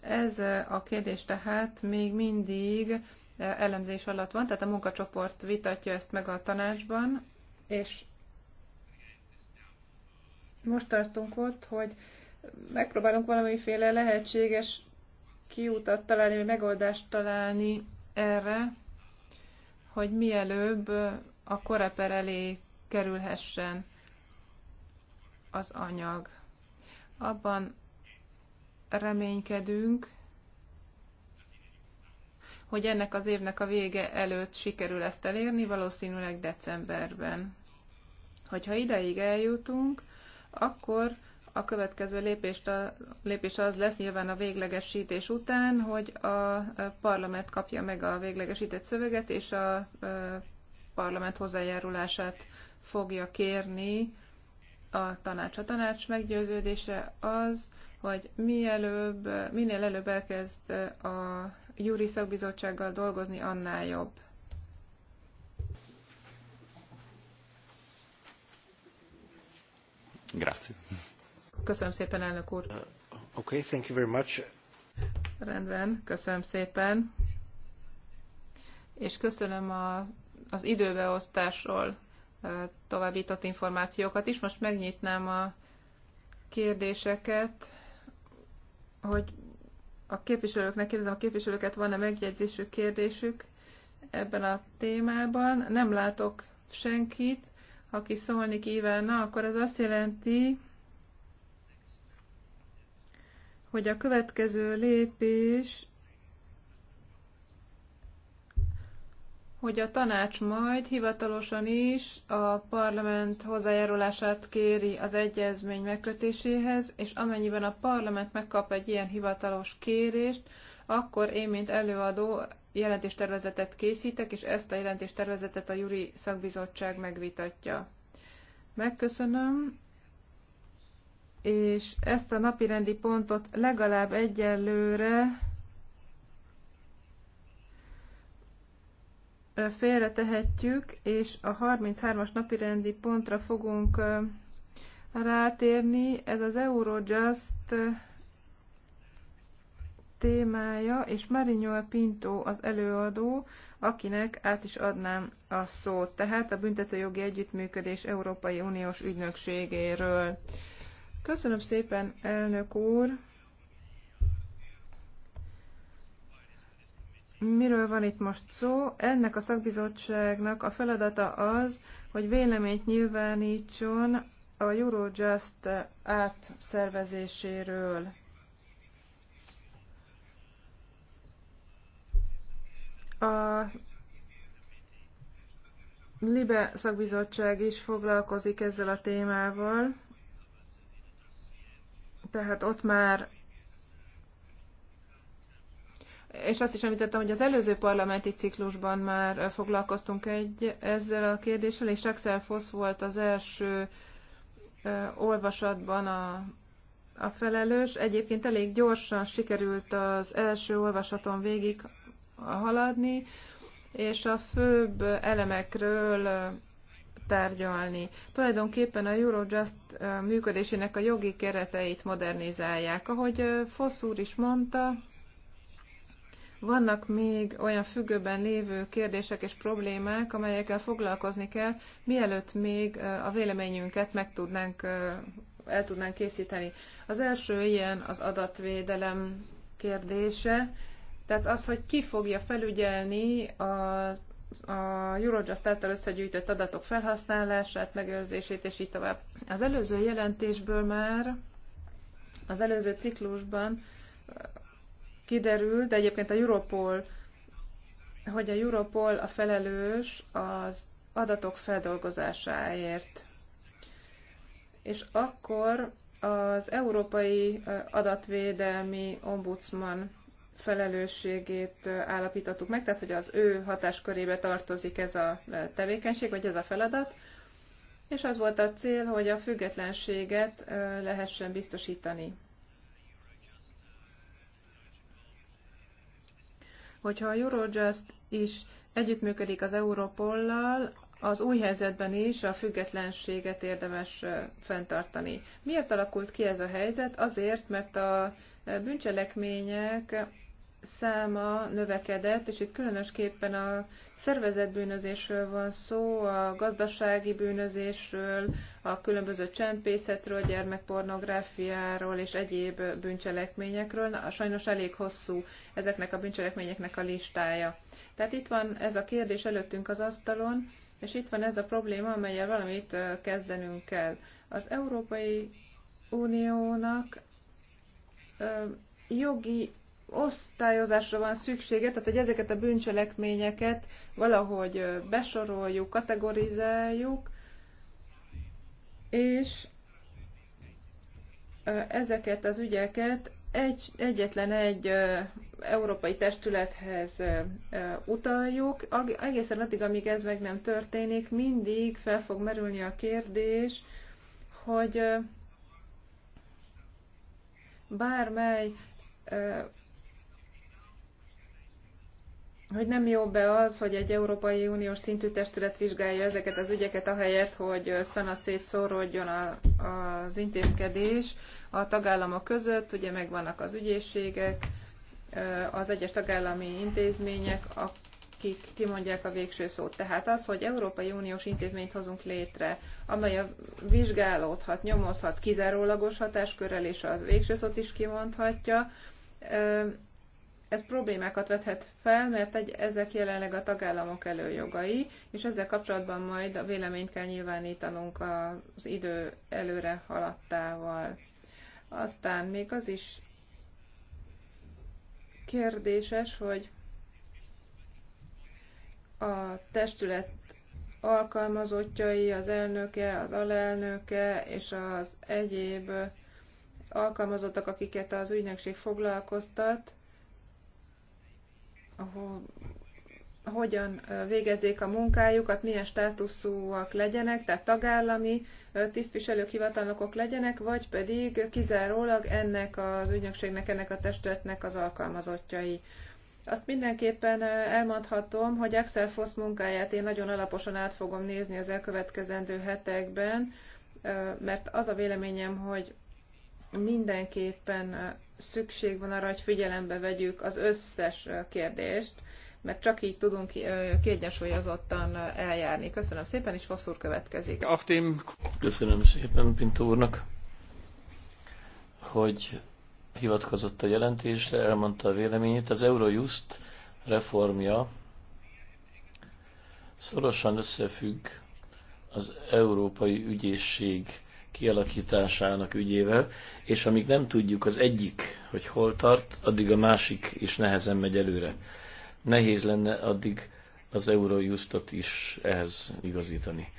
A: Ez a kérdés tehát még mindig elemzés alatt van, tehát a munkacsoport vitatja ezt meg a tanácsban, és most tartunk ott, hogy megpróbálunk valamiféle lehetséges kiutat találni, vagy megoldást találni erre, hogy mielőbb a koreper elé kerülhessen az anyag. Abban reménykedünk, hogy ennek az évnek a vége előtt sikerül ezt elérni, valószínűleg decemberben. Hogyha ideig eljutunk, akkor a következő lépést a, lépés az lesz nyilván a véglegesítés után, hogy a parlament kapja meg a véglegesített szöveget, és a parlament hozzájárulását fogja kérni a tanács. A tanács meggyőződése az, hogy mielőbb, minél előbb elkezd a júri szakbizottsággal dolgozni, annál jobb. Grazie. Köszönöm szépen, elnök úr. Uh,
C: okay,
B: thank you very much.
A: Rendben, köszönöm szépen. És köszönöm a, az időbeosztásról uh, továbbított információkat is. Most megnyitnám a kérdéseket, hogy a képviselőknek kérdezem, a képviselőket van-e megjegyzésük, kérdésük ebben a témában. Nem látok senkit, aki szólni kívánna, akkor ez azt jelenti, hogy a következő lépés, hogy a tanács majd hivatalosan is a parlament hozzájárulását kéri az egyezmény megkötéséhez, és amennyiben a parlament megkap egy ilyen hivatalos kérést, akkor én, mint előadó, jelentéstervezetet készítek, és ezt a jelentéstervezetet a Juri Szakbizottság megvitatja. Megköszönöm és ezt a napirendi pontot legalább egyelőre félretehetjük, és a 33-as napirendi pontra fogunk rátérni. Ez az Eurojust témája, és Marinyol Pinto az előadó, akinek át is adnám a szót, tehát a Büntetőjogi Együttműködés Európai Uniós Ügynökségéről. Köszönöm szépen, elnök úr! Miről van itt most szó? Ennek a szakbizottságnak a feladata az, hogy véleményt nyilvánítson a Eurojust átszervezéséről. A Libe szakbizottság is foglalkozik ezzel a témával, tehát ott már és azt is említettem, hogy az előző parlamenti ciklusban már foglalkoztunk egy ezzel a kérdéssel, és Axel Foss volt az első olvasatban a, a felelős. Egyébként elég gyorsan sikerült az első olvasaton végig haladni, és a főbb elemekről tárgyalni. Tulajdonképpen a Eurojust működésének a jogi kereteit modernizálják. Ahogy Fosz úr is mondta, vannak még olyan függőben lévő kérdések és problémák, amelyekkel foglalkozni kell, mielőtt még a véleményünket meg tudnánk, el tudnánk készíteni. Az első ilyen az adatvédelem kérdése, tehát az, hogy ki fogja felügyelni az a Eurojust által összegyűjtött adatok felhasználását, megőrzését, és így tovább. Az előző jelentésből már, az előző ciklusban kiderült, de egyébként a Europol, hogy a Europol a felelős az adatok feldolgozásáért. És akkor az Európai Adatvédelmi Ombudsman felelősségét állapítottuk meg, tehát hogy az ő hatáskörébe tartozik ez a tevékenység, vagy ez a feladat, és az volt a cél, hogy a függetlenséget lehessen biztosítani. Hogyha a Eurojust is együttműködik az Europollal, az új helyzetben is a függetlenséget érdemes fenntartani. Miért alakult ki ez a helyzet? Azért, mert a bűncselekmények száma növekedett, és itt különösképpen a szervezett bűnözésről van szó, a gazdasági bűnözésről, a különböző csempészetről, gyermekpornográfiáról és egyéb bűncselekményekről. Na, sajnos elég hosszú ezeknek a bűncselekményeknek a listája. Tehát itt van ez a kérdés előttünk az asztalon, és itt van ez a probléma, amelyel valamit kezdenünk kell. Az Európai Uniónak jogi osztályozásra van szüksége, tehát hogy ezeket a bűncselekményeket valahogy besoroljuk, kategorizáljuk, és ezeket az ügyeket egy, egyetlen egy európai testülethez utaljuk. Egészen addig, amíg ez meg nem történik, mindig fel fog merülni a kérdés, hogy bármely, hogy nem jó be az, hogy egy Európai Uniós szintű testület vizsgálja ezeket az ügyeket, ahelyett, hogy szana szétszóródjon a, az intézkedés a tagállamok között, ugye megvannak az ügyészségek, az egyes tagállami intézmények, akik kimondják a végső szót. Tehát az, hogy Európai Uniós intézményt hozunk létre, amely a vizsgálódhat, nyomozhat kizárólagos hatáskörrel, és az végső szót is kimondhatja. Ez problémákat vethet fel, mert egy, ezek jelenleg a tagállamok előjogai, és ezzel kapcsolatban majd a véleményt kell nyilvánítanunk az idő előre haladtával. Aztán még az is kérdéses, hogy a testület alkalmazottjai, az elnöke, az alelnöke és az egyéb alkalmazottak, akiket az ügynökség foglalkoztat, hogyan végezzék a munkájukat, milyen státuszúak legyenek, tehát tagállami tisztviselők, hivatalnokok legyenek, vagy pedig kizárólag ennek az ügynökségnek, ennek a testületnek az alkalmazottjai. Azt mindenképpen elmondhatom, hogy Excel Fosz munkáját én nagyon alaposan át fogom nézni az elkövetkezendő hetekben, mert az a véleményem, hogy mindenképpen szükség van arra, hogy figyelembe vegyük az összes kérdést, mert csak így tudunk kiegyensúlyozottan eljárni. Köszönöm szépen, és úr következik.
C: Köszönöm szépen Pintó úrnak, hogy hivatkozott a jelentésre, elmondta a véleményét. Az Eurojust reformja szorosan összefügg az Európai Ügyészség kialakításának ügyével, és amíg nem tudjuk az egyik, hogy hol tart, addig a másik is nehezen megy előre. Nehéz lenne addig az Eurojustot is ehhez igazítani.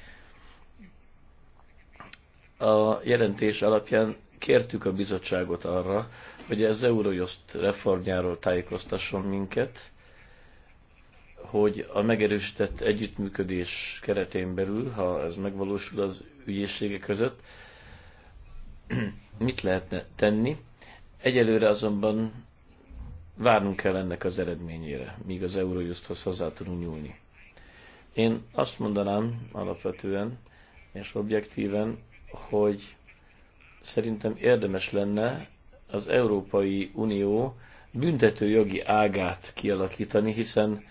C: A jelentés alapján kértük a bizottságot arra, hogy az Eurojust reformjáról tájékoztasson minket, hogy a megerősített együttműködés keretén belül, ha ez megvalósul az ügyészségek között, mit lehetne tenni. Egyelőre azonban várnunk kell ennek az eredményére, míg az Eurojusthoz hozzá tudunk nyúlni. Én azt mondanám alapvetően és objektíven, hogy szerintem érdemes lenne az Európai Unió büntetőjogi ágát kialakítani, hiszen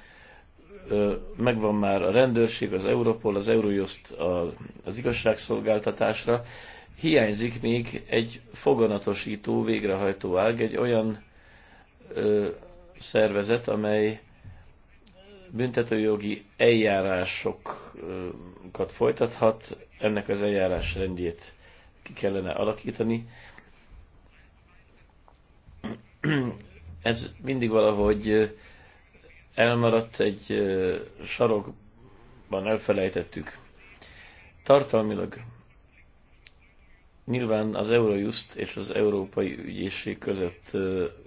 C: megvan már a rendőrség, az Europol, az Eurojust az igazságszolgáltatásra. Hiányzik még egy foganatosító, végrehajtó ág, egy olyan ö, szervezet, amely büntetőjogi eljárásokat folytathat, ennek az eljárás rendjét ki kellene alakítani. Ez mindig valahogy elmaradt egy sarokban, elfelejtettük. Tartalmilag nyilván az Eurojust és az Európai Ügyészség között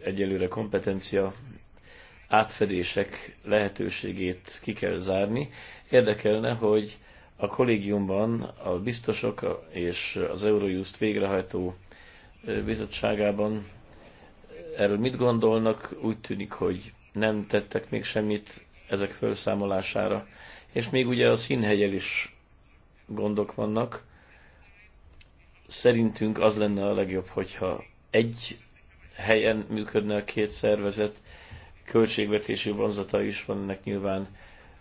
C: egyelőre kompetencia átfedések lehetőségét ki kell zárni. Érdekelne, hogy a kollégiumban a biztosok és az Eurojust végrehajtó bizottságában erről mit gondolnak, úgy tűnik, hogy nem tettek még semmit ezek felszámolására. És még ugye a színhegyel is gondok vannak. Szerintünk az lenne a legjobb, hogyha egy helyen működne a két szervezet, költségvetési vonzata is van ennek nyilván,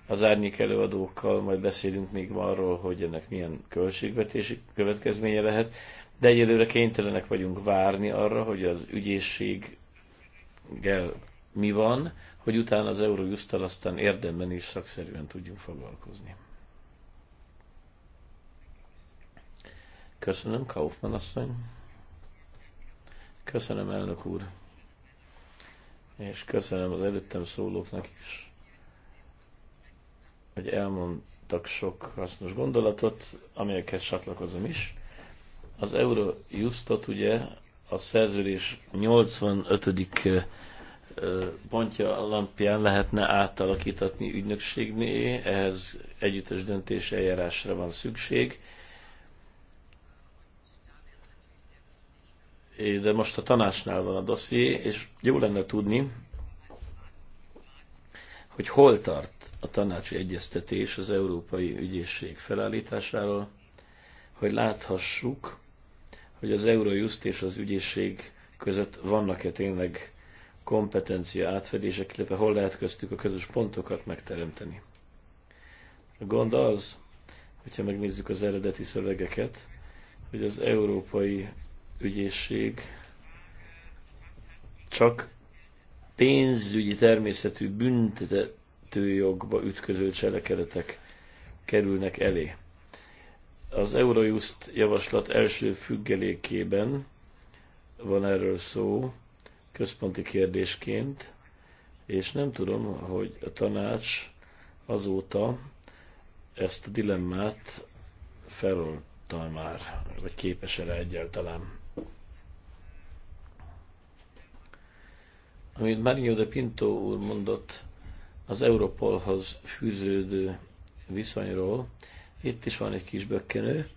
C: az árnyék előadókkal majd beszélünk még arról, hogy ennek milyen költségvetési következménye lehet, de egyelőre kénytelenek vagyunk várni arra, hogy az ügyészséggel mi van, hogy utána az Eurojust-tal aztán érdemben is szakszerűen tudjunk foglalkozni. Köszönöm, Kaufmann asszony. Köszönöm, elnök úr. És köszönöm az előttem szólóknak is hogy elmondtak sok hasznos gondolatot, amelyekhez csatlakozom is. Az Eurojustot ugye a szerződés 85. pontja alapján lehetne átalakítatni ügynökségné, ehhez együttes döntés eljárásra van szükség. De most a tanácsnál van a dosszié, és jó lenne tudni, hogy hol tart a tanácsi egyeztetés az Európai Ügyészség felállításáról, hogy láthassuk, hogy az Eurojust és az ügyészség között vannak-e tényleg kompetencia átfedések, illetve hol lehet köztük a közös pontokat megteremteni. A gond az, hogyha megnézzük az eredeti szövegeket, hogy az Európai Ügyészség csak pénzügyi természetű büntetőjogba ütköző cselekedetek kerülnek elé. Az Eurojust javaslat első függelékében van erről szó, központi kérdésként, és nem tudom, hogy a tanács azóta ezt a dilemmát feloldta már, vagy képes erre egyáltalán. amit Mario de Pinto úr mondott az Europolhoz fűződő viszonyról, itt is van egy kis bökkenő,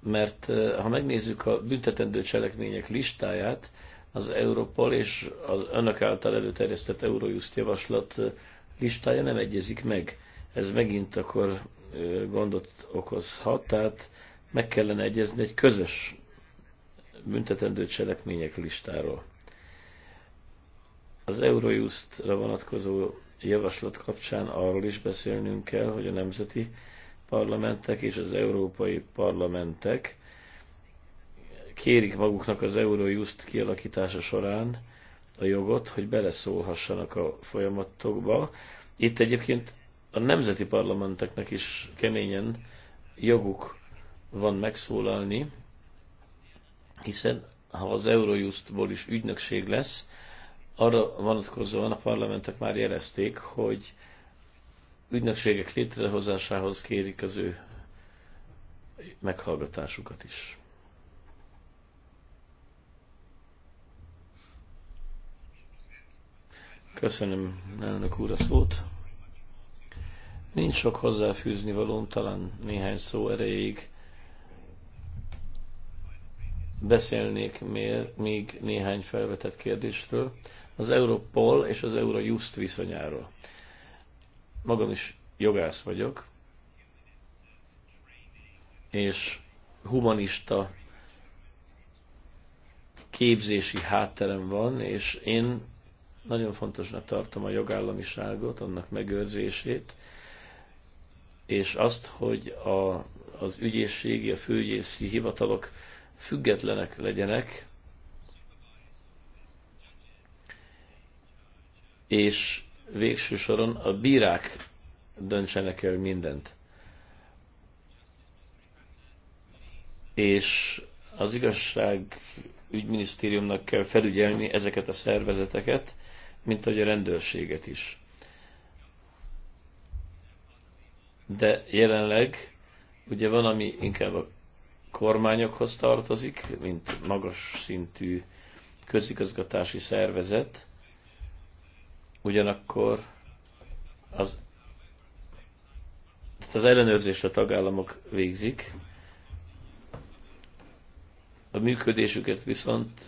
C: mert eh, ha megnézzük a büntetendő cselekmények listáját, az Europol és az önök által előterjesztett Eurojust javaslat eh, listája nem egyezik meg. Ez megint akkor eh, gondot okozhat, tehát meg kellene egyezni egy közös büntetendő cselekmények listáról. Az Eurojust-ra vonatkozó javaslat kapcsán arról is beszélnünk kell, hogy a nemzeti parlamentek és az európai parlamentek kérik maguknak az Eurojust kialakítása során a jogot, hogy beleszólhassanak a folyamatokba. Itt egyébként a nemzeti parlamenteknek is keményen joguk van megszólalni, hiszen ha az Eurojustból is ügynökség lesz, arra vonatkozóan a parlamentek már jelezték, hogy ügynökségek létrehozásához kérik az ő meghallgatásukat is. Köszönöm elnök úr a szót. Nincs sok hozzáfűzni valóm, talán néhány szó erejéig. Beszélnék még néhány felvetett kérdésről az Europol és az Eurojust viszonyáról. Magam is jogász vagyok, és humanista képzési hátterem van, és én nagyon fontosnak tartom a jogállamiságot, annak megőrzését, és azt, hogy a, az ügyészségi, a főügyészi hivatalok függetlenek legyenek, és végső soron a bírák döntsenek el mindent. És az igazság ügyminisztériumnak kell felügyelni ezeket a szervezeteket, mint ahogy a rendőrséget is. De jelenleg ugye van, ami inkább a kormányokhoz tartozik, mint magas szintű közigazgatási szervezet, Ugyanakkor az, az ellenőrzés a tagállamok végzik, a működésüket viszont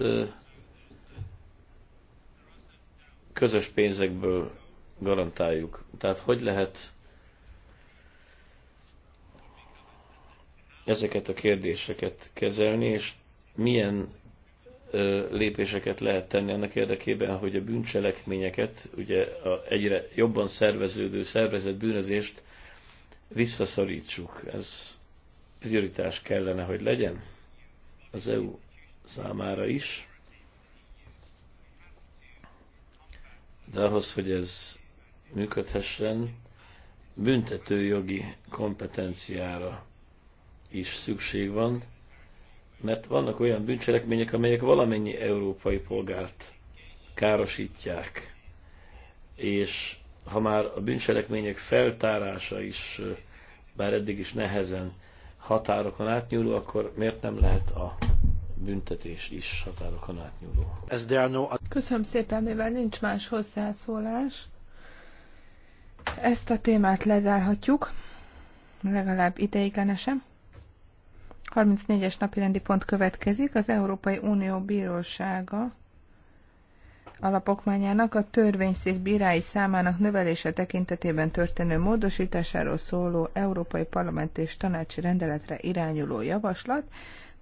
C: közös pénzekből garantáljuk. Tehát hogy lehet ezeket a kérdéseket kezelni, és milyen lépéseket lehet tenni annak érdekében, hogy a bűncselekményeket, ugye a egyre jobban szerveződő szervezett bűnözést visszaszorítsuk. Ez prioritás kellene, hogy legyen az EU számára is. De ahhoz, hogy ez működhessen, büntetőjogi kompetenciára is szükség van, mert vannak olyan bűncselekmények, amelyek valamennyi európai polgárt károsítják. És ha már a bűncselekmények feltárása is, bár eddig is nehezen határokon átnyúló, akkor miért nem lehet a büntetés is határokon átnyúló?
A: Köszönöm szépen, mivel nincs más hozzászólás. Ezt a témát lezárhatjuk, legalább ideiglenesen. 34-es napirendi pont következik, az Európai Unió Bírósága alapokmányának a törvényszék bírái számának növelése tekintetében történő módosításáról szóló Európai Parlament és Tanácsi rendeletre irányuló javaslat.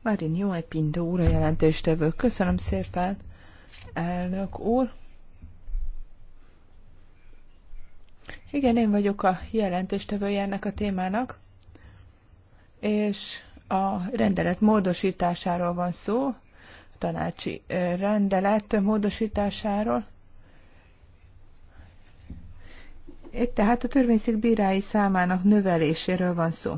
A: Marin Jóe Pindó úr a jelentéstevő. Köszönöm szépen, elnök úr. Igen, én vagyok a jelentéstevője ennek a témának, és a rendelet módosításáról van szó, tanácsi rendelet módosításáról. Itt tehát a törvényszék bírái számának növeléséről van szó.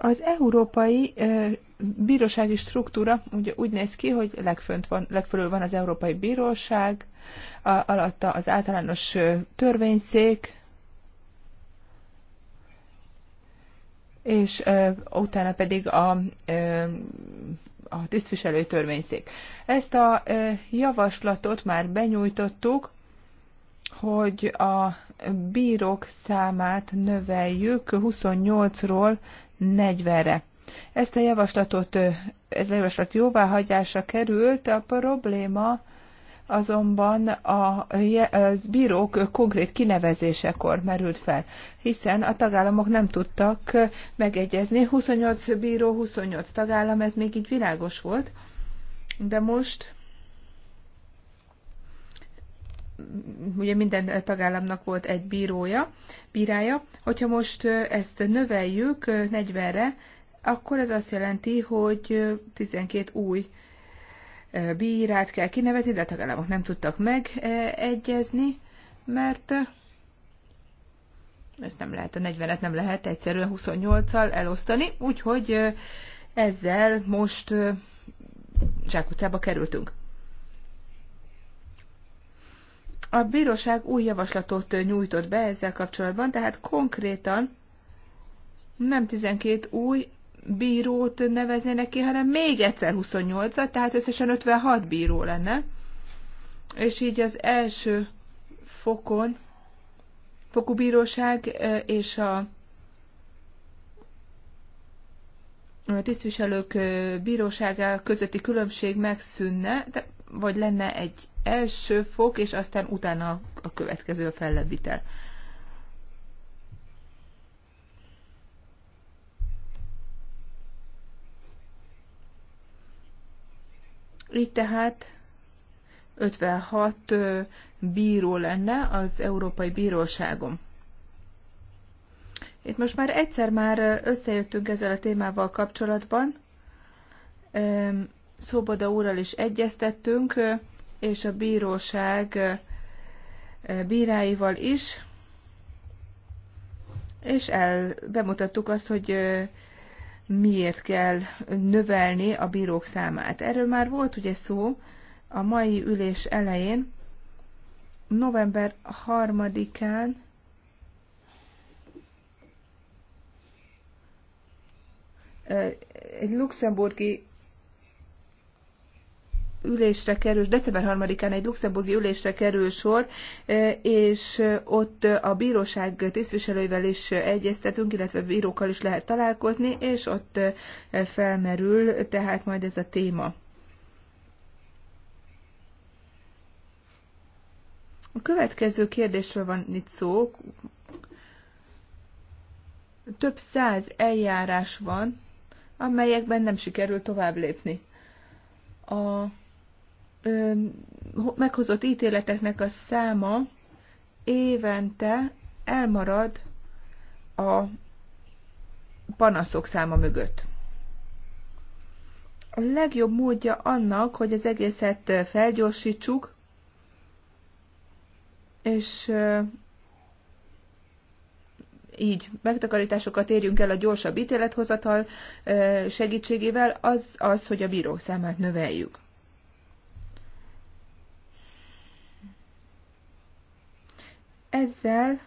A: Az európai bírósági struktúra ugye úgy néz ki, hogy legfönt van, legfölül van az Európai Bíróság, alatta az általános törvényszék, és utána pedig a a tisztviselői törvényszék. Ezt a javaslatot már benyújtottuk, hogy a bírók számát növeljük 28-ról 40-re. Ezt a javaslatot, ez a javaslat jóváhagyásra került, a probléma azonban a bírók konkrét kinevezésekor merült fel, hiszen a tagállamok nem tudtak megegyezni. 28 bíró, 28 tagállam, ez még így világos volt, de most ugye minden tagállamnak volt egy bírója, bírája, hogyha most ezt növeljük 40-re, akkor ez azt jelenti, hogy 12 új bírát kell kinevezni, de a tagállamok nem tudtak megegyezni, mert ez nem lehet, a 40-et nem lehet egyszerűen 28-al elosztani, úgyhogy ezzel most zsákutcába kerültünk. A bíróság új javaslatot nyújtott be ezzel kapcsolatban, tehát konkrétan nem 12 új, bírót neveznének ki, hanem még egyszer 28-at, tehát összesen 56 bíró lenne. És így az első fokon, fokú bíróság e, és a tisztviselők e, bírósága közötti különbség megszűnne, de, vagy lenne egy első fok, és aztán utána a következő a fellebbitel. Így tehát 56 bíró lenne az Európai Bíróságom. Itt most már egyszer már összejöttünk ezzel a témával kapcsolatban. Szoboda úrral is egyeztettünk, és a bíróság bíráival is, és el bemutattuk azt, hogy miért kell növelni a bírók számát. Erről már volt ugye szó a mai ülés elején, november 3-án egy luxemburgi ülésre kerül, december 3-án egy luxemburgi ülésre kerül sor, e, és ott a bíróság tisztviselőivel is egyeztetünk, illetve bírókkal is lehet találkozni, és ott e, felmerül tehát majd ez a téma. A következő kérdésről van itt szó. Több száz eljárás van, amelyekben nem sikerül tovább lépni. A meghozott ítéleteknek a száma évente elmarad a panaszok száma mögött. A legjobb módja annak, hogy az egészet felgyorsítsuk, és így megtakarításokat érjünk el a gyorsabb ítélethozatal segítségével, az az, hogy a bíró számát növeljük. Ezzel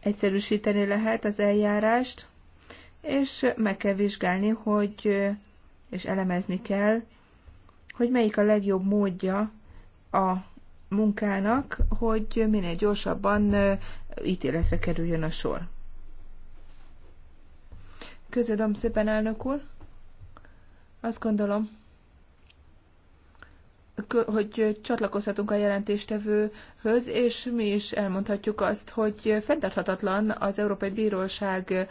A: egyszerűsíteni lehet az eljárást, és meg kell vizsgálni, hogy, és elemezni kell, hogy melyik a legjobb módja a munkának, hogy minél gyorsabban ítéletre kerüljön a sor. Köszönöm szépen, elnök úr. Azt gondolom, hogy csatlakozhatunk a jelentéstevőhöz, és mi is elmondhatjuk azt, hogy fenntarthatatlan az Európai Bíróság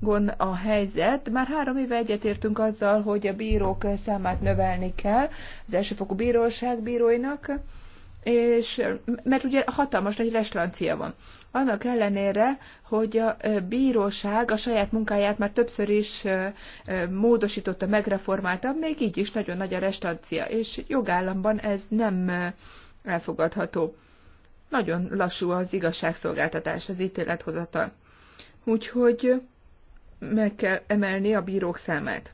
A: gon a helyzet. Már három éve egyetértünk azzal, hogy a bírók számát növelni kell, az elsőfokú bíróság bíróinak és mert ugye hatalmas nagy restaurancia van. Annak ellenére, hogy a bíróság a saját munkáját már többször is módosította, megreformálta, még így is nagyon nagy a restaurancia, és jogállamban ez nem elfogadható. Nagyon lassú az igazságszolgáltatás, az ítélethozatal. Úgyhogy meg kell emelni a bírók számát.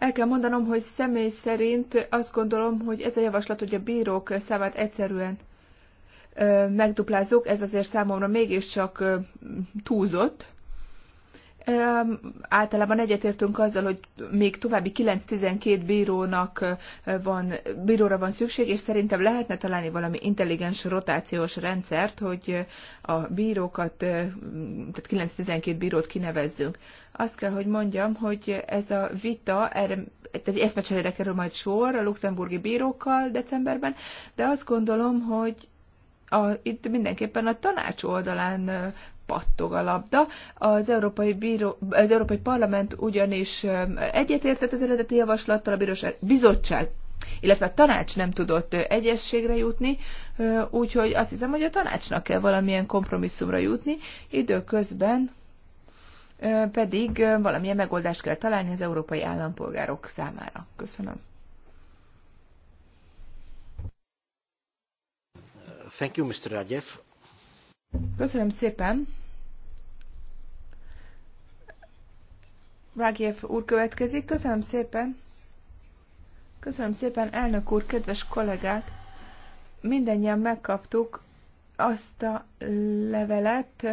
A: El kell mondanom, hogy személy szerint azt gondolom, hogy ez a javaslat, hogy a bírók számát egyszerűen megduplázzuk, ez azért számomra mégiscsak túlzott általában egyetértünk azzal, hogy még további 9-12 bírónak van, bíróra van szükség, és szerintem lehetne találni valami intelligens rotációs rendszert, hogy a bírókat, tehát 9-12 bírót kinevezzünk. Azt kell, hogy mondjam, hogy ez a vita, erre, tehát eszmecserére kerül majd sor a luxemburgi bírókkal decemberben, de azt gondolom, hogy a, itt mindenképpen a tanács oldalán pattog a labda. Az Európai, Bíró, az Európai Parlament ugyanis egyetértett az eredeti javaslattal, a bíróság, bizottság illetve a tanács nem tudott egyességre jutni, úgyhogy azt hiszem, hogy a tanácsnak kell valamilyen kompromisszumra jutni, időközben pedig valamilyen megoldást kell találni az európai állampolgárok számára. Köszönöm.
B: Thank you, Mr. Radev.
A: Köszönöm szépen. Rajev úr következik. Köszönöm szépen. Köszönöm szépen, elnök úr, kedves kollégák. Mindennyian megkaptuk azt a levelet,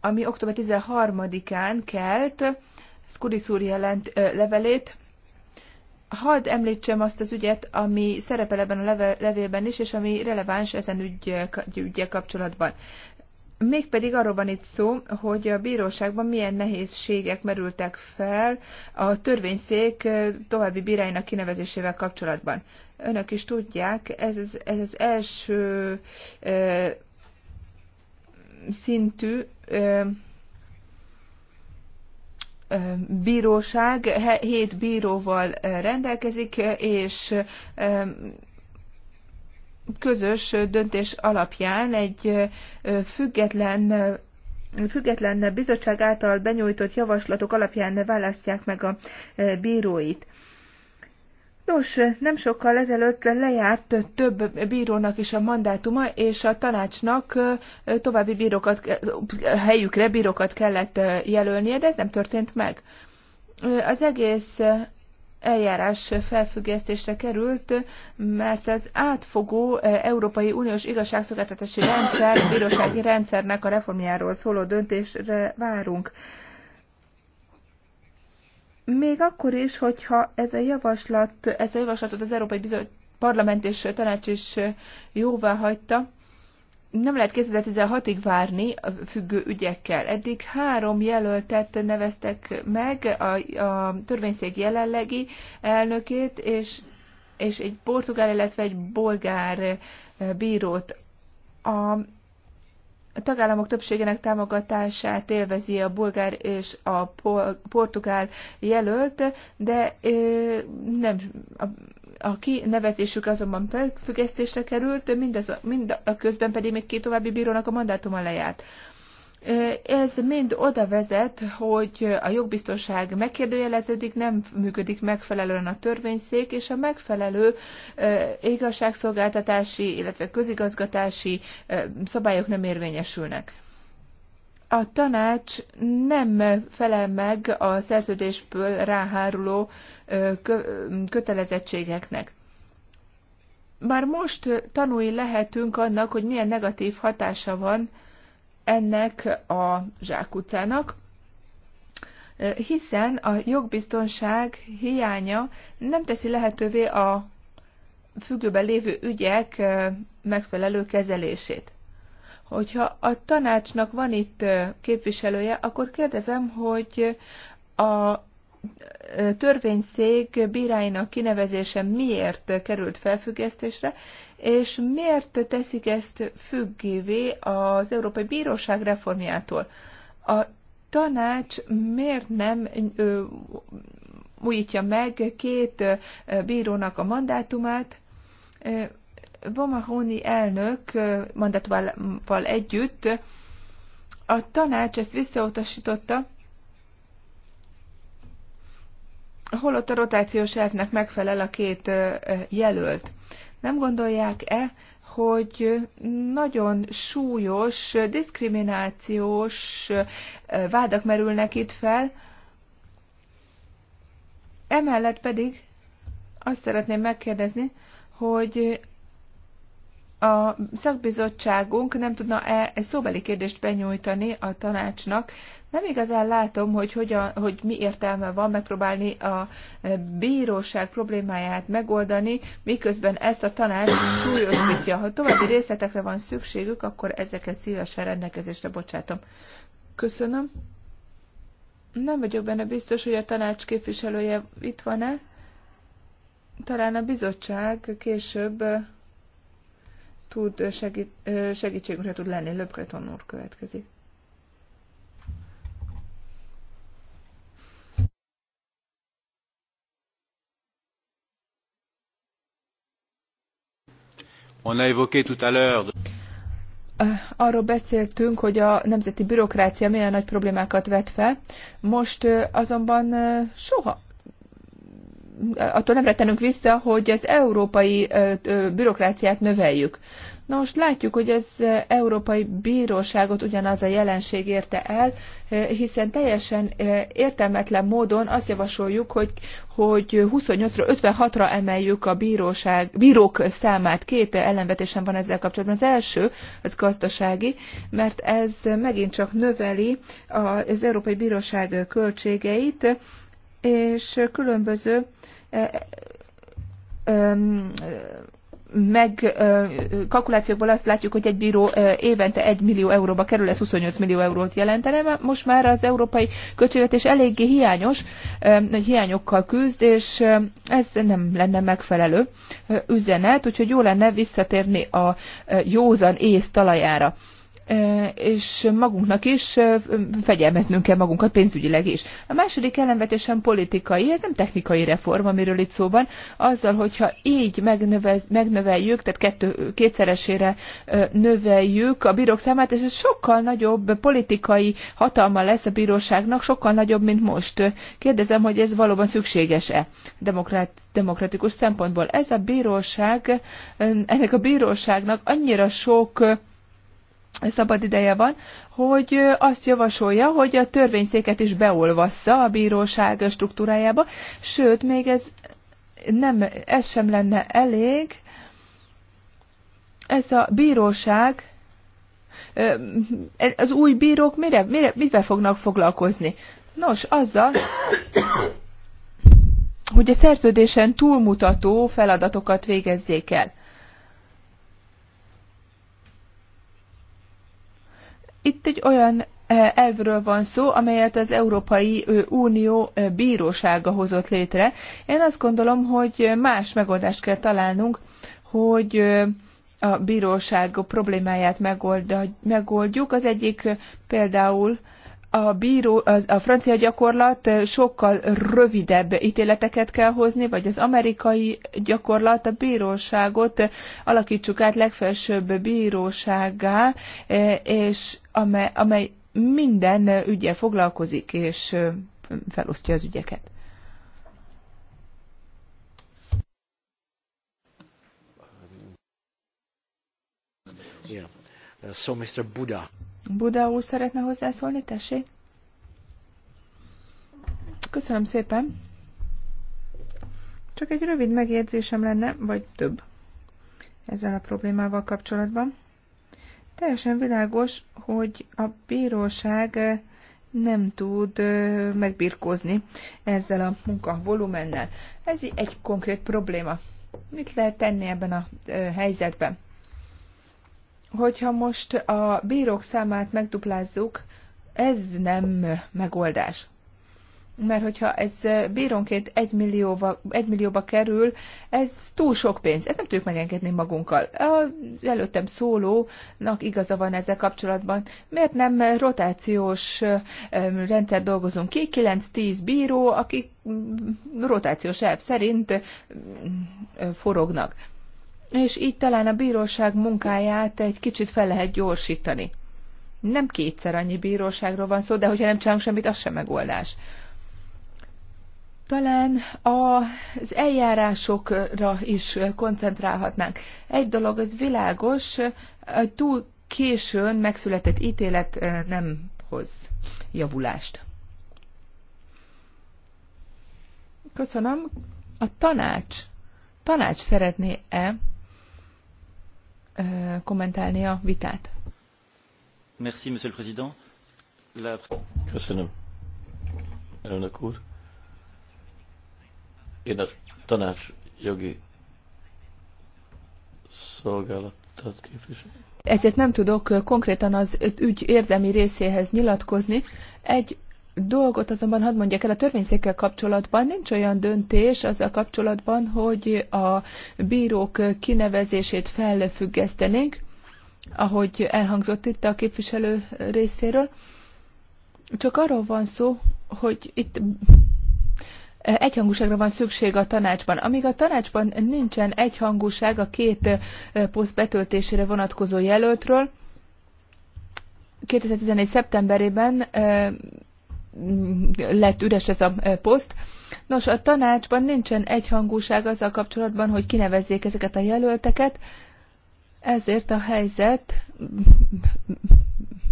A: ami október 13-án kelt, Skudis úr jelent ö, levelét, Hadd említsem azt az ügyet, ami szerepel ebben a levélben is, és ami releváns ezen ügy, ügyel kapcsolatban. Mégpedig arról van itt szó, hogy a bíróságban milyen nehézségek merültek fel a törvényszék további bíráinak kinevezésével kapcsolatban. Önök is tudják, ez, ez az első ö, szintű ö, bíróság hét bíróval rendelkezik, és közös döntés alapján egy független független bizottság által benyújtott javaslatok alapján választják meg a bíróit. Nos, nem sokkal ezelőtt lejárt több bírónak is a mandátuma, és a tanácsnak további bírókat, helyükre bírókat kellett jelölnie, de ez nem történt meg. Az egész eljárás felfüggesztésre került, mert az átfogó Európai Uniós igazságszolgáltatási rendszer, bírósági rendszernek a reformjáról szóló döntésre várunk. Még akkor is, hogyha ez a javaslat, ez a javaslatot az Európai Bizottság Parlament és Tanács is jóvá hagyta, nem lehet 2016-ig várni a függő ügyekkel. Eddig három jelöltet neveztek meg, a, a törvényszék jelenlegi elnökét, és, és egy portugál, illetve egy bolgár bírót. A a tagállamok többségének támogatását élvezi a bulgár és a portugál jelölt, de nem, a, a kinevezésük azonban felfüggesztésre került, mindez, mind a közben pedig még két további bírónak a mandátuma lejárt. Ez mind oda vezet, hogy a jogbiztonság megkérdőjeleződik, nem működik megfelelően a törvényszék, és a megfelelő igazságszolgáltatási, illetve közigazgatási szabályok nem érvényesülnek. A tanács nem felel meg a szerződésből ráháruló kötelezettségeknek már most tanulni lehetünk annak, hogy milyen negatív hatása van ennek a zsákutcának, hiszen a jogbiztonság hiánya nem teszi lehetővé a függőben lévő ügyek megfelelő kezelését. Hogyha a tanácsnak van itt képviselője, akkor kérdezem, hogy a törvényszék bíráinak kinevezése miért került felfüggesztésre, és miért teszik ezt függévé az Európai Bíróság reformjától? A tanács miért nem ö, újítja meg két bírónak a mandátumát? Vomahoni elnök mandátumával együtt a tanács ezt visszautasította, holott a rotációs elvnek megfelel a két jelölt. Nem gondolják-e, hogy nagyon súlyos, diszkriminációs vádak merülnek itt fel, Emellett pedig azt szeretném megkérdezni, hogy a szakbizottságunk nem tudna-e szóbeli kérdést benyújtani a tanácsnak, nem igazán látom, hogy, hogyan, hogy mi értelme van megpróbálni a e, bíróság problémáját megoldani, miközben ezt a tanács súlyosítja. Ha további részletekre van szükségük, akkor ezeket szívesen rendelkezésre bocsátom. Köszönöm. Nem vagyok benne biztos, hogy a tanács képviselője itt van-e. Talán a bizottság később e, tud segít, e, segítségünkre tud lenni. Löbreton úr következik.
B: On a évoqué tout à l'heure.
A: Eh, arról beszéltünk, hogy a nemzeti bürokrácia milyen nagy problémákat vet fel. Most eh, azonban eh, soha attól nem rettenünk vissza, hogy az európai bürokráciát növeljük. Na most látjuk, hogy az Európai Bíróságot ugyanaz a jelenség érte el, hiszen teljesen eh, értelmetlen módon azt javasoljuk, hogy, hogy 28 56-ra emeljük a bíróság, bírók számát. Két ellenvetésem van ezzel kapcsolatban. Az első, az gazdasági, mert ez megint csak növeli az Európai Bíróság költségeit, és különböző eh, eh, meg kalkulációkból azt látjuk, hogy egy bíró évente 1 millió euróba kerül, ez 28 millió eurót jelentene, mert most már az európai költségvetés eléggé hiányos, nagy hiányokkal küzd, és ez nem lenne megfelelő üzenet, úgyhogy jó lenne visszatérni a józan ész talajára és magunknak is fegyelmeznünk kell magunkat pénzügyileg is. A második ellenvetésem politikai, ez nem technikai reform, amiről itt szó van, azzal, hogyha így megnövez, megnöveljük, tehát kettő, kétszeresére növeljük a bírók számát, és ez sokkal nagyobb politikai hatalma lesz a bíróságnak, sokkal nagyobb, mint most. Kérdezem, hogy ez valóban szükséges-e demokratikus szempontból. Ez a bíróság, ennek a bíróságnak annyira sok szabad ideje van, hogy azt javasolja, hogy a törvényszéket is beolvassa a bíróság struktúrájába, sőt, még ez, nem, ez sem lenne elég, ez a bíróság, az új bírók mire, mire, mivel fognak foglalkozni? Nos, azzal, hogy a szerződésen túlmutató feladatokat végezzék el. Itt egy olyan eh, elvről van szó, amelyet az Európai Unió bírósága hozott létre. Én azt gondolom, hogy más megoldást kell találnunk, hogy a bíróság problémáját megoldjuk. Az egyik például a, bíró, az, a francia gyakorlat sokkal rövidebb ítéleteket kell hozni, vagy az amerikai gyakorlat a bíróságot alakítsuk át legfelsőbb bíróságá, és amely, amely minden ügye foglalkozik, és felosztja az ügyeket.
B: Yeah. Uh, so Mr. Buddha.
A: Buda úr szeretne hozzászólni, tessék. Köszönöm szépen. Csak egy rövid megjegyzésem lenne, vagy több, ezzel a problémával kapcsolatban. Teljesen világos, hogy a bíróság nem tud megbirkózni ezzel a munka volumennel. Ez egy konkrét probléma. Mit lehet tenni ebben a helyzetben? hogyha most a bírók számát megduplázzuk, ez nem megoldás. Mert hogyha ez bírónként egy, millióba, egy millióba kerül, ez túl sok pénz. Ezt nem tudjuk megengedni magunkkal. A előttem szólónak igaza van ezzel kapcsolatban. Miért nem rotációs um, rendszer dolgozunk ki? 9-10 bíró, akik rotációs elv szerint um, forognak és így talán a bíróság munkáját egy kicsit fel lehet gyorsítani. Nem kétszer annyi bíróságról van szó, de hogyha nem csinálunk semmit, az sem megoldás. Talán az eljárásokra is koncentrálhatnánk. Egy dolog, az világos, túl későn megszületett ítélet eh, nem hoz javulást. Köszönöm. A tanács. Tanács szeretné-e kommentálni a vitát.
C: Merci, Monsieur le Président. La... Köszönöm, elnök úr. Én a tanács jogi szolgálatát képviselem.
A: Ezért nem tudok konkrétan az ügy érdemi részéhez nyilatkozni. Egy dolgot azonban hadd mondjak el, a törvényszékkel kapcsolatban nincs olyan döntés az a kapcsolatban, hogy a bírók kinevezését felfüggesztenénk, ahogy elhangzott itt a képviselő részéről. Csak arról van szó, hogy itt egyhangúságra van szükség a tanácsban. Amíg a tanácsban nincsen egyhangúság a két eh, poszt betöltésére vonatkozó jelöltről, 2014. szeptemberében eh, lett üres ez a e, poszt. Nos, a tanácsban nincsen egyhangúság azzal kapcsolatban, hogy kinevezzék ezeket a jelölteket, ezért a helyzet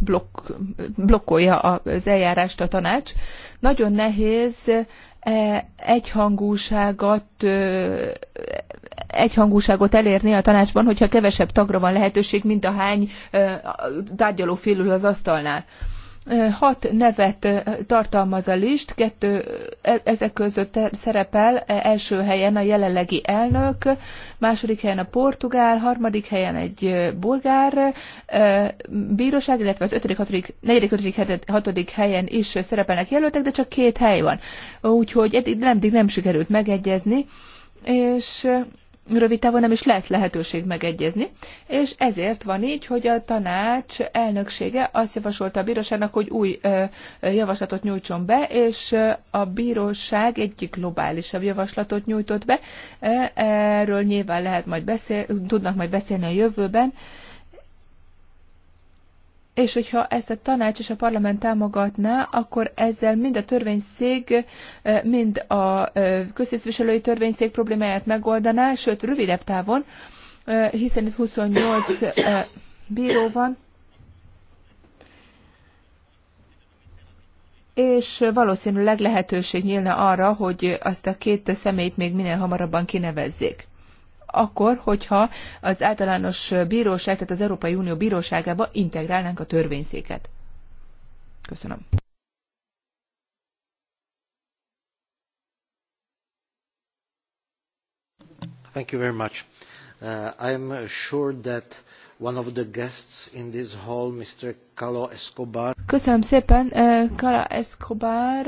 A: blokk, blokkolja az eljárást a tanács. Nagyon nehéz e, egyhangúságot, e, egyhangúságot elérni a tanácsban, hogyha kevesebb tagra van lehetőség, mint a hány tárgyaló félül az asztalnál. Hat nevet tartalmaz a list, kettő, e, ezek között szerepel e, első helyen a jelenlegi elnök, második helyen a portugál, harmadik helyen egy bulgár bíróság, illetve az ötödik, hatodik, negyedik, ötödik, hatodik helyen is szerepelnek jelöltek, de csak két hely van. Úgyhogy eddig nem, eddig nem sikerült megegyezni, és rövid távon nem is lesz lehetőség megegyezni, és ezért van így, hogy a tanács elnöksége azt javasolta a bíróságnak, hogy új javaslatot nyújtson be, és a bíróság egyik globálisabb javaslatot nyújtott be. Erről nyilván lehet majd beszél, tudnak majd beszélni a jövőben, és hogyha ezt a tanács és a parlament támogatná, akkor ezzel mind a törvényszék, mind a köztisztviselői törvényszék problémáját megoldaná, sőt, rövidebb távon, hiszen itt 28 bíró van, és valószínűleg lehetőség nyílna arra, hogy azt a két személyt még minél hamarabban kinevezzék akkor, hogyha az általános bíróság, tehát az Európai Unió bíróságába integrálnánk a törvényszéket.
B: Köszönöm. Thank you very much. Uh, I am sure that one of the guests in this hall, Mr. Calo Escobar. Köszönöm
A: szépen, uh, Calo Escobar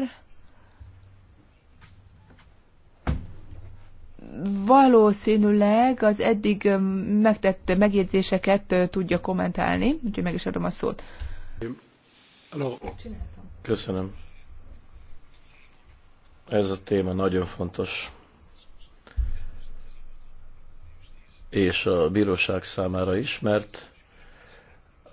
A: valószínűleg az eddig megtett megjegyzéseket tudja kommentálni, úgyhogy meg is adom a szót.
C: Köszönöm. Ez a téma nagyon fontos. És a bíróság számára is, mert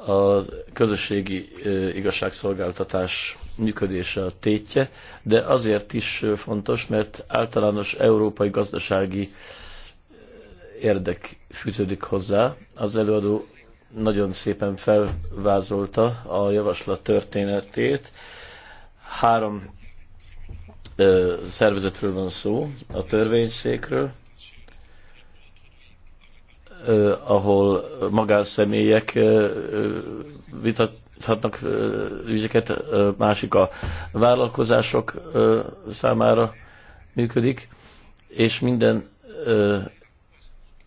C: a közösségi igazságszolgáltatás működése a tétje, de azért is fontos, mert általános európai gazdasági érdek fűződik hozzá. Az előadó nagyon szépen felvázolta a javaslat történetét. Három ö, szervezetről van szó, a törvényszékről, ahol magánszemélyek vitathatnak ügyeket, másik a vállalkozások számára működik, és minden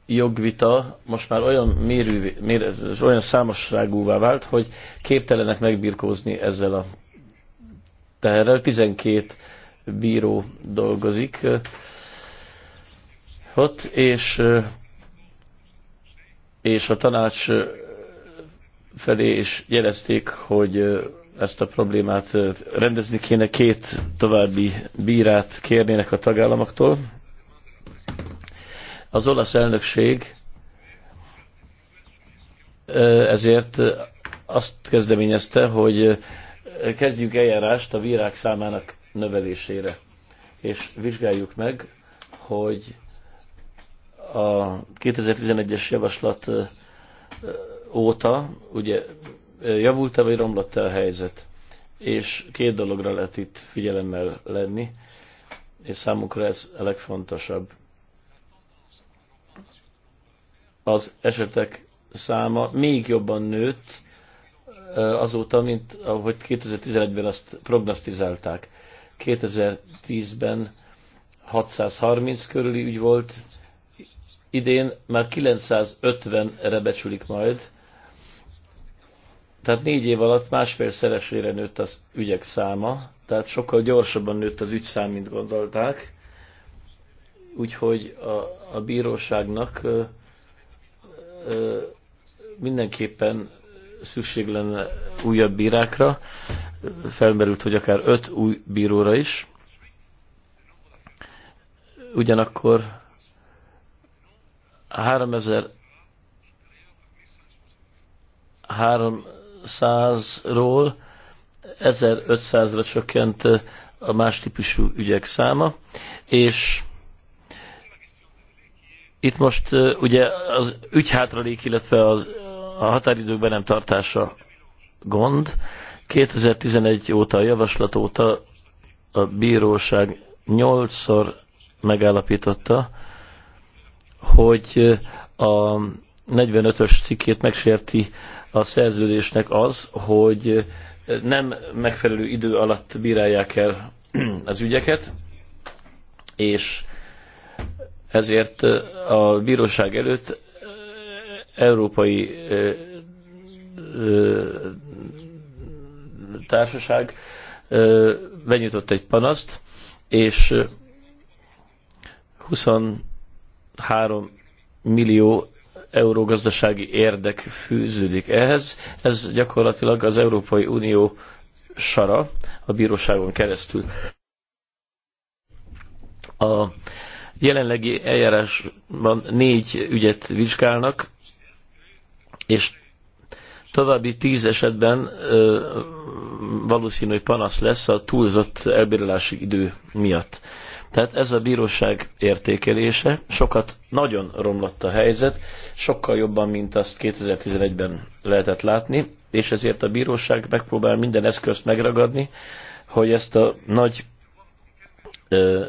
C: jogvita most már olyan, mérű, mérő, olyan számosságúvá vált, hogy képtelenek megbirkózni ezzel a teherrel. 12 bíró dolgozik ott, és és a tanács felé is jelezték, hogy ezt a problémát rendezni kéne, két további bírát kérnének a tagállamoktól. Az olasz elnökség ezért azt kezdeményezte, hogy kezdjük eljárást a bírák számának növelésére, és vizsgáljuk meg, hogy a 2011-es javaslat óta ugye javult-e vagy romlott-e a helyzet? És két dologra lehet itt figyelemmel lenni, és számunkra ez a legfontosabb. Az esetek száma még jobban nőtt azóta, mint ahogy 2011-ben azt prognosztizálták. 2010-ben 630 körüli ügy volt, idén már 950-re becsülik majd, tehát négy év alatt szeresére nőtt az ügyek száma, tehát sokkal gyorsabban nőtt az ügyszám, mint gondolták. Úgyhogy a, a bíróságnak ö, ö, mindenképpen szükség lenne újabb bírákra, felmerült, hogy akár öt új bíróra is. Ugyanakkor 3300-ról 1500-ra csökkent a más típusú ügyek száma, és itt most ugye az hátralék, illetve az, a határidőkben nem tartása gond. 2011 óta, a javaslat óta a bíróság 8-szor megállapította, hogy a 45-ös cikkét megsérti a szerződésnek az, hogy nem megfelelő idő alatt bírálják el az ügyeket, és ezért a bíróság előtt európai társaság benyújtott egy panaszt, és 20 3 millió euró gazdasági érdek fűződik ehhez. Ez gyakorlatilag az Európai Unió sara a bíróságon keresztül. A jelenlegi eljárásban négy ügyet vizsgálnak, és további tíz esetben ö, valószínű, hogy panasz lesz a túlzott elbírálási idő miatt. Tehát ez a bíróság értékelése sokat, nagyon romlott a helyzet, sokkal jobban, mint azt 2011-ben lehetett látni, és ezért a bíróság megpróbál minden eszközt megragadni, hogy ezt a nagy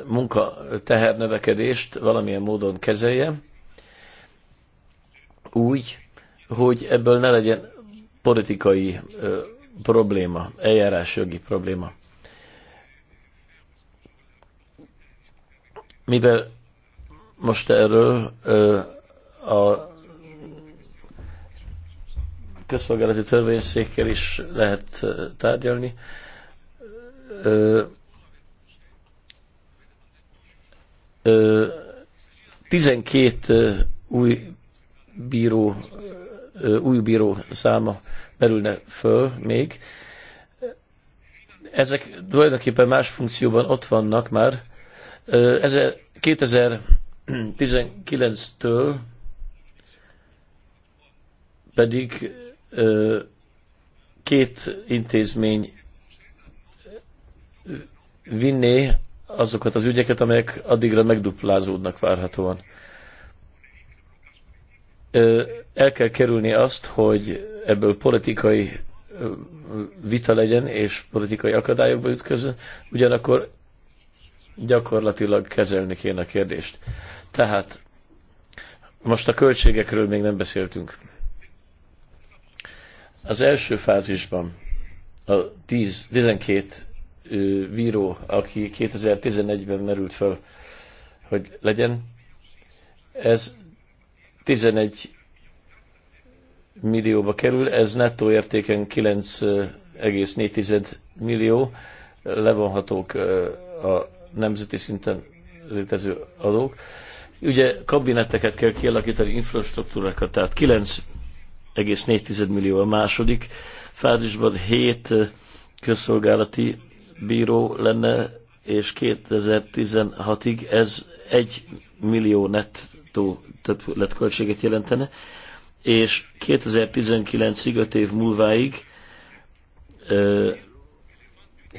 C: munka tehernövekedést valamilyen módon kezelje, úgy, hogy ebből ne legyen politikai ö, probléma, eljárásjogi probléma. mivel most erről a közszolgálati törvényszékkel is lehet tárgyalni, ö, 12 új bíró, új bíró száma merülne föl még. Ezek tulajdonképpen más funkcióban ott vannak már, 2019-től pedig két intézmény vinné azokat az ügyeket, amelyek addigra megduplázódnak várhatóan. El kell kerülni azt, hogy ebből politikai vita legyen, és politikai akadályokba ütközön, ugyanakkor gyakorlatilag kezelni kéne a kérdést. Tehát most a költségekről még nem beszéltünk. Az első fázisban a 10, 12 víró, aki 2011-ben merült fel, hogy legyen, ez 11 millióba kerül, ez nettó értéken 9,4 millió, levonhatók a nemzeti szinten létező adók. Ugye kabineteket kell kialakítani, infrastruktúrákat, tehát 9,4 millió a második fázisban 7 közszolgálati bíró lenne, és 2016-ig ez 1 millió nettó több lett jelentene, és 2019-ig, 5 év múlváig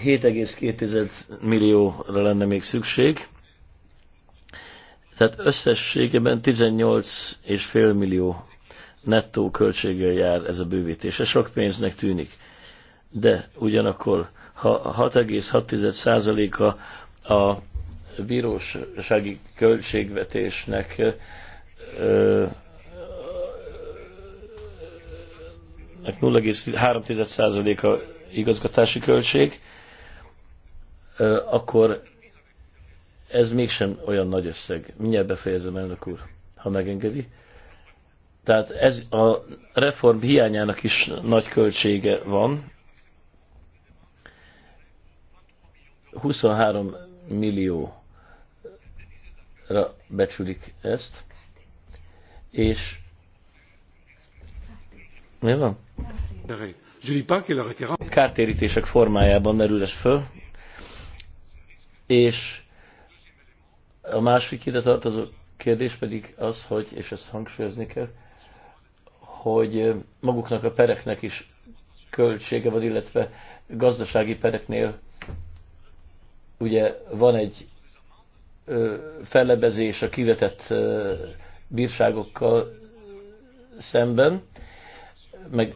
C: 7,2 millióra lenne még szükség, tehát összességében 18,5 millió nettó költséggel jár ez a bővítés. Ez sok pénznek tűnik. De ugyanakkor, ha 6,6%-a a bírósági költségvetésnek ö, 0,3%-a igazgatási költség, akkor ez mégsem olyan nagy összeg. Mindjárt befejezem, elnök úr, ha megengedi. Tehát ez a reform hiányának is nagy költsége van. 23 millióra becsülik ezt. És mi van? Kártérítések formájában merül ez föl és a másik ide tartozó kérdés pedig az, hogy, és ezt hangsúlyozni kell, hogy maguknak a pereknek is költsége van, illetve gazdasági pereknél ugye van egy fellebezés a kivetett bírságokkal szemben, meg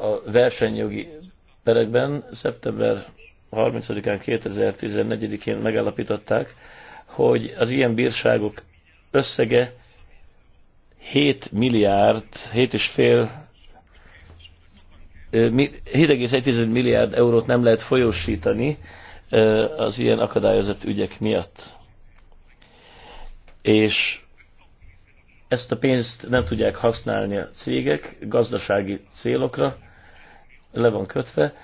C: a versenyjogi perekben szeptember 30-án 2014-én megállapították, hogy az ilyen bírságok összege 7 milliárd, 7,5 7,1 milliárd eurót nem lehet folyósítani az ilyen akadályozott ügyek miatt. És ezt a pénzt nem tudják használni a cégek gazdasági célokra, le van kötve,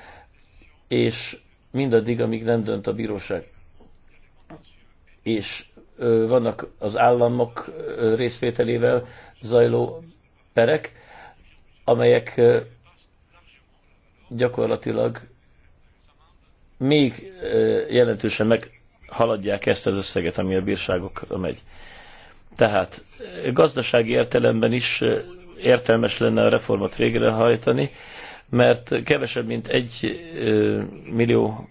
C: és mindaddig, amíg nem dönt a bíróság. És ö, vannak az államok ö, részvételével zajló perek, amelyek ö, gyakorlatilag még ö, jelentősen meghaladják ezt az összeget, ami a bírságokra megy. Tehát gazdasági értelemben is értelmes lenne a reformot végrehajtani, mert kevesebb, mint egy millió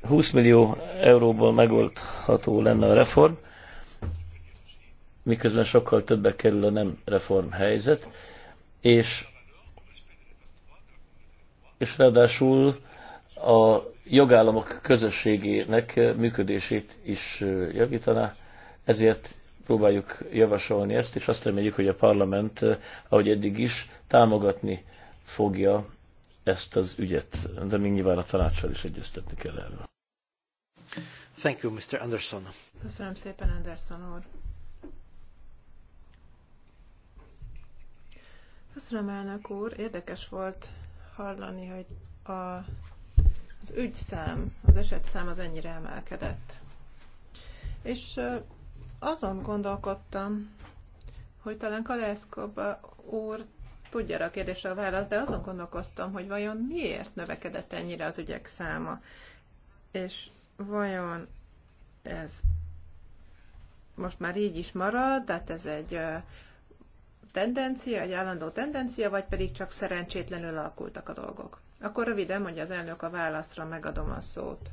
C: 20 millió euróból megoldható lenne a reform, miközben sokkal többe kerül a nem reform helyzet, és, és ráadásul a jogállamok közösségének működését is javítaná, ezért próbáljuk javasolni ezt, és azt reméljük, hogy a parlament, eh, ahogy eddig is, támogatni fogja ezt az ügyet, de még nyilván a tanácssal is egyeztetni kell erről.
B: Thank you, Mr. Anderson.
A: Köszönöm szépen, Anderson úr. Köszönöm, elnök úr. Érdekes volt hallani, hogy a, az ügyszám, az esetszám az ennyire emelkedett. És eh, azon gondolkodtam, hogy talán Kaleszkob úr tudja a kérdésre a választ, de azon gondolkoztam, hogy vajon miért növekedett ennyire az ügyek száma, és vajon ez most már így is marad, tehát ez egy tendencia, egy állandó tendencia, vagy pedig csak szerencsétlenül alakultak a dolgok. Akkor röviden mondja az elnök a válaszra, megadom a szót.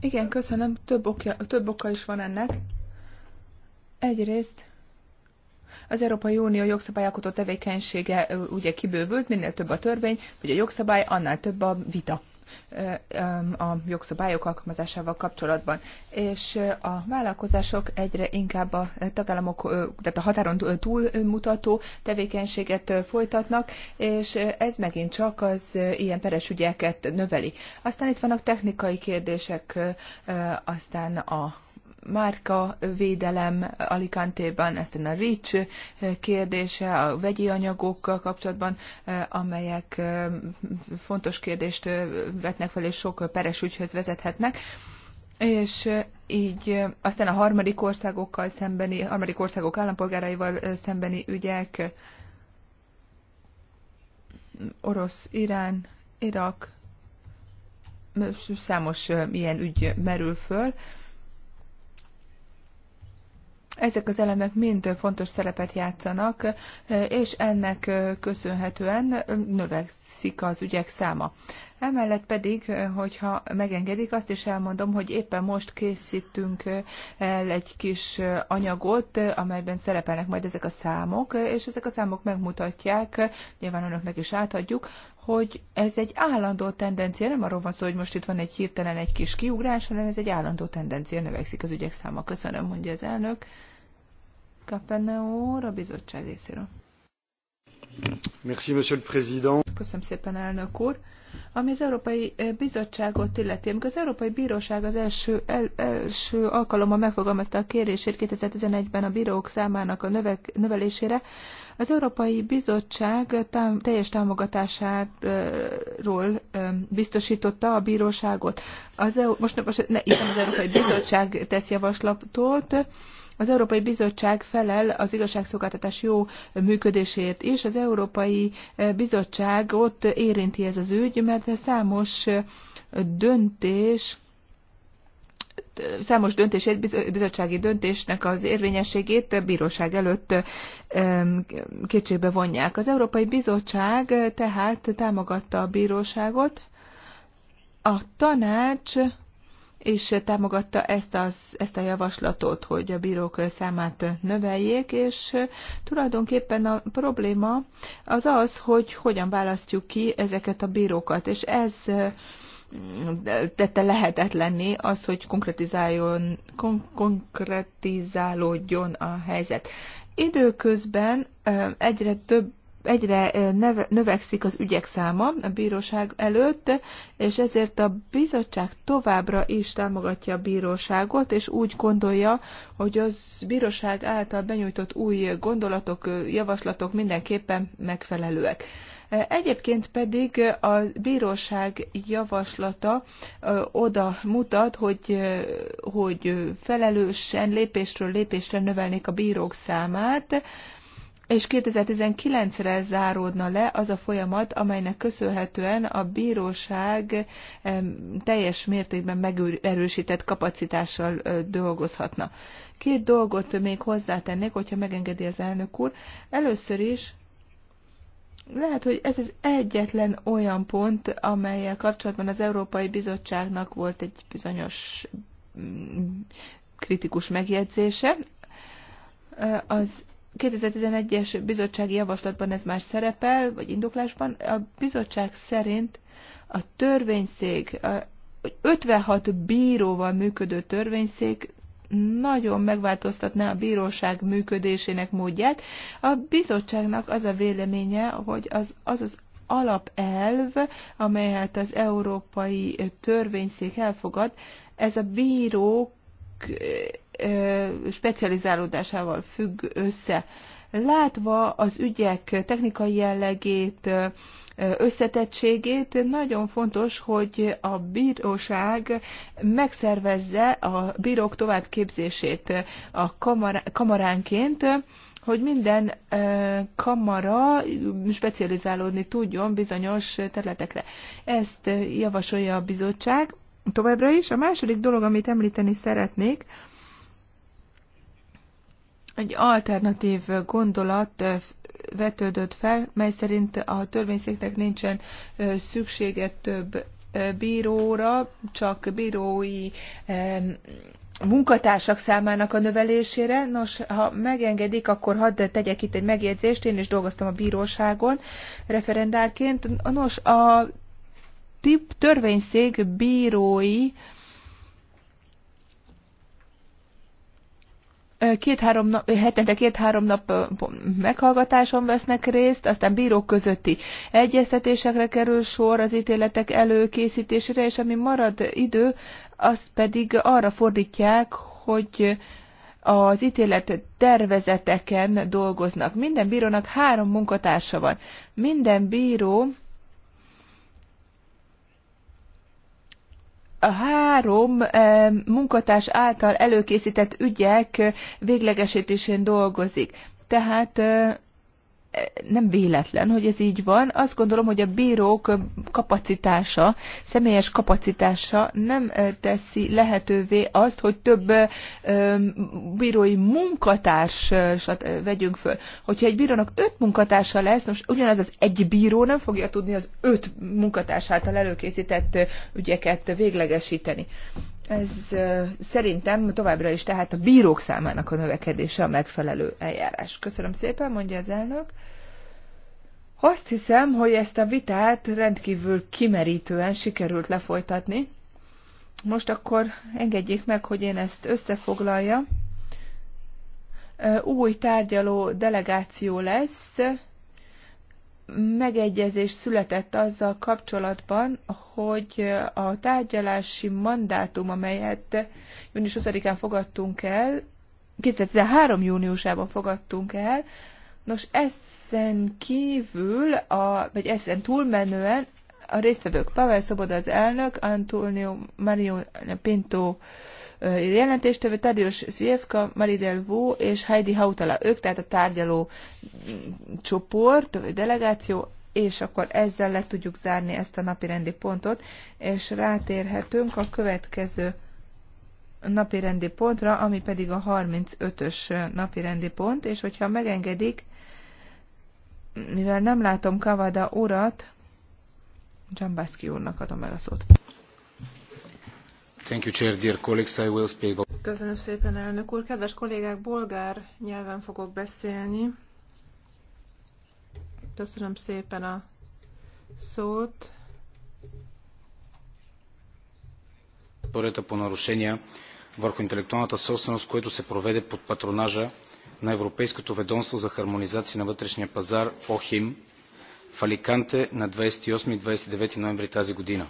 A: Igen, köszönöm. Több, okja, több oka is van ennek. Egyrészt az Európai Unió jogszabályalkotó tevékenysége ugye kibővült, minél több a törvény, vagy a jogszabály, annál több a vita a jogszabályok alkalmazásával kapcsolatban. És a vállalkozások egyre inkább a tagállamok, tehát a határon túlmutató tevékenységet folytatnak, és ez megint csak az ilyen peres ügyeket növeli. Aztán itt vannak technikai kérdések, aztán a márka védelem Alicante-ban, aztán a REACH kérdése, a vegyi anyagokkal kapcsolatban, eh, amelyek eh, fontos kérdést eh, vetnek fel, és sok peres ügyhöz vezethetnek és így aztán a harmadik országokkal szembeni, harmadik országok állampolgáraival szembeni ügyek, orosz, Irán, Irak, számos ilyen ügy merül föl. Ezek az elemek mind fontos szerepet játszanak, és ennek köszönhetően növekszik az ügyek száma. Emellett pedig, hogyha megengedik, azt is elmondom, hogy éppen most készítünk el egy kis anyagot, amelyben szerepelnek majd ezek a számok, és ezek a számok megmutatják, nyilván önöknek is átadjuk, hogy ez egy állandó tendencia, nem arról van szó, hogy most itt van egy hirtelen egy kis kiugrás, hanem ez egy állandó tendencia, növekszik az ügyek száma. Köszönöm, mondja az elnök. Kapenne óra a bizottság részéről
B: monsieur le président. Köszönöm
A: szépen, elnök úr. Ami az Európai eh, Bizottságot illeti, amikor az Európai Bíróság az első, el, első alkalommal megfogalmazta a kérését 2011-ben a bírók számának a növek, növelésére, az Európai Bizottság tám, teljes támogatásáról eh, biztosította a bíróságot. Az, most, most ne, itt az Európai Bizottság tesz javaslatot, az Európai Bizottság felel az igazságszolgáltatás jó működésért is. Az Európai eh, Bizottság ott érinti ez az ügy, mert számos eh, döntés számos döntését, bizottsági döntésnek az érvényességét a bíróság előtt eh, kétségbe vonják. Az Európai Bizottság tehát támogatta a bíróságot. A tanács és támogatta ezt, az, ezt a javaslatot, hogy a bírók számát növeljék, és tulajdonképpen a probléma az az, hogy hogyan választjuk ki ezeket a bírókat, és ez mm, tette lehetetlenné az, hogy konkretizáljon, kon- konkretizálódjon a helyzet. Időközben egyre több egyre növekszik az ügyek száma a bíróság előtt, és ezért a bizottság továbbra is támogatja a bíróságot, és úgy gondolja, hogy az bíróság által benyújtott új gondolatok, javaslatok mindenképpen megfelelőek. Egyébként pedig a bíróság javaslata oda mutat, hogy, hogy felelősen lépésről lépésre növelnék a bírók számát, és 2019-re záródna le az a folyamat, amelynek köszönhetően a bíróság teljes mértékben megerősített kapacitással dolgozhatna. Két dolgot még hozzátennék, hogyha megengedi az elnök úr. Először is lehet, hogy ez az egyetlen olyan pont, amelyel kapcsolatban az Európai Bizottságnak volt egy bizonyos mm, kritikus megjegyzése. Az 2011-es bizottsági javaslatban ez már szerepel, vagy indoklásban. A bizottság szerint a törvényszék, 56 bíróval működő törvényszék nagyon megváltoztatná a bíróság működésének módját. A bizottságnak az a véleménye, hogy az az, az alapelv, amelyet az európai törvényszék elfogad, ez a bírók specializálódásával függ össze. Látva az ügyek technikai jellegét, összetettségét, nagyon fontos, hogy a bíróság megszervezze a bírók továbbképzését a kamaránként, hogy minden kamara specializálódni tudjon bizonyos területekre. Ezt javasolja a bizottság továbbra is. A második dolog, amit említeni szeretnék, egy alternatív gondolat vetődött fel, mely szerint a törvényszéknek nincsen szüksége több bíróra, csak bírói munkatársak számának a növelésére. Nos, ha megengedik, akkor hadd tegyek itt egy megjegyzést. Én is dolgoztam a bíróságon referendárként. Nos, a TIP törvényszék bírói két-három nap, hetente két-három nap meghallgatáson vesznek részt, aztán bírók közötti egyeztetésekre kerül sor az ítéletek előkészítésére, és ami marad idő, azt pedig arra fordítják, hogy az ítélet tervezeteken dolgoznak. Minden bírónak három munkatársa van. Minden bíró három e, munkatárs által előkészített ügyek véglegesítésén dolgozik. Tehát e, nem véletlen, hogy ez így van. Azt gondolom, hogy a bírók kapacitása, személyes kapacitása nem teszi lehetővé azt, hogy több bírói munkatársat vegyünk föl. Hogyha egy bírónak öt munkatársa lesz, most ugyanaz az egy bíró nem fogja tudni az öt munkatárs által előkészített ügyeket véglegesíteni. Ez szerintem továbbra is tehát a bírók számának a növekedése a megfelelő eljárás. Köszönöm szépen, mondja az elnök. Azt hiszem, hogy ezt a vitát rendkívül kimerítően sikerült lefolytatni. Most akkor engedjék meg, hogy én ezt összefoglalja. Új tárgyaló delegáció lesz megegyezés született azzal kapcsolatban, hogy a tárgyalási mandátum, amelyet június 20-án fogadtunk el, 2013. júniusában fogadtunk el, nos ezen kívül, a, vagy ezen túlmenően a résztvevők Pavel Szoboda az elnök, Antonio Mario Pinto jelentéstevő Tadius Szvjevka, Maridel Vó és Heidi Hautala, ők tehát a tárgyaló mm, csoport, vagy delegáció, és akkor ezzel le tudjuk zárni ezt a napi rendi pontot, és rátérhetünk a következő napi rendi pontra, ami pedig a 35-ös napi rendi pont, és hogyha megengedik, mivel nem látom Kavada urat, Dzsambászki úrnak adom el a szót. Köszönöm szépen, elnök úr. Kedves kollégák, bolgár nyelven fogok beszélni. Köszönöm szépen a szót.
B: Поредата по нарушения върху интелектуалната собственост, което се проведе под патронажа на Европейското ведомство за хармонизация на вътрешния пазар ОХИМ в Аликанте на 28 и 29 ноември тази година.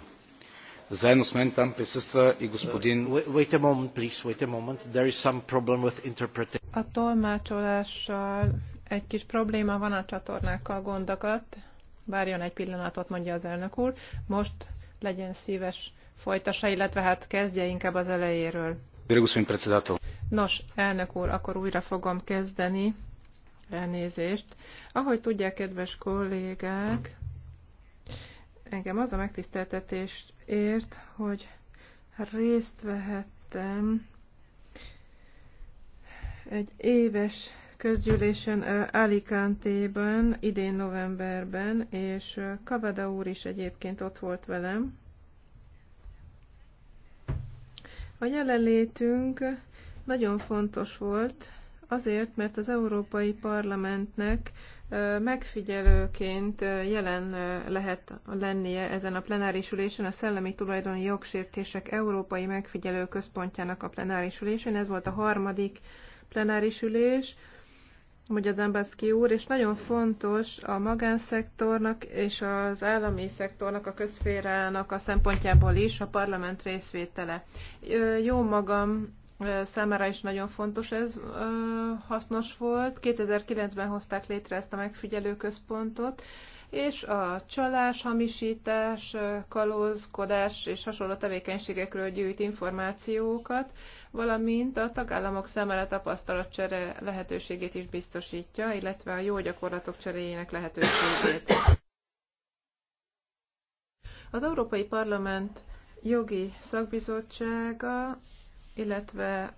B: Заедно с мен там присъства и господин... Wait a moment, please, wait a moment. There is some problem with interpretation.
A: A tolmácsolással egy kis probléma van a csatornákkal gondokat. Várjon egy pillanatot, mondja az elnök úr. Most legyen szíves folytassa, illetve hát kezdje inkább az elejéről. Nos, elnök úr, akkor újra fogom kezdeni. Elnézést. Ahogy tudják, kedves kollégák, engem az a megtiszteltetés ért, hogy részt vehettem egy éves közgyűlésen alicante ben idén novemberben, és Kavada úr is egyébként ott volt velem. A jelenlétünk nagyon fontos volt, azért, mert az Európai Parlamentnek megfigyelőként jelen lehet lennie ezen a plenáris ülésen a Szellemi Tulajdoni Jogsértések Európai Megfigyelő Központjának a plenáris ülésén. Ez volt a harmadik plenáris ülés, hogy az Embaszki úr, és nagyon fontos a magánszektornak és az állami szektornak, a közférának a szempontjából is a parlament részvétele. Jó magam számára is nagyon fontos ez, hasznos volt. 2009-ben hozták létre ezt a megfigyelőközpontot, és a csalás, hamisítás, kalózkodás és hasonló tevékenységekről gyűjt információkat, valamint a tagállamok számára tapasztalatcsere lehetőségét is biztosítja, illetve a jó gyakorlatok cseréjének lehetőségét. Az Európai Parlament jogi szakbizottsága illetve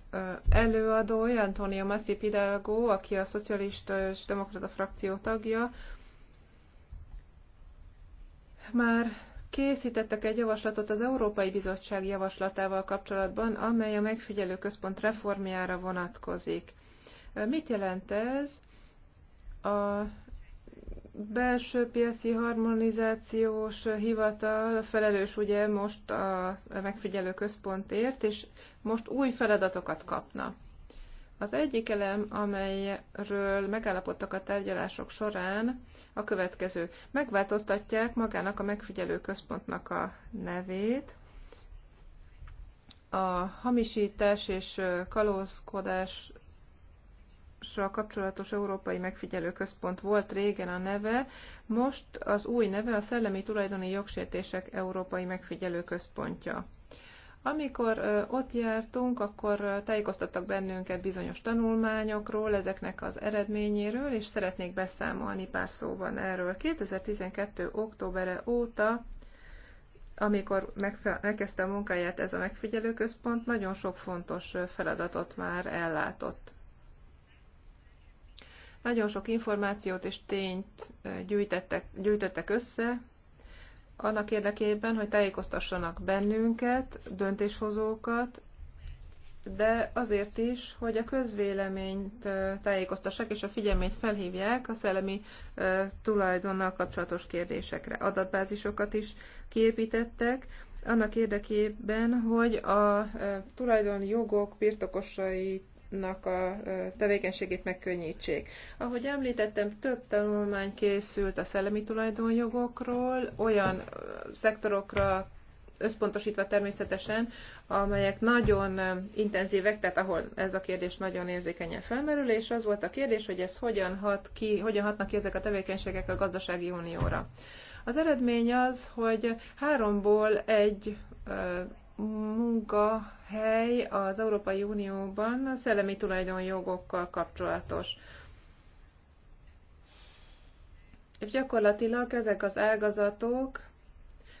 A: előadója, Antonio Massi Pidalgo, aki a Szocialista és Demokrata frakció tagja, már készítettek egy javaslatot az Európai Bizottság javaslatával kapcsolatban, amely a megfigyelő központ reformjára vonatkozik. Mit jelent ez? A belső piaci harmonizációs hivatal felelős ugye most a megfigyelő központért, és most új feladatokat kapna. Az egyik elem, amelyről megállapodtak a tárgyalások során, a következő. Megváltoztatják magának a megfigyelő központnak a nevét, a hamisítás és kalózkodás a kapcsolatos Európai Megfigyelő Központ volt régen a neve, most az új neve a Szellemi Tulajdoni Jogsértések Európai Megfigyelő Központja. Amikor ott jártunk, akkor tájékoztattak bennünket bizonyos tanulmányokról, ezeknek az eredményéről, és szeretnék beszámolni pár szóban erről. 2012. októbere óta, amikor megkezdte a munkáját ez a megfigyelőközpont, nagyon sok fontos feladatot már ellátott. Nagyon sok információt és tényt gyűjtettek, gyűjtöttek össze, annak érdekében, hogy tájékoztassanak bennünket, döntéshozókat, de azért is, hogy a közvéleményt tájékoztassák és a figyelmét felhívják a szellemi tulajdonnal kapcsolatos kérdésekre. Adatbázisokat is kiépítettek, annak érdekében, hogy a tulajdonjogok birtokosait nak a tevékenységét megkönnyítsék. Ahogy említettem, több tanulmány készült a szellemi tulajdonjogokról, olyan szektorokra összpontosítva természetesen, amelyek nagyon intenzívek, tehát ahol ez a kérdés nagyon érzékenyen felmerül, és az volt a kérdés, hogy ez hogyan, hat ki, hogyan hatnak ki ezek a tevékenységek a gazdasági unióra. Az eredmény az, hogy háromból egy munkahely az Európai Unióban a szellemi tulajdonjogokkal kapcsolatos. És gyakorlatilag ezek az ágazatok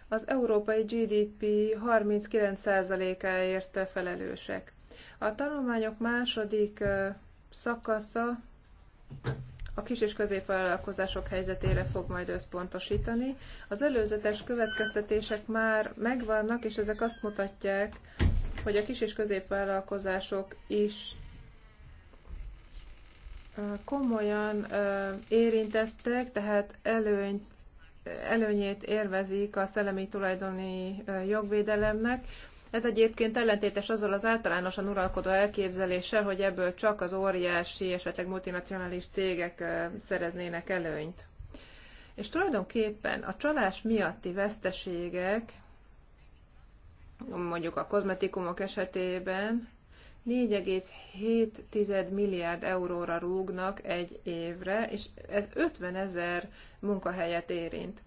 A: az európai GDP 39%-áért felelősek. A tanulmányok második szakasza a kis és középvállalkozások helyzetére fog majd összpontosítani. Az előzetes következtetések már megvannak, és ezek azt mutatják, hogy a kis és középvállalkozások is komolyan érintettek, tehát előnyt előnyét érvezik a szellemi tulajdoni jogvédelemnek, ez egyébként ellentétes azzal az általánosan uralkodó elképzeléssel, hogy ebből csak az óriási, esetleg multinacionális cégek szereznének előnyt. És tulajdonképpen a csalás miatti veszteségek, mondjuk a kozmetikumok esetében, 4,7 milliárd euróra rúgnak egy évre, és ez 50 ezer munkahelyet érint.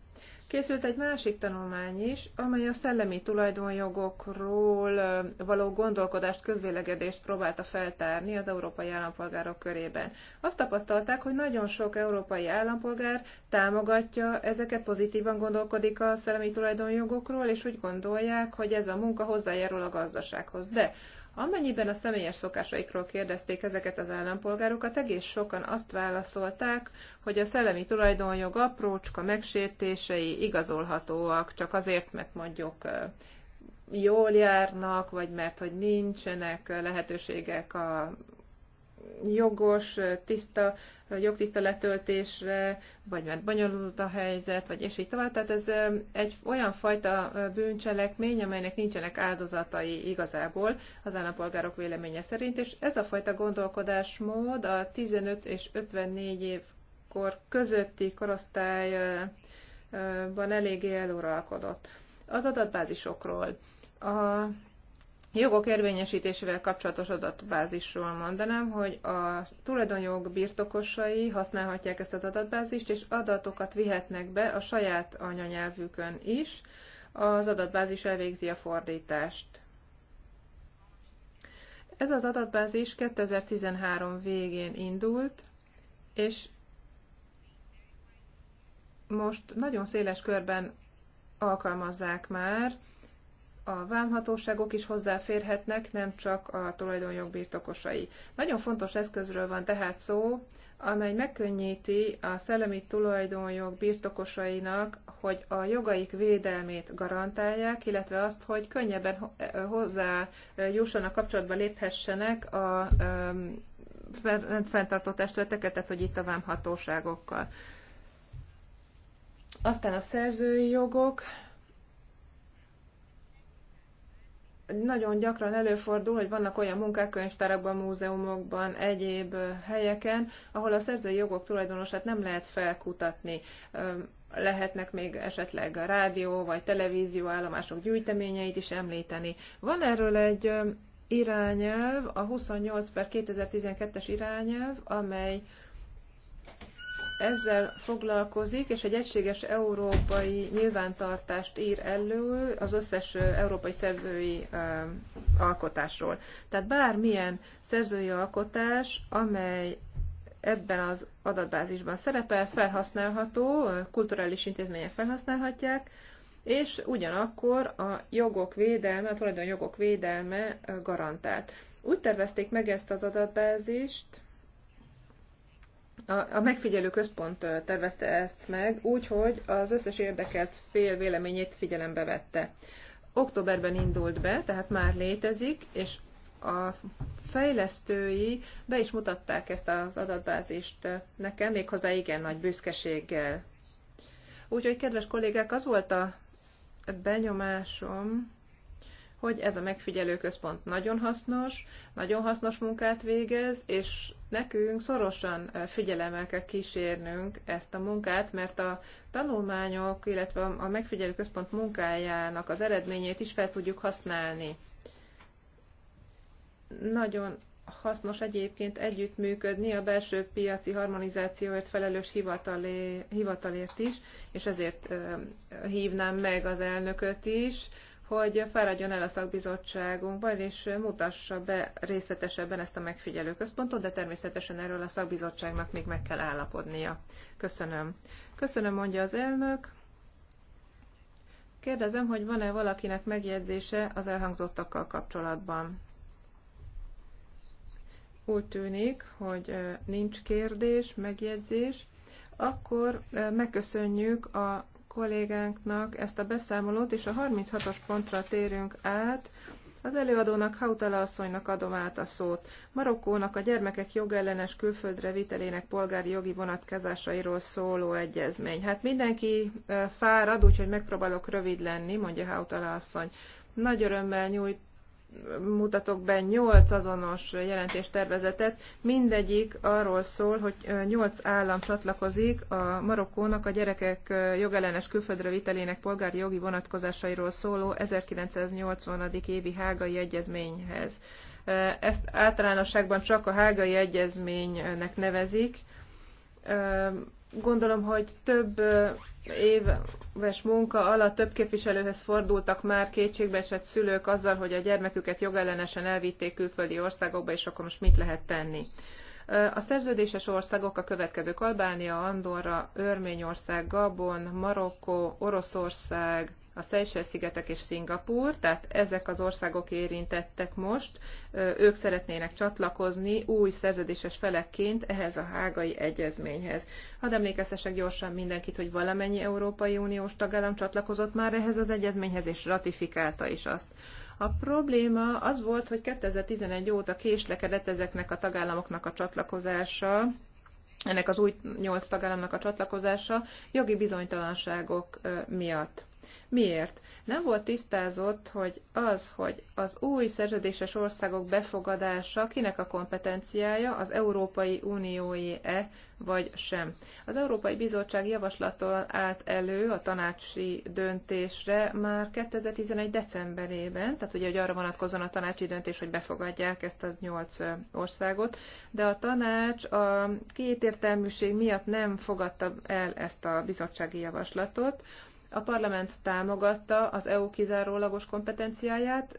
A: Készült egy másik tanulmány is, amely a szellemi tulajdonjogokról való gondolkodást, közvélegedést próbálta feltárni az európai állampolgárok körében. Azt tapasztalták, hogy nagyon sok európai állampolgár támogatja ezeket, pozitívan gondolkodik a szellemi tulajdonjogokról, és úgy gondolják, hogy ez a munka hozzájárul a gazdasághoz. De Amennyiben a személyes szokásaikról kérdezték ezeket az állampolgárokat, egész sokan azt válaszolták, hogy a szellemi tulajdonjog aprócska megsértései igazolhatóak, csak azért, mert mondjuk jól járnak, vagy mert hogy nincsenek lehetőségek a jogos, tiszta, jogtiszta letöltésre, vagy mert bonyolult a helyzet, vagy és így tovább. Tehát ez egy olyan fajta bűncselekmény, amelynek nincsenek áldozatai igazából az állampolgárok véleménye szerint, és ez a fajta gondolkodásmód a 15 és 54 évkor kor közötti korosztályban eléggé eluralkodott. Az adatbázisokról. A jogok érvényesítésével kapcsolatos adatbázisról mondanám, hogy a tulajdonjog birtokosai használhatják ezt az adatbázist, és adatokat vihetnek be a saját anyanyelvükön is, az adatbázis elvégzi a fordítást. Ez az adatbázis 2013 végén indult, és most nagyon széles körben alkalmazzák már, a vámhatóságok is hozzáférhetnek, nem csak a tulajdonjog birtokosai. Nagyon fontos eszközről van tehát szó, amely megkönnyíti a szellemi tulajdonjog birtokosainak, hogy a jogaik védelmét garantálják, illetve azt, hogy könnyebben eh, hozzá eh, jussanak kapcsolatba léphessenek a fenntartó testületeket, tehát hogy itt a vámhatóságokkal. Aztán a szerzői jogok, nagyon gyakran előfordul, hogy vannak olyan munkák könyvtárakban, múzeumokban, egyéb helyeken, ahol a szerzői jogok tulajdonosát nem lehet felkutatni. Lehetnek még esetleg a rádió vagy televízió állomások gyűjteményeit is említeni. Van erről egy irányelv, a 28 per 2012-es irányelv, amely ezzel foglalkozik, és egy egységes európai nyilvántartást ír elő az összes európai szerzői alkotásról. Tehát bármilyen szerzői alkotás, amely ebben az adatbázisban szerepel, felhasználható, kulturális intézmények felhasználhatják, és ugyanakkor a jogok védelme, a tulajdonjogok védelme garantált. Úgy tervezték meg ezt az adatbázist, a, a megfigyelő központ tervezte ezt meg, úgyhogy az összes érdekelt fél véleményét figyelembe vette. Októberben indult be, tehát már létezik, és a fejlesztői be is mutatták ezt az adatbázist nekem, méghozzá igen nagy büszkeséggel. Úgyhogy, kedves kollégák, az volt a benyomásom, hogy ez a megfigyelőközpont nagyon hasznos, nagyon hasznos munkát végez, és nekünk szorosan figyelemmel kell kísérnünk ezt a munkát, mert a tanulmányok, illetve a megfigyelőközpont munkájának az eredményét is fel tudjuk használni. Nagyon hasznos egyébként együttműködni a belső piaci harmonizációért felelős hivatalé, hivatalért is, és ezért hívnám meg az elnököt is, hogy fáradjon el a szakbizottságunkban, és mutassa be részletesebben ezt a megfigyelő központot, de természetesen erről a szakbizottságnak még meg kell állapodnia. Köszönöm. Köszönöm, mondja az elnök. Kérdezem, hogy van-e valakinek megjegyzése az elhangzottakkal kapcsolatban. Úgy tűnik, hogy nincs kérdés, megjegyzés. Akkor megköszönjük a kollégánknak ezt a beszámolót, és a 36-as pontra térünk át. Az előadónak Hautala asszonynak adom át a szót. Marokkónak a gyermekek jogellenes külföldre vitelének polgári jogi vonatkezásairól szóló egyezmény. Hát mindenki eh, fárad, úgyhogy megpróbálok rövid lenni, mondja Hautala asszony. Nagy örömmel nyújt, mutatok be 8 azonos jelentéstervezetet, mindegyik arról szól, hogy 8 állam csatlakozik a Marokkónak a gyerekek jogellenes külföldre vitelének polgári jogi vonatkozásairól szóló 1980. évi hágai egyezményhez. Ezt általánosságban csak a hágai egyezménynek nevezik Gondolom, hogy több éves munka alatt több képviselőhöz fordultak már kétségbeesett szülők azzal, hogy a gyermeküket jogellenesen elvitték külföldi országokba, és akkor most mit lehet tenni. A szerződéses országok a következők Albánia, Andorra, Örményország, Gabon, Marokkó, Oroszország, a Seychelles-szigetek és Szingapúr, tehát ezek az országok érintettek most, ők szeretnének csatlakozni új szerződéses felekként ehhez a hágai egyezményhez. Hadd emlékeztessek gyorsan mindenkit, hogy valamennyi Európai Uniós tagállam csatlakozott már ehhez az egyezményhez, és ratifikálta is azt. A probléma az volt, hogy 2011 óta késlekedett ezeknek a tagállamoknak a csatlakozása, ennek az új nyolc tagállamnak a csatlakozása jogi bizonytalanságok miatt. Miért? Nem volt tisztázott, hogy az, hogy az új szerződéses országok befogadása kinek a kompetenciája, az Európai Unióé-e vagy sem. Az Európai Bizottság javaslaton állt elő a tanácsi döntésre már 2011. decemberében, tehát ugye, hogy arra vonatkozóan a tanácsi döntés, hogy befogadják ezt a nyolc országot, de a tanács a kétértelműség miatt nem fogadta el ezt a bizottsági javaslatot, a parlament támogatta az EU kizárólagos kompetenciáját,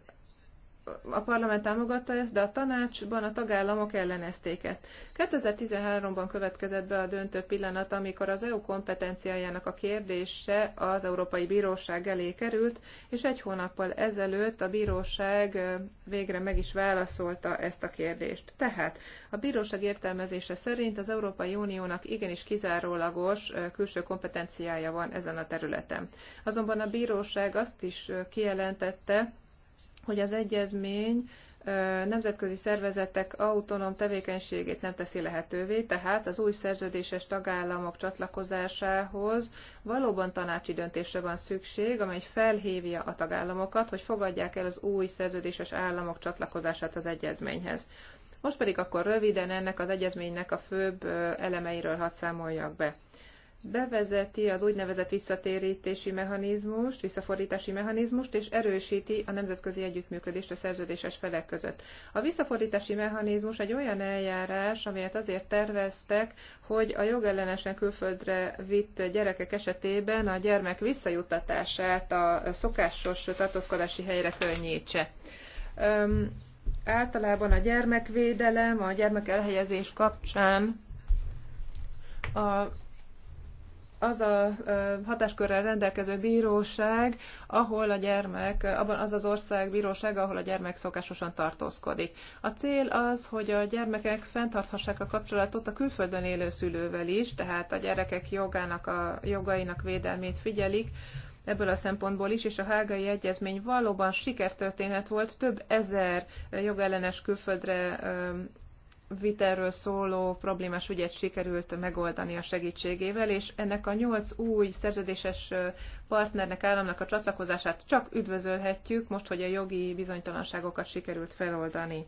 A: a parlament támogatta ezt, de a tanácsban a tagállamok ellenezték ezt. 2013-ban következett be a döntő pillanat, amikor az EU kompetenciájának a kérdése az Európai Bíróság elé került, és egy hónappal ezelőtt a bíróság végre meg is válaszolta ezt a kérdést. Tehát a bíróság értelmezése szerint az Európai Uniónak igenis kizárólagos külső kompetenciája van ezen a területen. Azonban a bíróság azt is kijelentette, hogy az egyezmény nemzetközi szervezetek autonóm tevékenységét nem teszi lehetővé, tehát az új szerződéses tagállamok csatlakozásához valóban tanácsi döntésre van szükség, amely felhívja a tagállamokat, hogy fogadják el az új szerződéses államok csatlakozását az egyezményhez. Most pedig akkor röviden ennek az egyezménynek a főbb elemeiről hadd számoljak be bevezeti az úgynevezett visszatérítési mechanizmust, visszafordítási mechanizmust, és erősíti a nemzetközi együttműködést a szerződéses felek között. A visszafordítási mechanizmus egy olyan eljárás, amelyet azért terveztek, hogy a jogellenesen külföldre vitt gyerekek esetében a gyermek visszajutatását a szokásos tartózkodási helyre könnyítse. általában a gyermekvédelem, a gyermek elhelyezés kapcsán a az a hatáskörrel rendelkező bíróság, ahol a gyermek, abban az az ország bíróság, ahol a gyermek szokásosan tartózkodik. A cél az, hogy a gyermekek fenntarthassák a kapcsolatot a külföldön élő szülővel is, tehát a gyerekek jogának, a jogainak védelmét figyelik, Ebből a szempontból is, és a hágai egyezmény valóban sikertörténet volt, több ezer jogellenes külföldre viterről szóló problémás ügyet sikerült megoldani a segítségével, és ennek a nyolc új szerződéses partnernek, államnak a csatlakozását csak üdvözölhetjük, most, hogy a jogi bizonytalanságokat sikerült feloldani.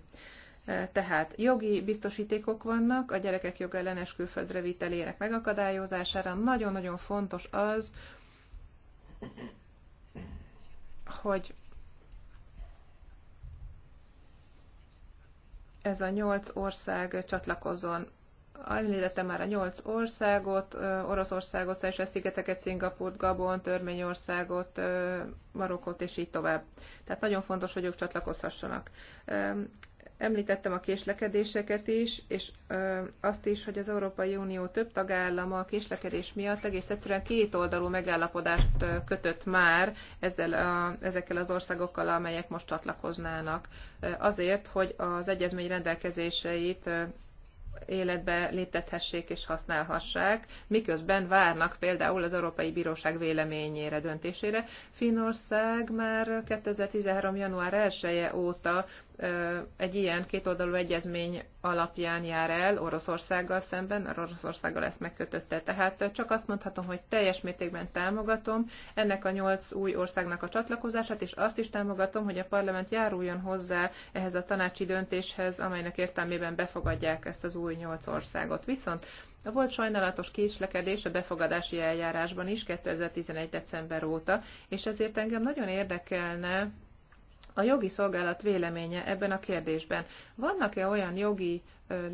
A: Tehát jogi biztosítékok vannak a gyerekek jogellenes külföldre vitelének megakadályozására. Nagyon-nagyon fontos az, hogy ez a nyolc ország csatlakozon. Említettem már a nyolc országot, Oroszországot, Szesre-szigeteket, Szingapurt, Gabon, Törményországot, Marokkot és így tovább. Tehát nagyon fontos, hogy ők csatlakozhassanak. Említettem a késlekedéseket is, és ö, azt is, hogy az Európai Unió több tagállama a késlekedés miatt egész egyszerűen kétoldalú megállapodást kötött már ezzel a, ezekkel az országokkal, amelyek most csatlakoznának. Azért, hogy az egyezmény rendelkezéseit életbe léptethessék és használhassák, miközben várnak például az Európai Bíróság véleményére, döntésére. Finország már 2013. január 1 -e óta egy ilyen kétoldalú egyezmény alapján jár el Oroszországgal szemben, mert Oroszországgal ezt megkötötte. Tehát csak azt mondhatom, hogy teljes mértékben támogatom ennek a nyolc új országnak a csatlakozását, és azt is támogatom, hogy a parlament járuljon hozzá ehhez a tanácsi döntéshez, amelynek értelmében befogadják ezt az új nyolc országot. Viszont volt sajnálatos késlekedés a befogadási eljárásban is 2011. december óta, és ezért engem nagyon érdekelne, a jogi szolgálat véleménye ebben a kérdésben. Vannak-e olyan jogi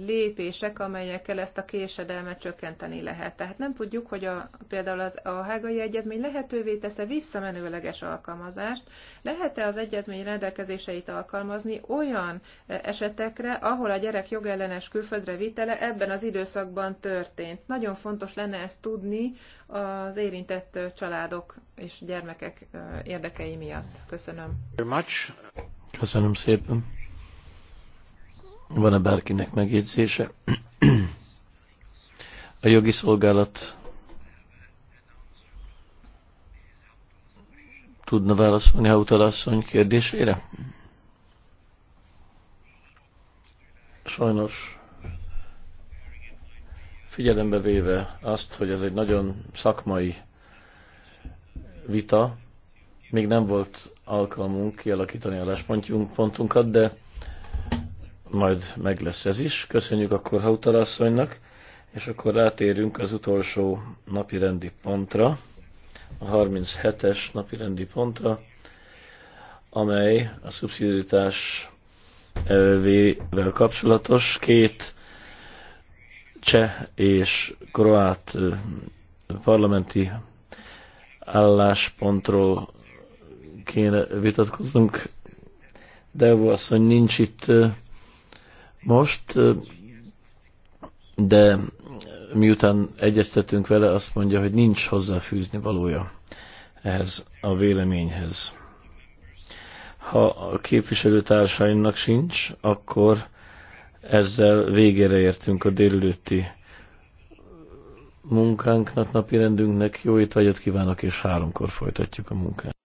A: lépések, amelyekkel ezt a késedelmet csökkenteni lehet. Tehát nem tudjuk, hogy a, például az, a hágai egyezmény lehetővé tesz-e visszamenőleges alkalmazást, lehet-e az egyezmény rendelkezéseit alkalmazni olyan esetekre, ahol a gyerek jogellenes külföldre vitele ebben az időszakban történt. Nagyon fontos lenne ezt tudni az érintett családok és gyermekek érdekei miatt. Köszönöm.
C: Köszönöm szépen. Van-e bárkinek megjegyzése? A jogi szolgálat tudna válaszolni ha utalasszony kérdésére? Sajnos figyelembe véve azt, hogy ez egy nagyon szakmai vita, még nem volt alkalmunk kialakítani álláspontunkat, de majd meg lesz ez is. Köszönjük akkor Hautalasszonynak, asszonynak, és akkor rátérünk az utolsó napi rendi pontra, a 37-es napi rendi pontra, amely a szubszidiaritás elvével kapcsolatos két cseh és kroát parlamenti álláspontról kéne vitatkozunk. Devo asszony nincs itt most, de miután egyeztetünk vele, azt mondja, hogy nincs hozzáfűzni valója ehhez a véleményhez. Ha a képviselőtársainak sincs, akkor ezzel végére értünk a délülötti munkánknak, napirendünknek. Jó étvágyat kívánok, és háromkor folytatjuk a munkát.